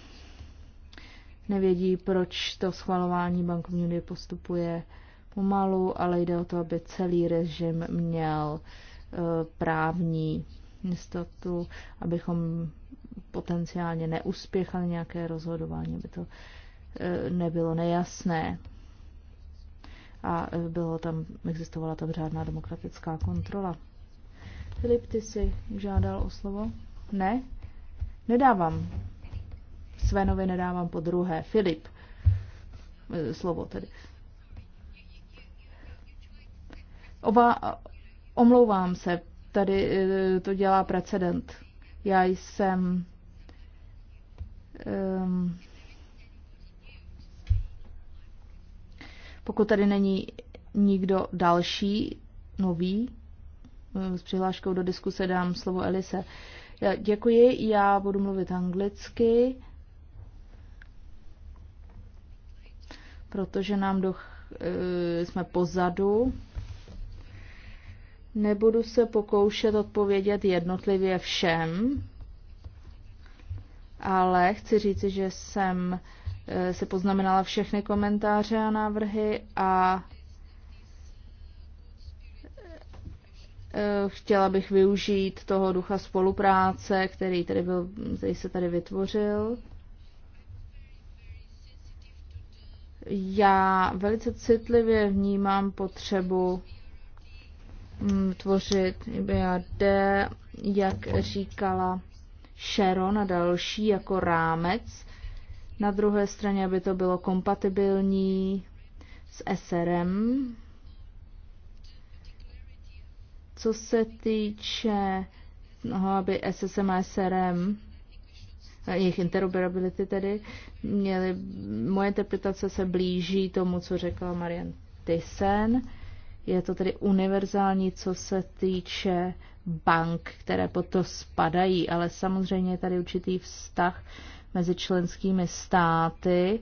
nevědí, proč to schvalování bankovní unie postupuje pomalu, ale jde o to, aby celý režim měl eh, právní jistotu, abychom potenciálně neuspěchali nějaké rozhodování, aby to eh, nebylo nejasné. A bylo tam, existovala tam řádná demokratická kontrola. Filip, ty jsi žádal o slovo? Ne? Nedávám. Svenovi nedávám po druhé. Filip. Eh, slovo tedy. Oba, omlouvám se, tady eh, to dělá precedent. Já jsem um, pokud tady není nikdo další nový, s přihláškou do diskuse dám slovo Elise. Děkuji, já budu mluvit anglicky, protože nám do, eh, jsme pozadu. Nebudu se pokoušet odpovědět jednotlivě všem, ale chci říci, že jsem eh, se poznamenala všechny komentáře a návrhy a Eh, chtěla bych využít toho ducha spolupráce, který, tady byl, který se tady vytvořil. Já velice citlivě vnímám potřebu mm, tvořit IBAD, jak říkala Sharon a další, jako rámec. Na druhé straně, aby to bylo kompatibilní s SRM, co se týče toho, aby SSM a SRM, jejich interoperability tedy, měly, moje interpretace se blíží tomu, co řekla Marian Tyson, Je to tedy univerzální, co se týče bank, které pod to spadají, ale samozřejmě je tady určitý vztah mezi členskými státy,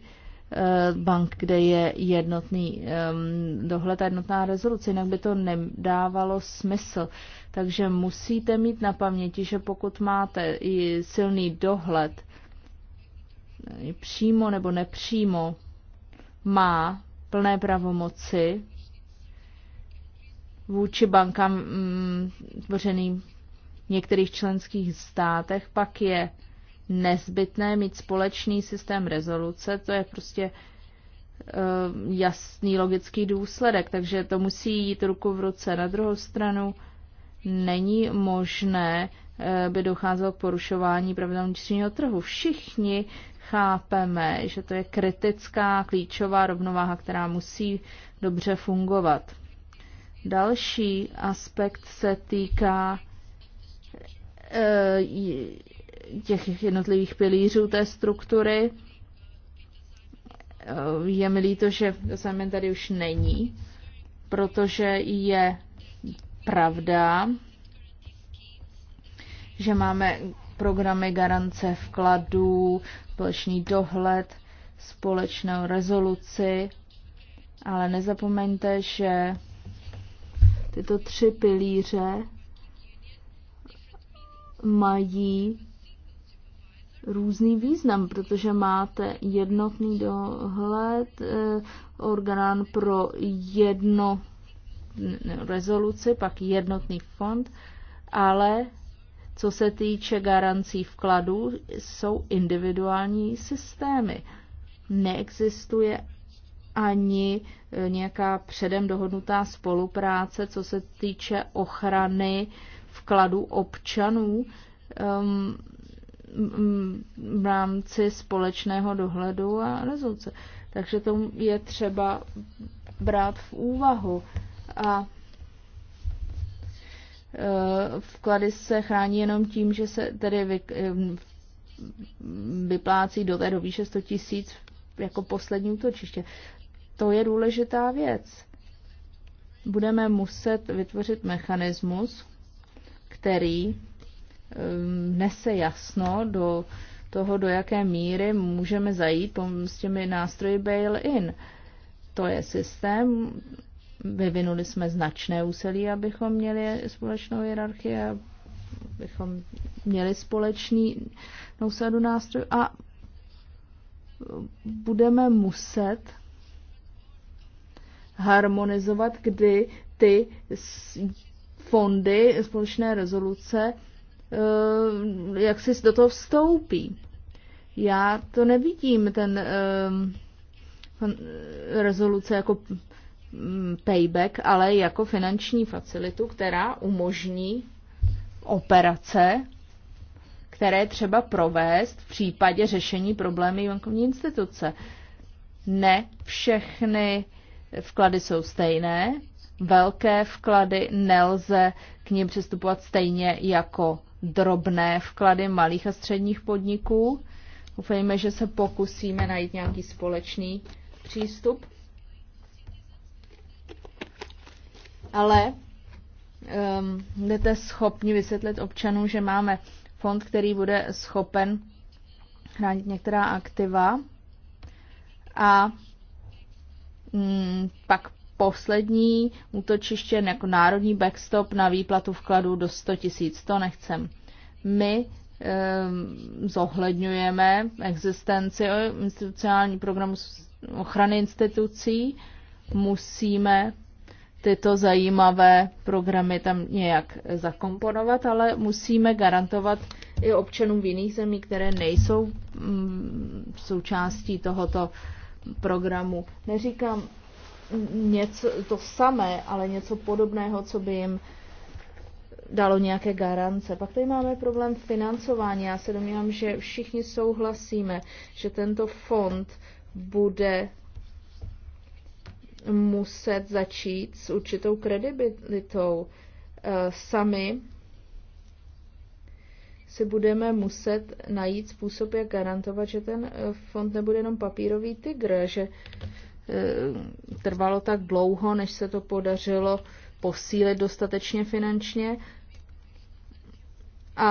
Eh, bank, kde je jednotný dohled a jednotná rezoluce, jinak by to nedávalo smysl. Takže musíte mít na paměti, že pokud máte i silný dohled, přímo nebo nepřímo, má plné pravomoci vůči bankám mm, tvořeným v některých členských státech, pak je nezbytné mít společný systém rezoluce, to je prostě eh, jasný logický důsledek, takže to musí jít ruku v ruce. Na druhou stranu není možné, eh, by docházelo k porušování pravidel vnitřního trhu. Všichni chápeme, že to je kritická, klíčová rovnováha, která musí dobře fungovat. Další aspekt se týká eh, těch jednotlivých pilířů té struktury. Je mi líto, že Simon tady už není, protože je pravda, že máme programy garance vkladů, společný dohled, společnou rezoluci, ale nezapomeňte, že tyto tři pilíře mají různý význam, protože máte jednotný dohled, eh, orgán pro jedno rezoluci, pak jednotný fond, ale co se týče garancí vkladů, jsou individuální systémy. Neexistuje ani eh, nějaká předem dohodnutá spolupráce, co se týče ochrany vkladů občanů. Um, v rámci společného dohledu a rezoluce. Takže to je třeba brát v úvahu. A e, vklady se chrání jenom tím, že se tedy vy, e, vyplácí do té do výše 100 tisíc jako poslední útočiště. To je důležitá věc. Budeme muset vytvořit mechanismus, který Ehm, nese jasno do toho, do jaké míry můžeme zajít s těmi nástroji bail-in. To je systém, vyvinuli jsme značné úsilí, abychom měli společnou hierarchii, abychom měli společný sadu nástrojů a budeme muset harmonizovat, kdy ty fondy společné rezoluce Eh, jak si do toho vstoupí. Já to nevidím, ten eh, eh, rezoluce jako mm, payback, ale jako finanční facilitu, která umožní operace, které třeba provést v případě řešení problémy bankovní instituce. Ne všechny vklady jsou stejné, velké vklady nelze k ním přistupovat stejně jako drobné vklady malých a středních podniků. Doufejme, že se pokusíme najít nějaký společný přístup. Ale um, budete schopni vysvětlit občanům, že máme fond, který bude schopen chránit některá aktiva a mm, pak poslední útočiště jako národní backstop na výplatu vkladů do 100 tisíc. To nechcem. My ehm, zohledňujeme existenci institucionální programu ochrany institucí, musíme tyto zajímavé programy tam nějak zakomponovat, ale musíme garantovat i občanům v jiných zemí, které nejsou mm, součástí tohoto programu. Neříkám, něco, to samé, ale něco podobného, co by jim dalo nějaké garance. Pak tady máme problém financování. Já se domnívám, že všichni souhlasíme, že tento fond bude muset začít s určitou kredibilitou. Eh, sami si budeme muset najít způsob, jak garantovat, že ten eh, fond nebude jenom papírový tygr, že Eh, trvalo tak dlouho, než se to podařilo posílit dostatečně finančně. Eh,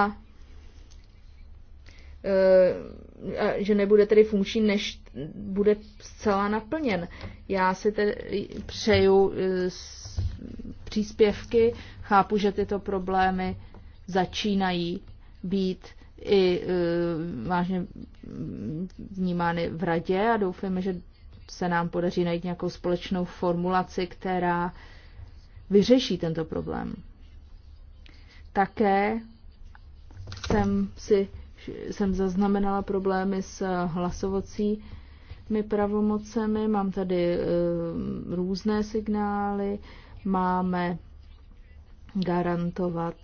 a že nebude tedy funkční, než bude zcela naplněn. Já si tedy přeju eh, příspěvky, chápu, že tyto problémy začínají být i vážně vnímány v radě a doufáme, že se nám podaří najít nějakou společnou formulaci, která vyřeší tento problém. Také jsem si jsem zaznamenala problémy s hlasovacími pravomocemi, mám tady e, různé signály, máme garantovat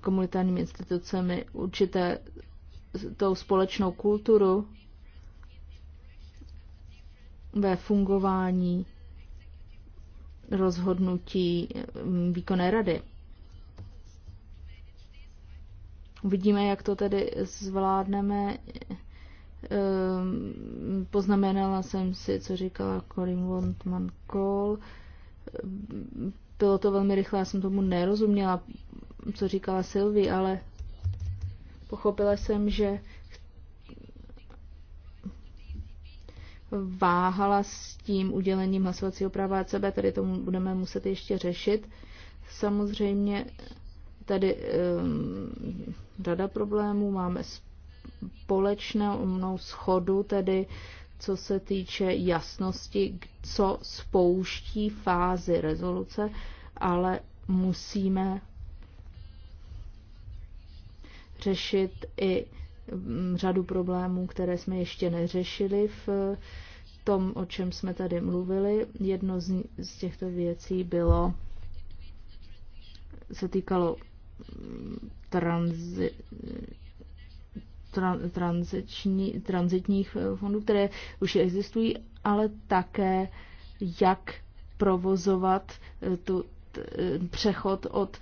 komunitárními institucemi určité tou společnou kulturu ve fungování rozhodnutí mm, výkonné rady. Uvidíme, jak to tedy zvládneme. Ehm, poznamenala jsem si, co říkala Corinne Wontman Cole. Bylo to velmi rychle, já jsem tomu nerozuměla, co říkala Sylvie, ale pochopila jsem, že váhala s tím udělením hlasovacího práva ECB, tady tomu budeme muset ještě řešit. Samozřejmě tady um, ehm, rada problémů, máme společnou schodu, tedy co se týče jasnosti, co spouští fázi rezoluce, ale musíme řešit i Mm, řadu problémů, které jsme ještě neřešili v eh, tom, o čem jsme tady mluvili. Jedno z těchto věcí bylo, se týkalo mm, transi, tran, transiční, transitních eh, fondů, které už existují, ale také jak provozovat eh, tu přechod od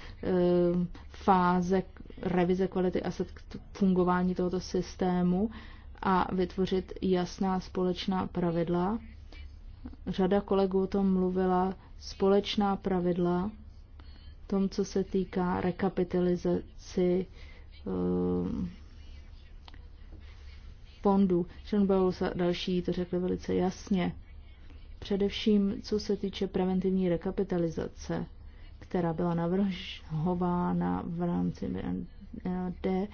fáze revize kvality asset k fungování tohoto systému a vytvořit jasná společná pravidla. Řada kolegů o tom mluvila, společná pravidla, tom, co se týká rekapitalizaci eh, fondů. Sean a další to řekli velice jasně. Především, co se týče preventivní rekapitalizace která byla navrhována v rámci BND eh,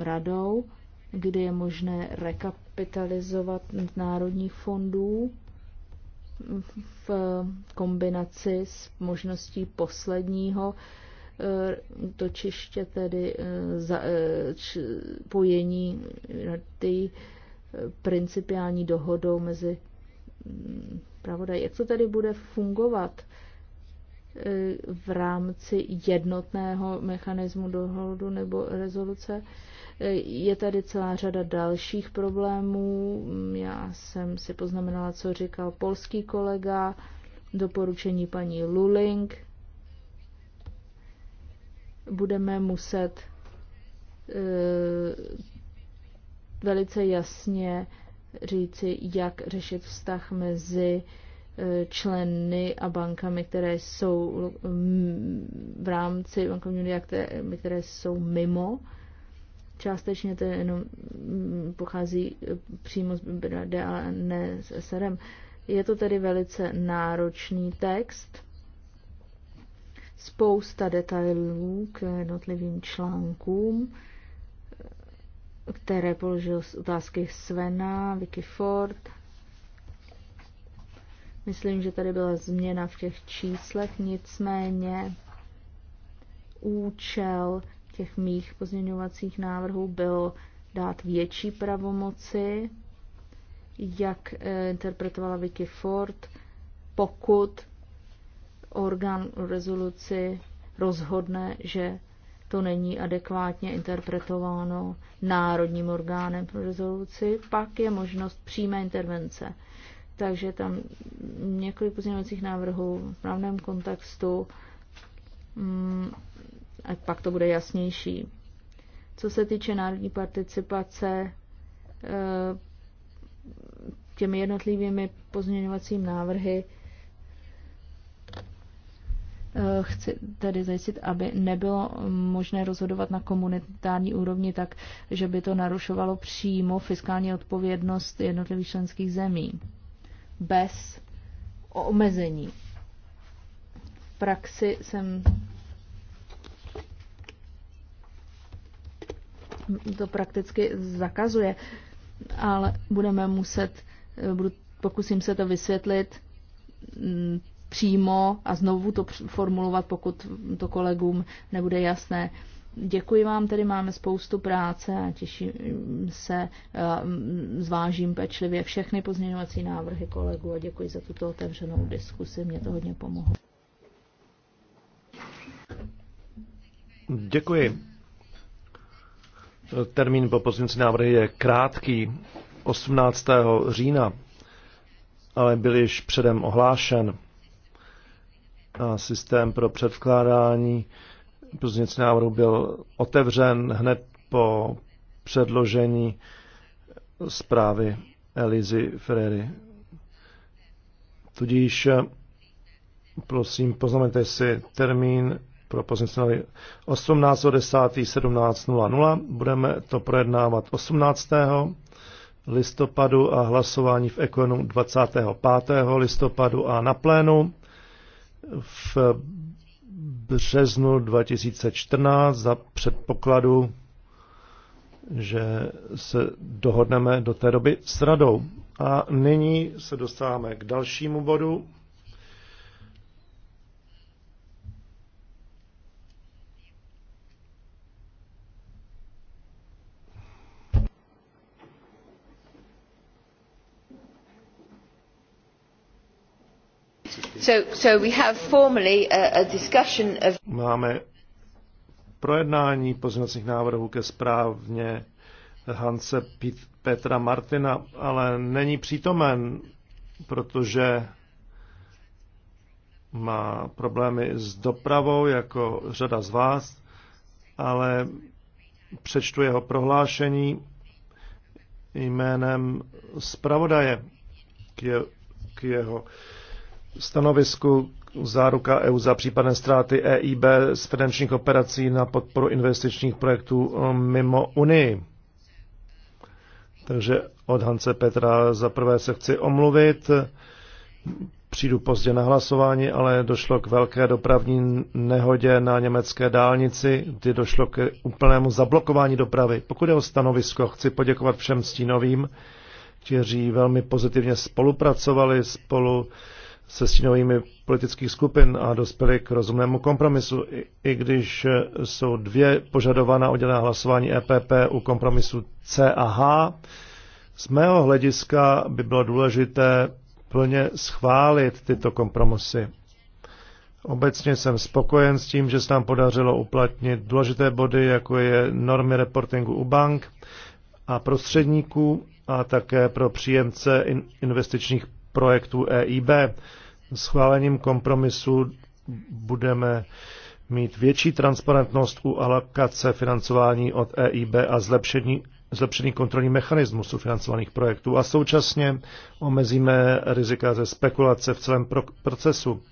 radou, kdy je možné rekapitalizovat národních fondů v kombinaci s možností posledního eh, točiště, tedy eh, za, č, pojení ty principiální dohodou mezi mm, pravodaj. Jak to tady bude fungovat? Eh, v rámci jednotného mechanismu dohodu nebo rezoluce. Eh, je tady celá řada dalších problémů. Mm, Já jsem si poznamenala, co říkal polský kolega, doporučení paní Luling. Budeme muset eh, velice jasně říci, jak řešit vztah mezi členy a bankami, které jsou mm, v rámci bankovní unie, které, které jsou mimo. Částečně to jenom mm, pochází eh, přímo z BRD, ale ne z SRM. Je to tedy velice náročný text, spousta detailů k jednotlivým článkům, eh, které položil z otázky Svena, Vicky Ford – Myslím, že tady byla změna v těch číslech, nicméně účel těch mých pozměňovacích návrhů byl dát větší pravomoci, jak eh, interpretovala Vicky Ford, pokud orgán rezoluci rozhodne, že to není adekvátně interpretováno národním orgánem pro rezoluci, pak je možnost přímé intervence takže tam několik pozměňovacích návrhů v právném kontextu mm, a pak to bude jasnější. Co se týče národní participace, eh, těmi jednotlivými pozměňovacími návrhy eh, chci tedy zajistit, aby nebylo možné rozhodovat na komunitární úrovni tak, že by to narušovalo přímo fiskální odpovědnost jednotlivých členských zemí bez omezení. V praxi jsem to prakticky zakazuje, ale budeme muset, budu, pokusím se to vysvětlit mm, přímo a znovu to formulovat, pokud to kolegům nebude jasné. Děkuji vám, tedy máme spoustu práce a těším se, eh, zvážím pečlivě všechny pozměňovací návrhy kolegů a děkuji za tuto otevřenou diskusi, mě to hodně pomohlo. Děkuji. Termín po pozměňovací návrhy je krátký, 18. října, ale byl již předem ohlášen. A systém pro předkládání pozměňovací návrhu byl otevřen hned po předložení zprávy Elizy Ferrery. Tudíž eh, prosím, poznamenajte si termín pro pozměňovací 18.10. 17.00. Budeme to projednávat 18. listopadu a hlasování v ekonu 25. listopadu a na plénu v březnu 2014 za předpokladu, že se dohodneme do té doby s radou. A nyní se dostáváme k dalšímu bodu. Máme projednání pozměňovacích návrhů ke správně Hanse Petra Martina, ale není přítomen, protože má problémy s dopravou, jako řada z vás, ale přečtu jeho prohlášení jménem zpravodaje k, je, k jeho stanovisku záruka EU za případné ztráty EIB z finančních operací na podporu investičních projektů mimo Unii. Takže od Hance Petra za prvé se chci omluvit. Přijdu pozdě na hlasování, ale došlo k velké dopravní nehodě na německé dálnici, kdy došlo k úplnému zablokování dopravy. Pokud je o stanovisko, chci poděkovat všem stínovým, kteří velmi pozitivně spolupracovali spolu se stínovými politických skupin a dospěli k rozumnému kompromisu, i, i když jsou dvě požadovaná oddělená hlasování EPP u kompromisu C a H. Z mého hlediska by bylo důležité plně schválit tyto kompromisy. Obecně jsem spokojen s tím, že se nám podařilo uplatnit důležité body, jako je normy reportingu u bank a prostředníků a také pro příjemce investičních projektů EIB. Schválením kompromisu budeme mít větší transparentnost u alokace financování od EIB a zlepšení, zlepšený kontrolní mechanismus u financovaných projektů a současně omezíme rizika ze spekulace v celém pro- procesu.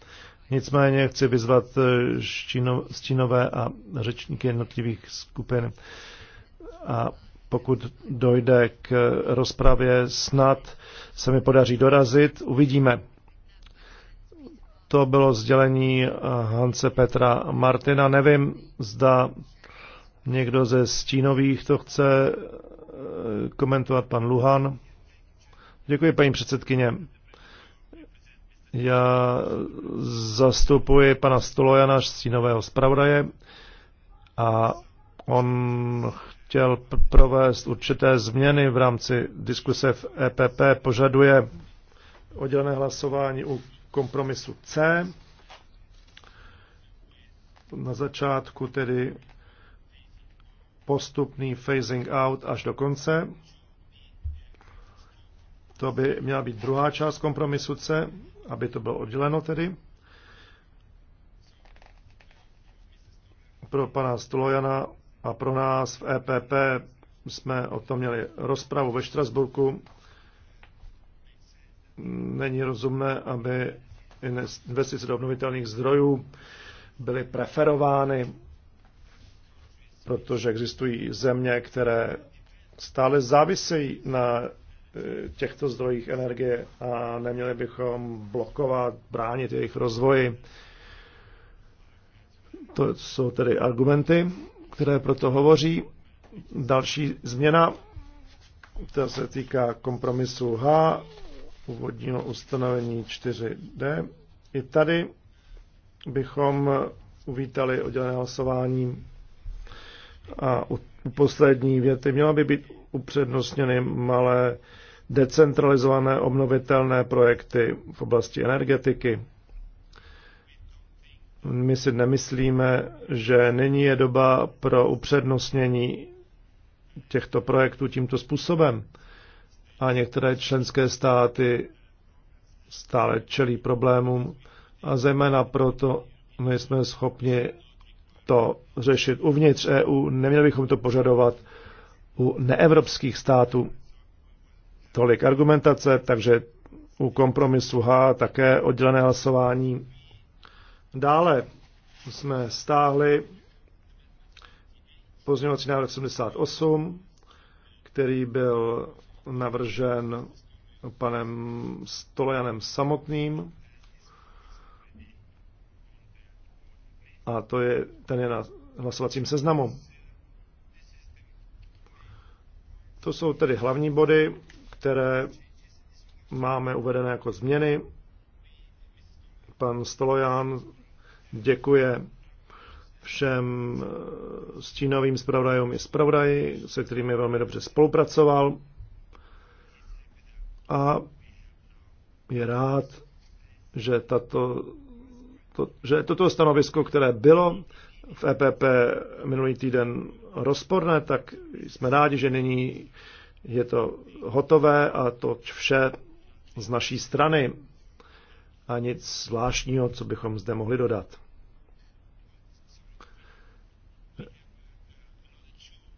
Nicméně chci vyzvat eh, stínové a řečníky jednotlivých skupin a pokud dojde k rozpravě, snad se mi podaří dorazit. Uvidíme. To bylo sdělení eh, Hance Petra Martina. Nevím, zda někdo ze stínových to chce eh, komentovat pan Luhan. Děkuji, paní předsedkyně. Já zastupuji pana Stolojana, stínového zpravodaje, a on chtěl provést určité změny v rámci diskuse v EPP. Požaduje oddělené hlasování u kompromisu C. Na začátku tedy postupný phasing out až do konce. To by měla být druhá část kompromisu C, aby to bylo odděleno tedy. Pro pana Stolojana a pro nás v EPP jsme o tom měli rozpravu ve Štrasburku. Není rozumné, aby investice do obnovitelných zdrojů byly preferovány, protože existují země, které stále závisejí na eh, těchto zdrojích energie a neměli bychom blokovat, bránit jejich rozvoji. To jsou tedy argumenty které proto hovoří. Další změna, ta se týká kompromisu H, úvodního ustanovení 4D. I tady bychom uvítali oddělené hlasování a u poslední věty měla by být upřednostněny malé decentralizované obnovitelné projekty v oblasti energetiky. My si nemyslíme, že není je doba pro upřednostnění těchto projektů tímto způsobem. A některé členské státy stále čelí problémům a zejména proto my jsme schopni to řešit uvnitř EU. Neměli bychom to požadovat u neevropských států. Tolik argumentace, takže u kompromisu H také oddělené hlasování Dále jsme stáhli pozměňovací návrh 78, který byl navržen panem Stolojanem samotným. A to je, ten je na hlasovacím seznamu. To jsou tedy hlavní body, které máme uvedené jako změny. Pan Stolojan děkuje všem eh, stínovým zpravodajům i zpravodaji, se kterými velmi dobře spolupracoval. A je rád, že, tato, to, že toto stanovisko, které bylo v EPP minulý týden rozporné, tak jsme rádi, že nyní je to hotové a to vše z naší strany a nic zvláštního, co bychom zde mohli dodat.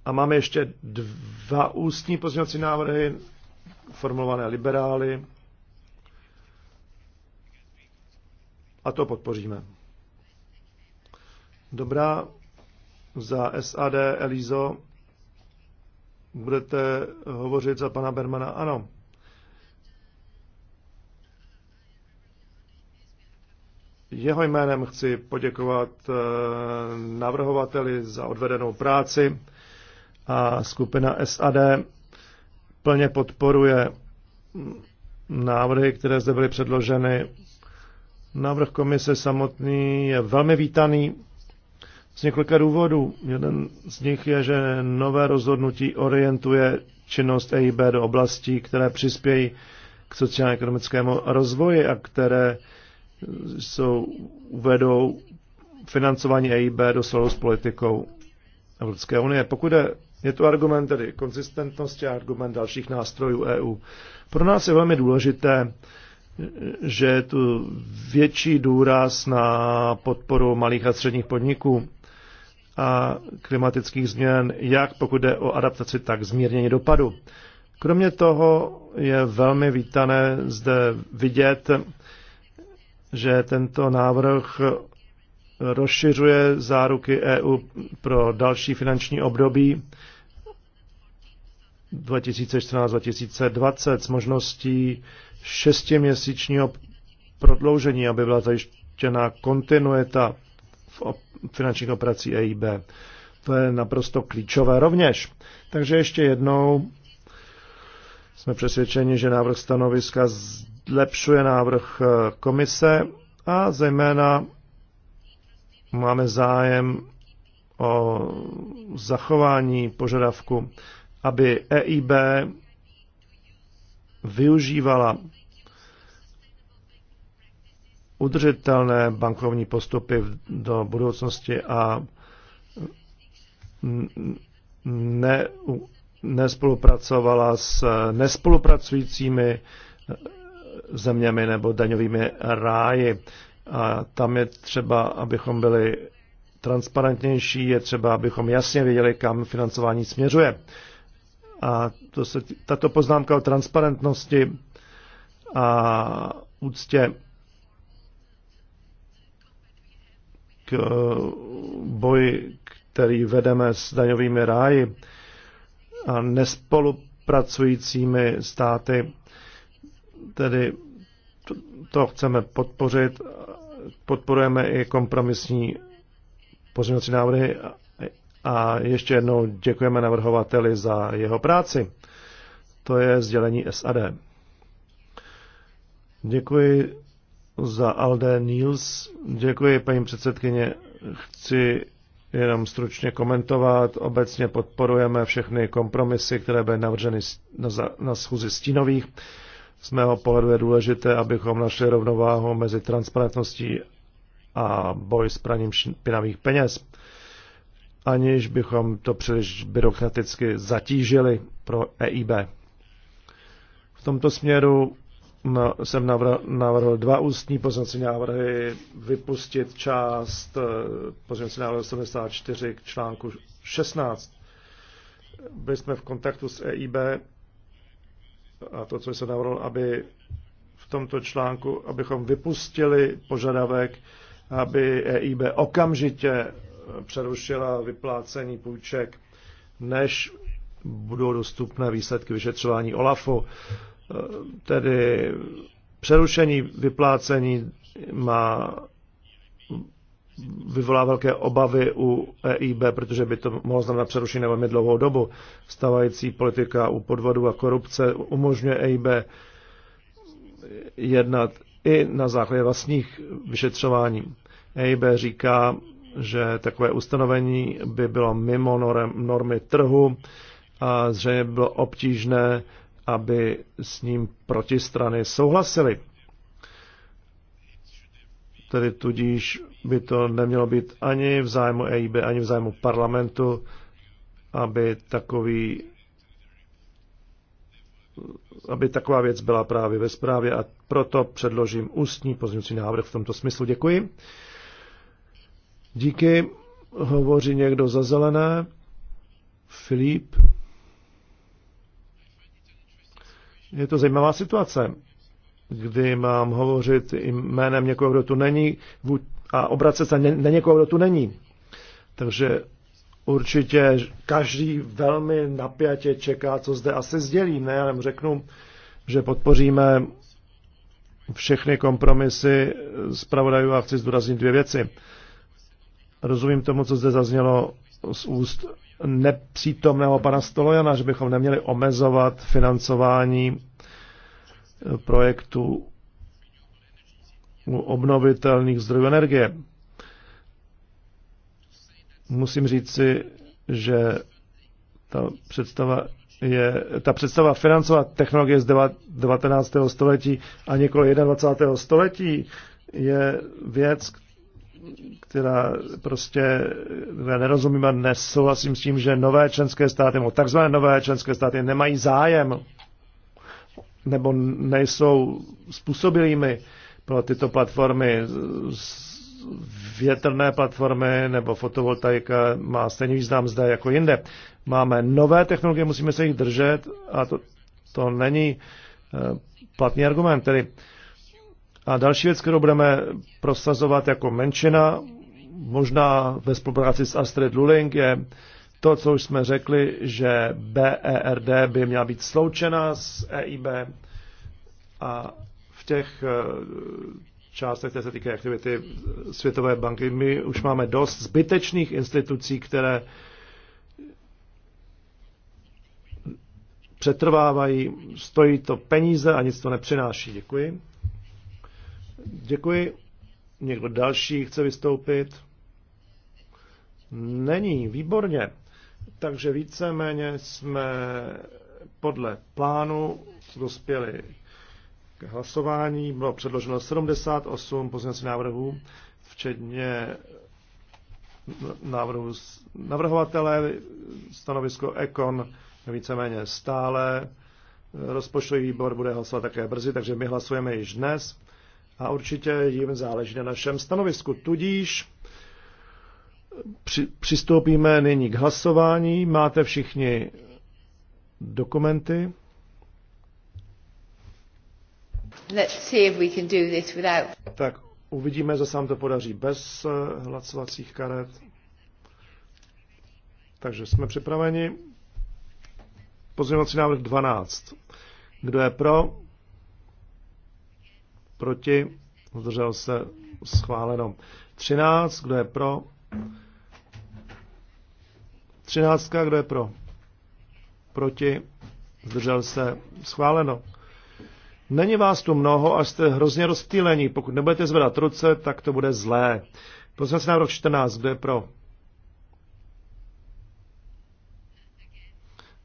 A máme ještě dva ústní pozměňovací návrhy formulované liberály. A to podpoříme. Dobrá, za SAD Elizo budete hovořit za pana Bermana? Ano. Jeho jménem chci poděkovat eh, navrhovateli za odvedenou práci a skupina SAD plně podporuje návrhy, které zde byly předloženy. Návrh komise samotný je velmi vítaný z několika důvodů. Jeden z nich je, že nové rozhodnutí orientuje činnost EIB do oblastí, které přispějí k sociálně-ekonomickému rozvoji a které jsou, uvedou financování EIB do s politikou Evropské unie. Pokud je je to argument tedy konzistentnosti a argument dalších nástrojů EU. Pro nás je velmi důležité, že je tu větší důraz na podporu malých a středních podniků a klimatických změn, jak pokud jde o adaptaci, tak zmírnění dopadu. Kromě toho je velmi vítané zde vidět, že tento návrh rozšiřuje záruky EU pro další finanční období 2014-2020 s možností šestiměsíčního prodloužení, aby byla zajištěna kontinuita v finančních operací EIB. To je naprosto klíčové rovněž. Takže ještě jednou jsme přesvědčeni, že návrh stanoviska zlepšuje návrh eh, komise a zejména máme zájem o zachování požadavku aby EIB využívala udržitelné bankovní postupy do budoucnosti a ne, nespolupracovala s nespolupracujícími zeměmi nebo daňovými ráji. A tam je třeba, abychom byli transparentnější, je třeba, abychom jasně věděli, kam financování směřuje. A to se, tato poznámka o transparentnosti a úctě k eh, boji, který vedeme s daňovými ráji a nespolupracujícími státy, tedy to, to chceme podpořit. Podporujeme i kompromisní pozměňovací návrhy a ještě jednou děkujeme navrhovateli za jeho práci. To je sdělení SAD. Děkuji za Alde Niels. Děkuji, paní předsedkyně. Chci jenom stručně komentovat. Obecně podporujeme všechny kompromisy, které byly navrženy na schůzi stínových. Z mého pohledu je důležité, abychom našli rovnováhu mezi transparentností a boj s praním špinavých peněz aniž bychom to příliš byrokraticky zatížili pro EIB. V tomto směru jsem navrhl dva ústní pozměňovací návrhy, vypustit část e, pozměňovací návrhu 74 k článku 16. Byli jsme v kontaktu s EIB a to, co jsem navrhl, aby v tomto článku, abychom vypustili požadavek, aby EIB okamžitě přerušila vyplácení půjček, než budou dostupné výsledky vyšetřování OLAFu. E, tedy přerušení vyplácení má vyvolá velké obavy u EIB, protože by to mohlo znamenat přerušení na velmi dlouhou dobu. Stavající politika u podvodu a korupce umožňuje EIB jednat i na základě vlastních vyšetřování. EIB říká, že takové ustanovení by bylo mimo normy trhu a zřejmě by bylo obtížné, aby s ním protistrany souhlasily. Tedy tudíž by to nemělo být ani v zájmu EIB, ani v zájmu parlamentu, aby takový aby taková věc byla právě ve zprávě a proto předložím ústní pozměňující návrh v tomto smyslu. Děkuji. Díky. Hovoří někdo za zelené? Filip? Je to zajímavá situace, kdy mám hovořit jménem někoho, kdo tu není a obracet se na někoho, kdo tu není. Takže určitě každý velmi napjatě čeká, co zde asi sdělí. Ne, já řeknu, že podpoříme všechny kompromisy zpravodajů a chci zdůraznit dvě věci. Rozumím tomu, co zde zaznělo z úst nepřítomného pana Stolojana, že bychom neměli omezovat financování eh, projektu obnovitelných zdrojů energie. Musím říci, že ta představa je, ta představa financovat technologie z 19. století a nikoli 21. století je věc, která prostě já nerozumím a nesouhlasím s tím, že nové členské státy, nebo takzvané nové členské státy nemají zájem nebo nejsou způsobilými pro tyto platformy. Větrné platformy nebo fotovoltaika má stejný význam zde jako jinde. Máme nové technologie, musíme se jich držet a to, to není eh, platný argument. Tedy a další věc, kterou budeme prosazovat jako menšina, možná ve spolupráci s Astrid Luling, je to, co už jsme řekli, že BERD by měla být sloučena s EIB a v těch eh, částech, které se týkají aktivity Světové banky, my už máme dost zbytečných institucí, které přetrvávají, stojí to peníze a nic to nepřináší. Děkuji. Děkuji. Někdo další chce vystoupit? Není, výborně. Takže víceméně jsme podle plánu dospěli k hlasování. Bylo předloženo 78 pozměňovacích návrhů, včetně návrhu navrhovatele, stanovisko Ekon víceméně stále. Rozpočtový výbor bude hlasovat také brzy, takže my hlasujeme již dnes a určitě jim záleží na našem stanovisku. Tudíž při, přistoupíme nyní k hlasování. Máte všichni dokumenty. Let's see if we can do this without. Tak uvidíme, zase vám to podaří bez eh, hlasovacích karet. Takže jsme připraveni. Pozměňovací návrh 12. Kdo je pro? proti, zdržel se schváleno. 13, kdo je pro? 13, kdo je pro? Proti, zdržel se schváleno. Není vás tu mnoho a jste hrozně rozptýlení. Pokud nebudete zvedat ruce, tak to bude zlé. Prosím se návrh 14, kdo je pro?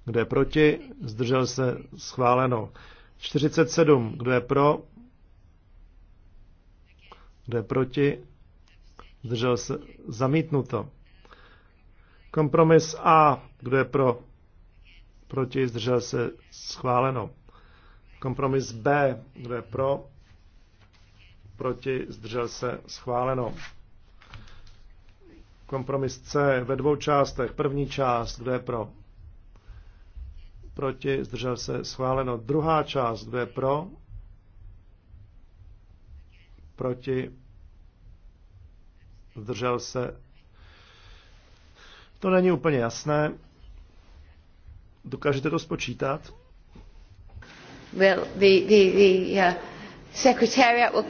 Kdo je proti? Zdržel se schváleno. 47, kdo je pro? jde proti? Zdržel se zamítnuto. Kompromis A. Kdo je pro? Proti? Zdržel se schváleno. Kompromis B. Kdo je pro? Proti? Zdržel se schváleno. Kompromis C ve dvou částech. První část, kdo je pro? Proti? Zdržel se schváleno. Druhá část, kdo je pro? proti, zdržel se. To není úplně jasné. Dokážete to spočítat? Well, the, the, the, uh, secretariat will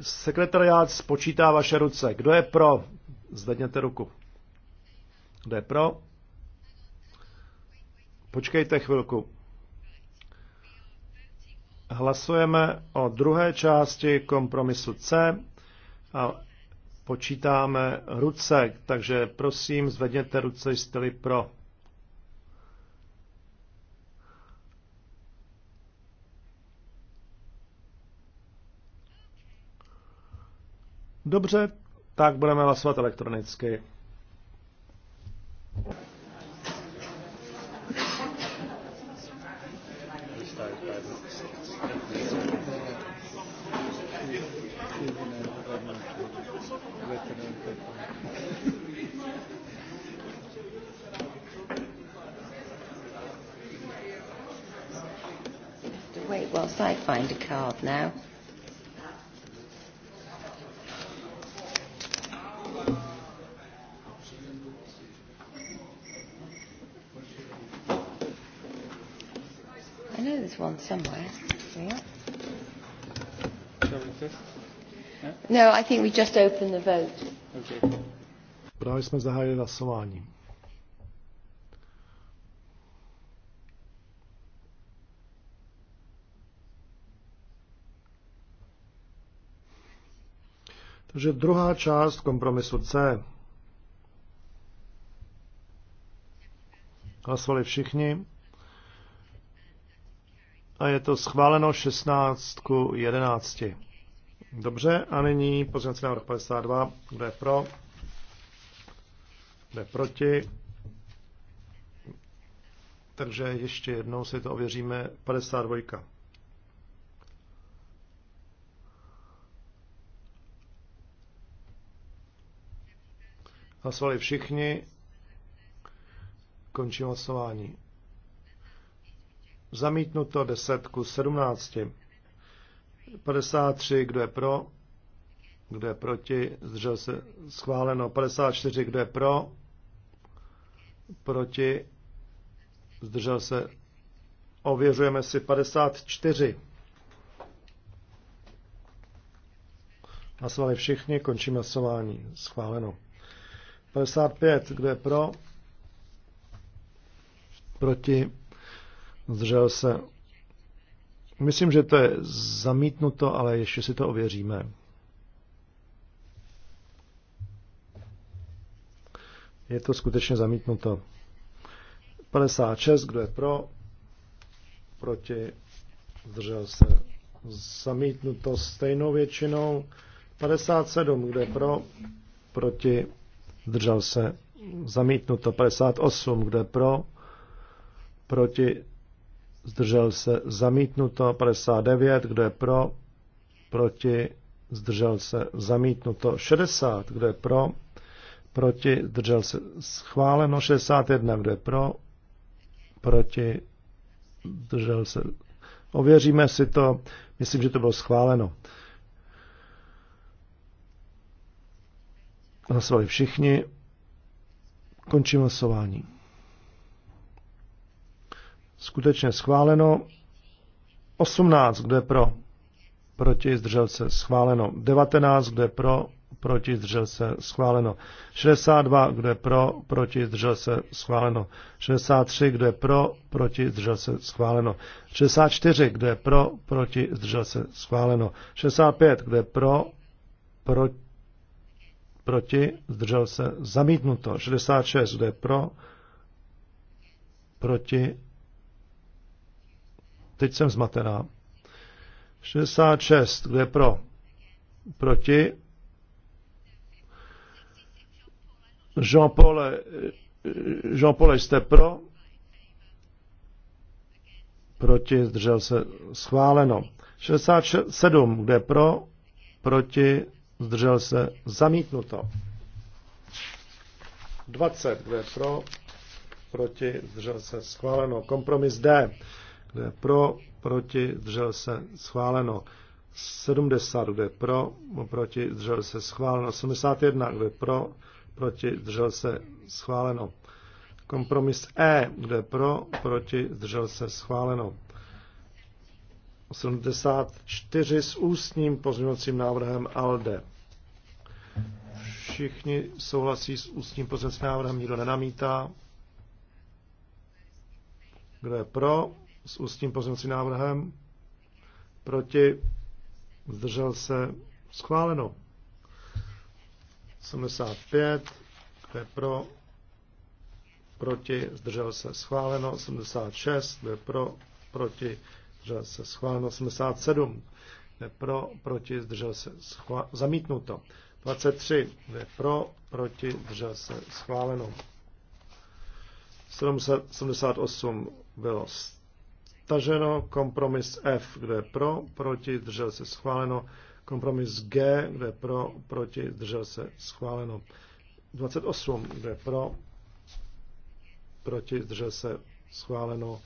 Sekretariát spočítá vaše ruce. Kdo je pro? Zvedněte ruku. Kdo je pro? Počkejte chvilku. Hlasujeme o druhé části kompromisu C a počítáme ruce, takže prosím zvedněte ruce, jste-li pro. Dobře, tak budeme hlasovat elektronicky. I find a card now? I know there's one somewhere. Yeah. we No, I think we just open the vote. Okay. Právě jsme zahájili hlasování. Takže druhá část kompromisu C. Hlasovali všichni. A je to schváleno 16 ku 11. Dobře, a nyní pozměnce návrh 52. Kdo je pro? Kdo je proti? Takže ještě jednou si to ověříme. 52. Hlasovali všichni. Končím hlasování. Zamítnuto 10 ku 17. 53, kdo je pro, kdo je proti, zdržel se schváleno. 54, kdo je pro, proti, zdržel se. Ověřujeme si 54. Hlasovali všichni, končím hlasování. Schváleno. 55, kdo je pro? Proti? Zdržel se. Myslím, že to je zamítnuto, ale ještě si to ověříme. Je to skutečně zamítnuto. 56, kdo je pro? Proti? Zdržel se. Zamítnuto stejnou většinou. 57, kdo je pro? Proti? zdržel se, zamítnuto 58, kdo je pro, proti, zdržel se, zamítnuto 59, kdo je pro, proti, zdržel se, zamítnuto 60, kdo je pro, proti, zdržel se, schváleno 61, kdo je pro, proti, zdržel se. Ověříme si to, myslím, že to bylo schváleno. Hlasovali všichni. Končím hlasování. Skutečně schváleno. 18, kdo je pro? Proti, zdržel se, schváleno. 19, kdo je pro? Proti, zdržel se, schváleno. 62, kdo je pro? Proti, zdržel se, schváleno. 63, kdo je pro? Proti, zdržel se, schváleno. 64, kdo je pro? Proti, zdržel se, schváleno. 65, kdo je pro? Proti, proti, zdržel se, zamítnuto. 66, kdo je pro, proti, teď jsem zmatená. 66, kdo je pro, proti, Jean-Paul, Jean-Paul, jste pro, proti, zdržel se, schváleno. 67, kde pro, proti, zdržel se, zamítnuto. 20, kde je pro, proti, zdržel se, schváleno. Kompromis D, kde je pro, proti, zdržel se, schváleno. 70, kde je pro, proti, zdržel se, schváleno. 71, kde je pro, proti, zdržel se, schváleno. Kompromis E, kde je pro, proti, zdržel se, schváleno. 74 s ústním pozměňovacím návrhem ALDE. Všichni souhlasí s ústním pozměňovacím návrhem, nikdo nenamítá. Kdo je pro s ústním pozměňovacím návrhem? Proti? Zdržel se? Schváleno. 75. Kdo je pro? Proti? Zdržel se? Schváleno. 76. Kdo je pro? Proti? zdržel se schváleno 87, kde pro, proti, zdržel se schváleno, zamítnuto. 23, kde pro, proti, zdržel se schváleno. 78 bylo staženo, kompromis F, kde pro, proti, zdržel se schváleno. Kompromis G, kde pro, proti, zdržel se schváleno. 28, kde pro, proti, zdržel se schváleno.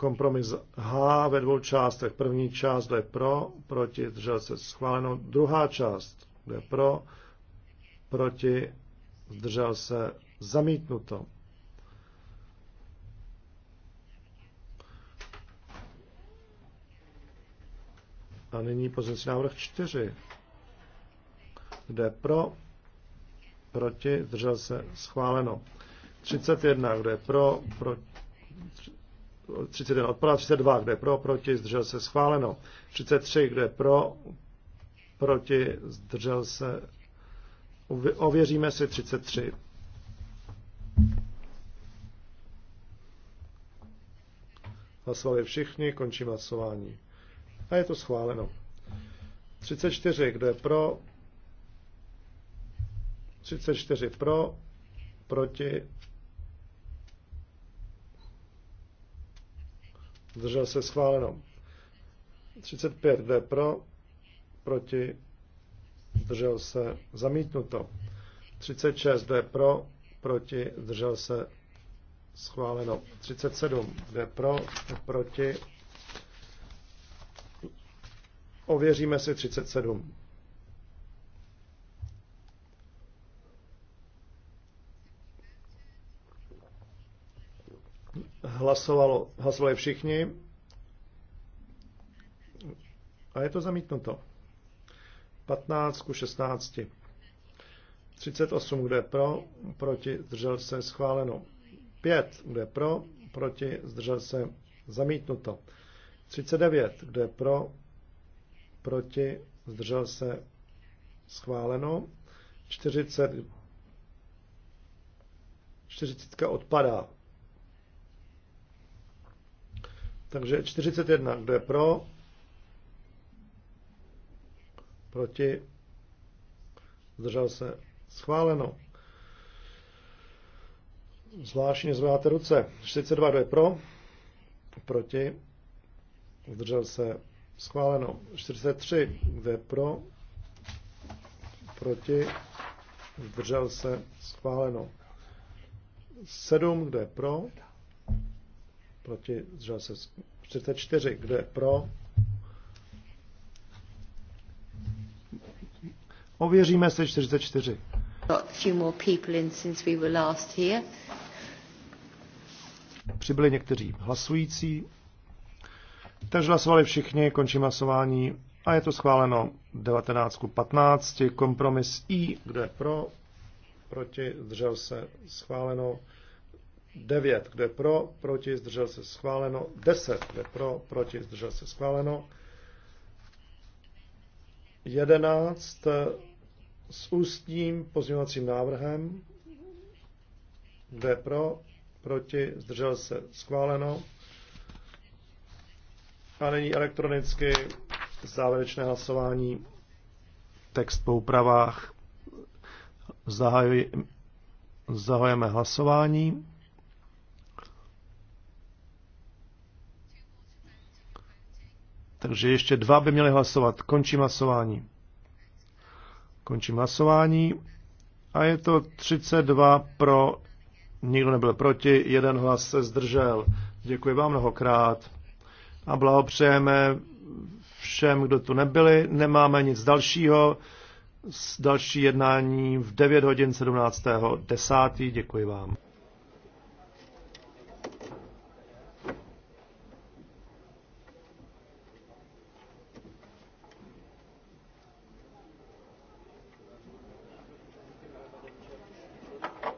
Kompromis H ve dvou částech. První část, je pro, proti, zdržel se schváleno. Druhá část, je pro, proti, zdržel se zamítnuto. A nyní pozici návrh 4, kde pro, proti, zdržel se schváleno. 31, kde pro, proti 31 odpadá, 32, kdo je pro, proti, zdržel se, schváleno. 33, kdo je pro, proti, zdržel se, ověříme si 33. Hlasovali všichni, končím hlasování. A je to schváleno. 34, kdo je pro, 34 pro, proti, zdržel se schváleno. 35 D pro, proti, zdržel se zamítnuto. 36 D pro, proti, zdržel se schváleno. 37 D pro, proti, ověříme si 37. Hlasovalo, hlasovali všichni. A je to zamítnuto. 15 ku 16. 38, kde je pro, proti, zdržel se, schváleno. 5, kde je pro, proti, zdržel se, zamítnuto. 39, kde je pro, proti, zdržel se, schváleno. 40, 40 odpadá. Takže 41, kdo je pro? Proti? Zdržel se? Schváleno. Zvláštně zvedáte ruce. 42, kdo je pro? Proti? Zdržel se? Schváleno. 43, kdo je pro? Proti? Zdržel se? Schváleno. 7, kdo je pro? proti, zdržel se 34, kdo je pro. Ověříme se 44. Přibyli někteří hlasující. Takže hlasovali všichni, Končí hlasování a je to schváleno 19 15, kompromis I, kdo je pro, proti, zdržel se, schváleno 9, kde pro, proti, zdržel se schváleno. 10, kde pro, proti, zdržel se schváleno. 11 s ústním pozměňovacím návrhem, kde pro, proti, zdržel se schváleno. A nyní elektronicky závěrečné hlasování text po úpravách. Zahajuji, zahajujeme hlasování. Takže ještě dva by měli hlasovat. Končím hlasování. Končím hlasování. A je to 32 pro, nikdo nebyl proti, jeden hlas se zdržel. Děkuji vám mnohokrát a blahopřejeme všem, kdo tu nebyli. Nemáme nic dalšího. S Další jednání v 9 hodin 17.10. Děkuji vám.